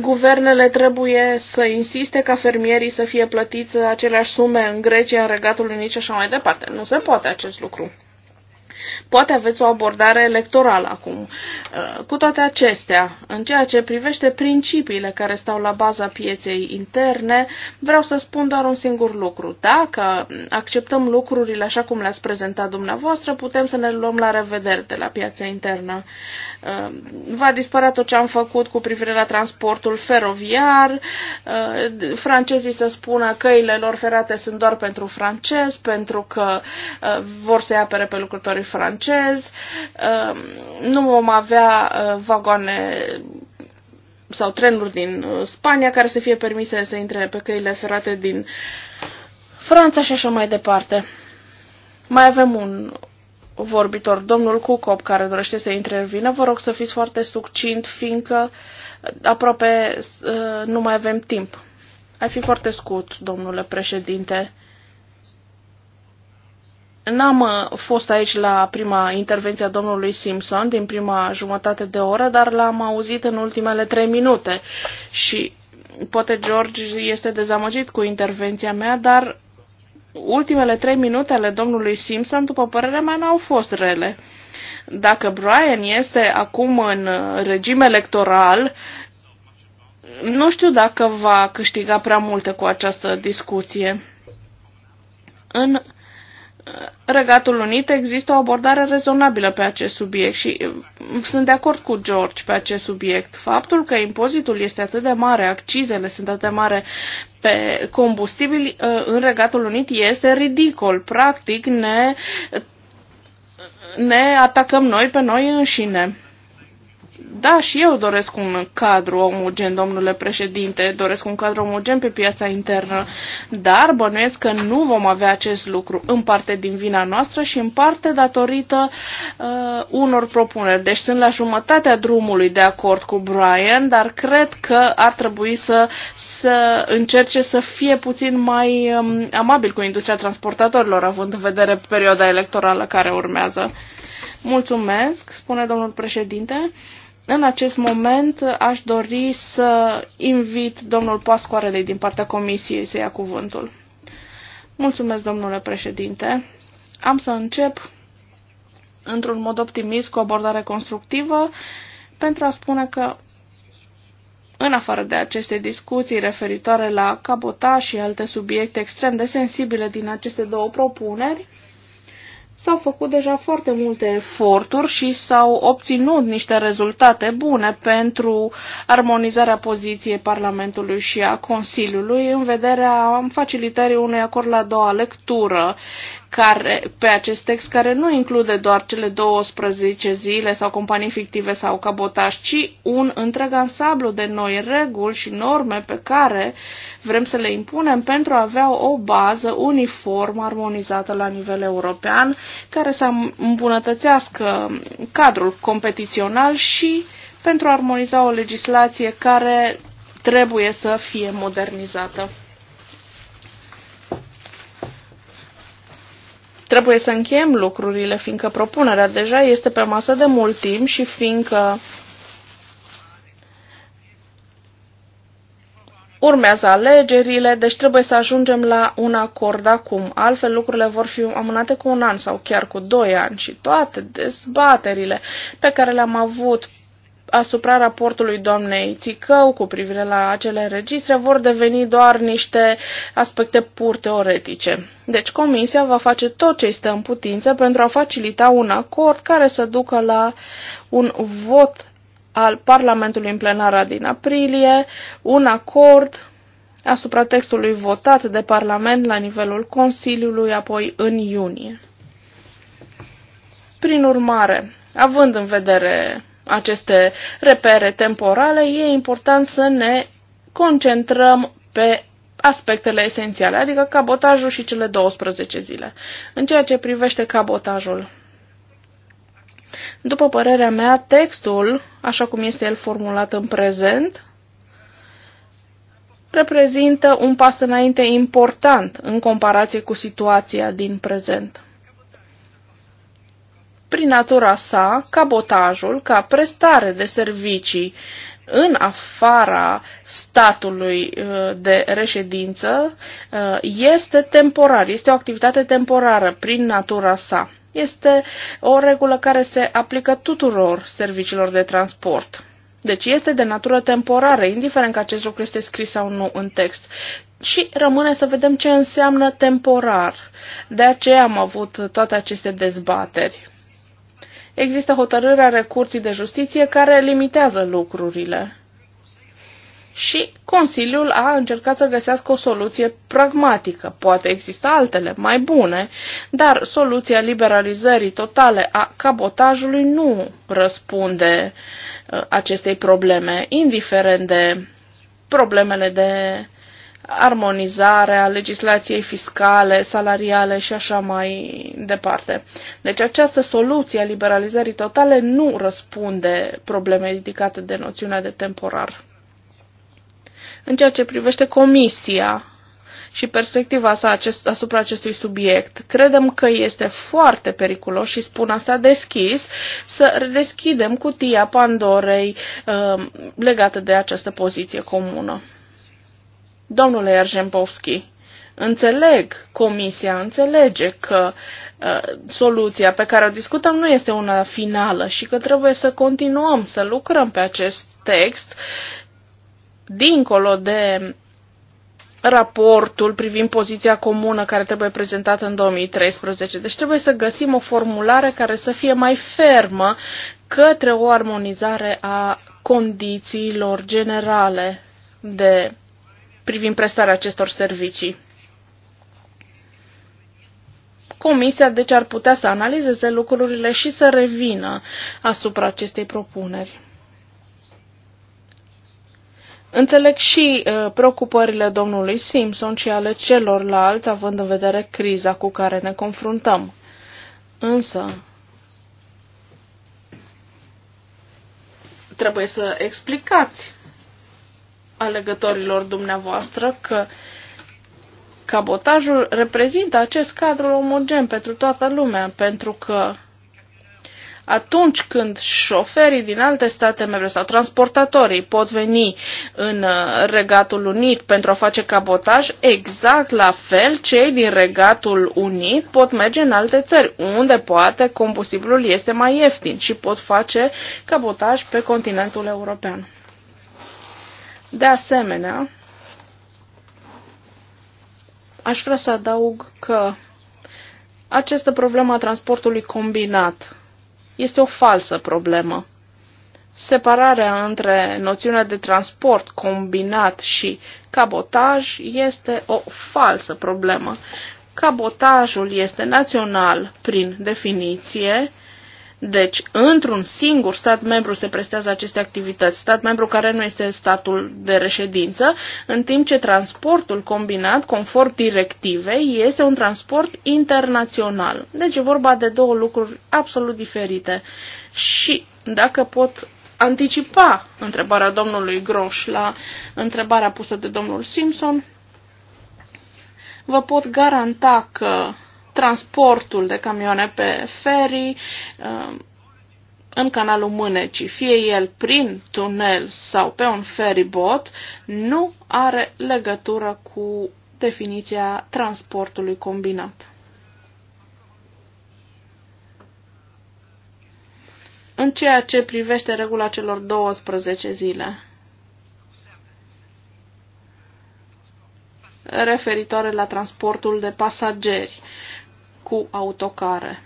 guvernele trebuie să insiste ca fermierii să fie plătiți aceleași sume în Grecia, în Regatul Unit și așa mai departe. Nu se poate acest lucru. Poate aveți o abordare electorală acum. Uh, cu toate acestea, în ceea ce privește principiile care stau la baza pieței interne, vreau să spun doar un singur lucru. Dacă acceptăm lucrurile așa cum le-ați prezentat dumneavoastră, putem să ne luăm la revedere de la piața internă. Ehm, va dispărea tot ce am făcut cu privire la transportul feroviar, ehm, francezii să spună căile lor ferate sunt doar pentru francezi, pentru că ehm, vor să-i apere pe lucrătorii francezi, nu vom avea vagoane sau trenuri din uh, Spania care să fie permise să intre pe căile ferate din Franța și așa mai departe. Mai avem un vorbitor, domnul Cucop, care dorește să intervină, vă rog să fiți foarte succint, fiindcă aproape uh, nu mai avem timp. Ai fi foarte scurt, domnule președinte. N-am uh, fost aici la prima intervenție a domnului Simpson din prima jumătate de oră, dar l-am auzit în ultimele trei minute și poate George este dezamăgit cu intervenția mea, dar ultimele trei minute ale domnului Simpson, după părerea mea, n-au fost rele. Dacă Brian este acum în uh, regim electoral, nu știu dacă va câștiga prea multe cu această discuție. În uh, Regatul Unit există o abordare rezonabilă pe acest subiect și uh, sunt de acord cu George pe acest subiect. Faptul că impozitul este atât de mare, accizele sunt atât de mare pe combustibili uh, în Regatul Unit este ridicol. Practic ne, ne atacăm noi pe noi înșine. Da, și eu doresc un cadru omogen, domnule președinte, doresc un cadru omogen pe piața internă, dar bănuiesc că nu vom avea acest lucru în parte din vina noastră și în parte datorită uh, unor propuneri. Deci sunt la jumătatea drumului de acord cu Brian, dar cred că ar trebui să, să încerce să fie puțin mai um, amabil cu industria transportatorilor, având în vedere perioada electorală care urmează. Mulțumesc, spune domnul președinte. În acest moment aș dori să invit domnul Pascoarele din partea comisiei să ia cuvântul. Mulțumesc, domnule președinte. Am să încep într-un mod optimist cu o abordare constructivă pentru a spune că în afară de aceste discuții referitoare la cabota și alte subiecte extrem de sensibile din aceste două propuneri, s-au făcut deja foarte multe eforturi și s-au obținut niște rezultate bune pentru armonizarea poziției Parlamentului și a Consiliului în vederea facilitării unui acord la a doua lectură care, pe acest text care nu include doar cele 12 zile sau companii fictive sau cabotaj, ci un întreg ansamblu de noi reguli și norme pe care vrem să le impunem pentru a avea o bază uniformă, armonizată la nivel european, care să îmbunătățească cadrul competițional și pentru a armoniza o legislație care trebuie să fie modernizată. Trebuie să încheiem lucrurile, fiindcă propunerea deja este pe masă de mult timp și fiindcă urmează alegerile, deci trebuie să ajungem la un acord acum. Altfel lucrurile vor fi amânate cu un an sau chiar cu doi ani și toate dezbaterile pe care le-am avut asupra raportului doamnei Țicău cu privire la acele registre vor deveni doar niște aspecte pur teoretice. Deci Comisia va face tot ce este în putință pentru a facilita un acord care să ducă la un vot al Parlamentului în plenara din aprilie, un acord asupra textului votat de Parlament la nivelul Consiliului apoi în iunie. Prin urmare, având în vedere aceste repere temporale, e important să ne concentrăm pe aspectele esențiale, adică cabotajul și cele 12 zile. În ceea ce privește cabotajul, după părerea mea, textul, așa cum este el formulat în prezent, reprezintă un pas înainte important în comparație cu situația din prezent prin natura sa, cabotajul, ca prestare de servicii în afara statului uh, de reședință, uh, este temporar, este o activitate temporară prin natura sa. Este o regulă care se aplică tuturor serviciilor de transport. Deci este de natură temporară, indiferent că acest lucru este scris sau nu în text. Și rămâne să vedem ce înseamnă temporar. De aceea am avut toate aceste dezbateri există hotărârea recurții de Justiție care limitează lucrurile. Și Consiliul a încercat să găsească o soluție pragmatică. Poate exista altele mai bune, dar soluția liberalizării totale a cabotajului nu răspunde uh, acestei probleme, indiferent de problemele de armonizarea legislației fiscale, salariale și așa mai departe. Deci această soluție a liberalizării totale nu răspunde problemei ridicate de noțiunea de temporar. În ceea ce privește comisia și perspectiva sa acest, asupra acestui subiect, credem că este foarte periculos și spun asta deschis, să redeschidem cutia Pandorei uh, legată de această poziție comună. Domnule Erzhembovski, înțeleg, comisia înțelege că uh, soluția pe care o discutăm nu este una finală și că trebuie să continuăm să lucrăm pe acest text dincolo de raportul privind poziția comună care trebuie prezentată în 2013. Deci trebuie să găsim o formulare care să fie mai fermă către o armonizare a condițiilor generale de privind prestarea acestor servicii. Comisia deci ar putea să analizeze lucrurile și să revină asupra acestei propuneri. Înțeleg și uh, preocupările domnului Simpson și ale celorlalți, având în vedere criza cu care ne confruntăm. Însă, trebuie să explicați alegătorilor dumneavoastră că cabotajul reprezintă acest cadru omogen pentru toată lumea, pentru că atunci când șoferii din alte state membre sau transportatorii pot veni în uh, Regatul Unit pentru a face cabotaj, exact la fel cei din Regatul Unit pot merge în alte țări, unde poate combustibilul este mai ieftin și pot face cabotaj pe continentul european. De asemenea, aș vrea să adaug că această problemă a transportului combinat este o falsă problemă. Separarea între noțiunea de transport combinat și cabotaj este o falsă problemă. Cabotajul este național prin definiție, deci, într-un singur stat membru se prestează aceste activități, stat membru care nu este statul de reședință, în timp ce transportul combinat, conform directivei, este un transport internațional. Deci e vorba de două lucruri absolut diferite. Și dacă pot anticipa întrebarea domnului Groș la întrebarea pusă de domnul Simpson, vă pot garanta că transportul de camioane pe ferii um, în canalul Mânecii, fie el prin tunel sau pe un feribot, nu are legătură cu definiția transportului combinat. În ceea ce privește regula celor 12 zile, referitoare la transportul de pasageri cu autocare.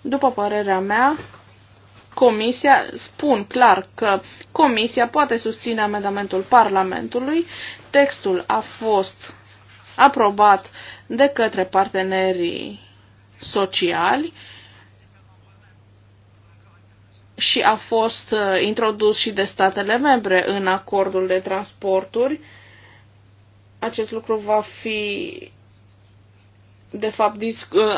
După părerea mea, Comisia, spun clar că Comisia poate susține amendamentul Parlamentului. Textul a fost aprobat de către partenerii sociali și a fost uh, introdus și de statele membre în acordul de transporturi acest lucru va fi de fapt uh,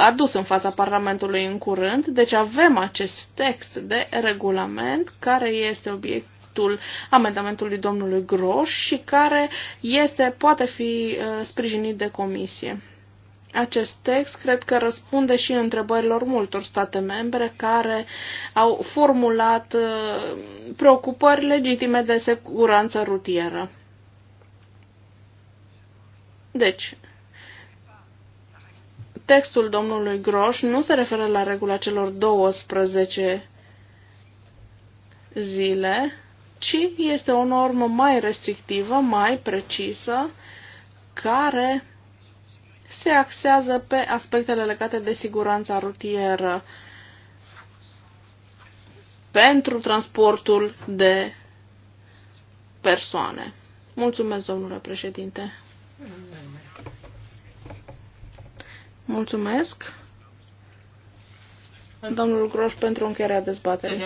adus în fața Parlamentului în curând. Deci avem acest text de regulament care este obiectul amendamentului domnului Groș și care este, poate fi uh, sprijinit de comisie. Acest text cred că răspunde și întrebărilor multor state membre care au formulat uh, preocupări legitime de securanță rutieră. Deci, textul domnului Groș nu se referă la regula celor 12 zile, ci este o normă mai restrictivă, mai precisă, care se axează pe aspectele legate de siguranța rutieră pentru transportul de persoane. Mulțumesc, domnule președinte. Mulțumesc. Domnul Groș pentru încheierea dezbaterii.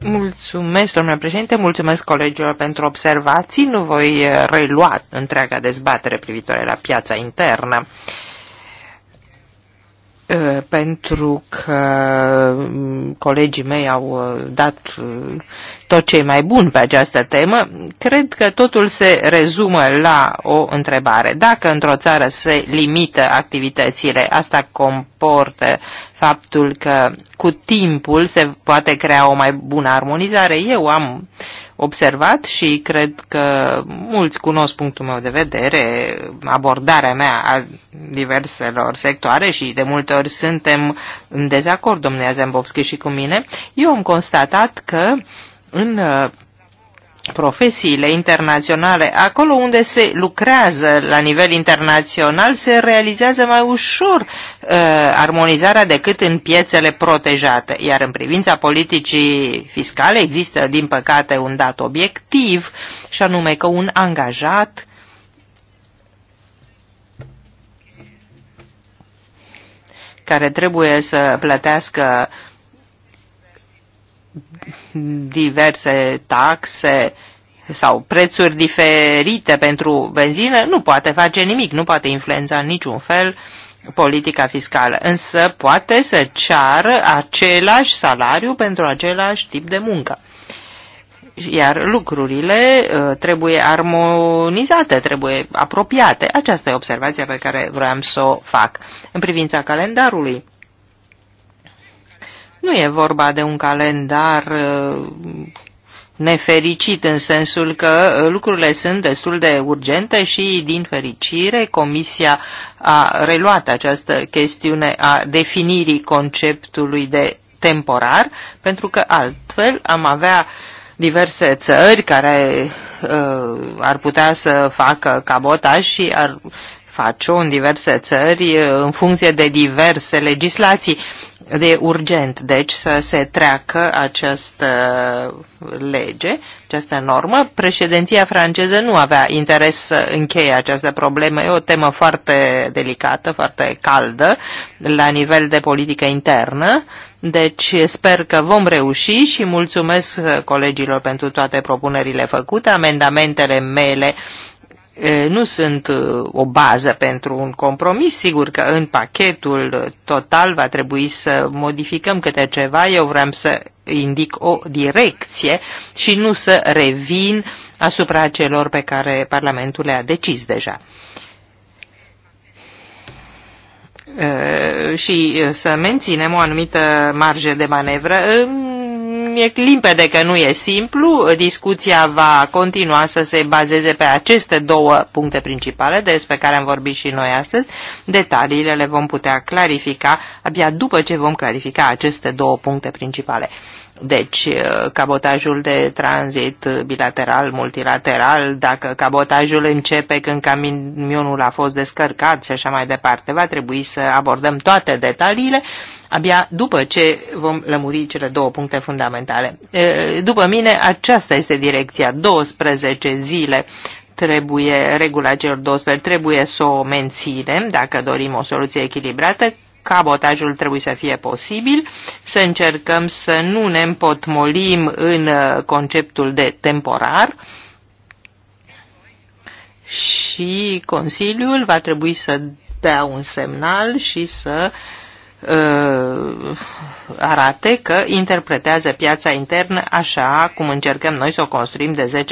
Mulțumesc, domnule președinte, mulțumesc colegilor pentru observații. Nu voi eh, relua întreaga dezbatere privitoare la piața internă pentru că mm, colegii mei au dat tot ce e mai bun pe această temă, cred că totul se rezumă la o întrebare. Dacă într-o țară se limită activitățile, asta comportă faptul că cu timpul se poate crea o mai bună armonizare. Eu am observat și cred că mulți cunosc punctul meu de vedere, abordarea mea a diverselor sectoare și de multe ori suntem în dezacord, domnule Zembovski și cu mine, eu am constatat că în profesiile internaționale, acolo unde se lucrează la nivel internațional, se realizează mai ușor uh, armonizarea decât în piețele protejate. Iar în privința politicii fiscale există, din păcate, un dat obiectiv, și anume că un angajat care trebuie să plătească uh, diverse taxe sau prețuri diferite pentru benzină, nu poate face nimic, nu poate influența în niciun fel politica fiscală, însă poate să ceară același salariu pentru același tip de muncă. Iar lucrurile uh, trebuie armonizate, trebuie apropiate. Aceasta e observația pe care vreau să o fac. În privința calendarului, nu e vorba de un calendar uh, nefericit în sensul că uh, lucrurile sunt destul de urgente și, din fericire, Comisia a reluat această chestiune a definirii conceptului de temporar, pentru că altfel am avea diverse țări care uh, ar putea să facă cabotaj și ar face-o în diverse țări în funcție de diverse legislații. De urgent, deci, să se treacă această uh, lege, această normă. Președinția franceză nu avea interes să încheie această problemă. E o temă foarte delicată, foarte caldă la nivel de politică internă. Deci sper că vom reuși și mulțumesc colegilor pentru toate propunerile făcute. Amendamentele mele nu sunt o bază pentru un compromis. Sigur că în pachetul total va trebui să modificăm câte ceva. Eu vreau să indic o direcție și nu să revin asupra celor pe care Parlamentul le-a decis deja. și să menținem o anumită marjă de manevră în e limpede că nu e simplu. Discuția va continua să se bazeze pe aceste două puncte principale despre care am vorbit și noi astăzi. Detaliile le vom putea clarifica abia după ce vom clarifica aceste două puncte principale. Deci, uh, cabotajul de tranzit bilateral, multilateral, dacă cabotajul începe când camionul a fost descărcat și așa mai departe, va trebui să abordăm toate detaliile abia după ce vom lămuri cele două puncte fundamentale. Uh, după mine, aceasta este direcția, 12 zile trebuie, regula celor 12 trebuie să o menținem dacă dorim o soluție echilibrată cabotajul trebuie să fie posibil, să încercăm să nu ne împotmolim în uh, conceptul de temporar și Consiliul va trebui să dea un semnal și să uh, uh, arate că interpretează piața internă așa cum încercăm noi să o construim de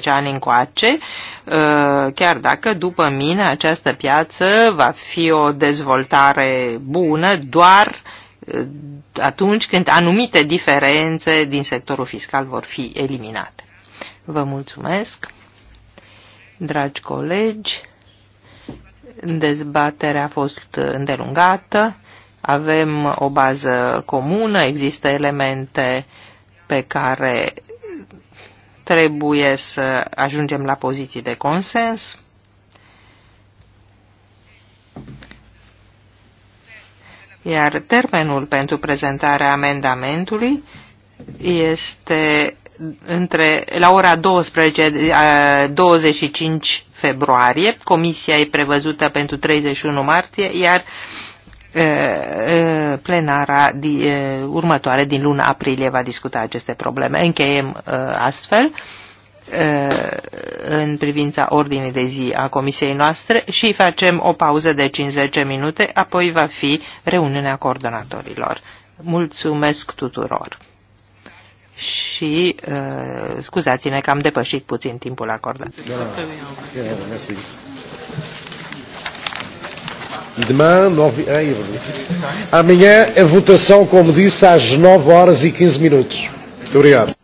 10-15 ani încoace, uh, chiar dacă după mine această piață va fi o dezvoltare bună doar uh, atunci când anumite diferențe din sectorul fiscal vor fi eliminate. Vă mulțumesc, dragi colegi, dezbaterea a fost îndelungată avem o bază comună, există elemente pe care trebuie să ajungem la poziții de consens. Iar termenul pentru prezentarea amendamentului este între, la ora 12, 25 eh, februarie. Comisia e prevăzută pentru 31 martie, iar plenara următoare din luna aprilie va discuta aceste probleme. Încheiem astfel în privința ordinii de zi a comisiei noastre și facem o pauză de 50 minute, apoi va fi reuniunea coordonatorilor. Mulțumesc tuturor! Și scuzați-ne că am depășit puțin timpul acordat. da, da, da. Demain, nove... Ai, amanhã, a votação, como disse, às 9 horas e 15 minutos. Muito obrigado.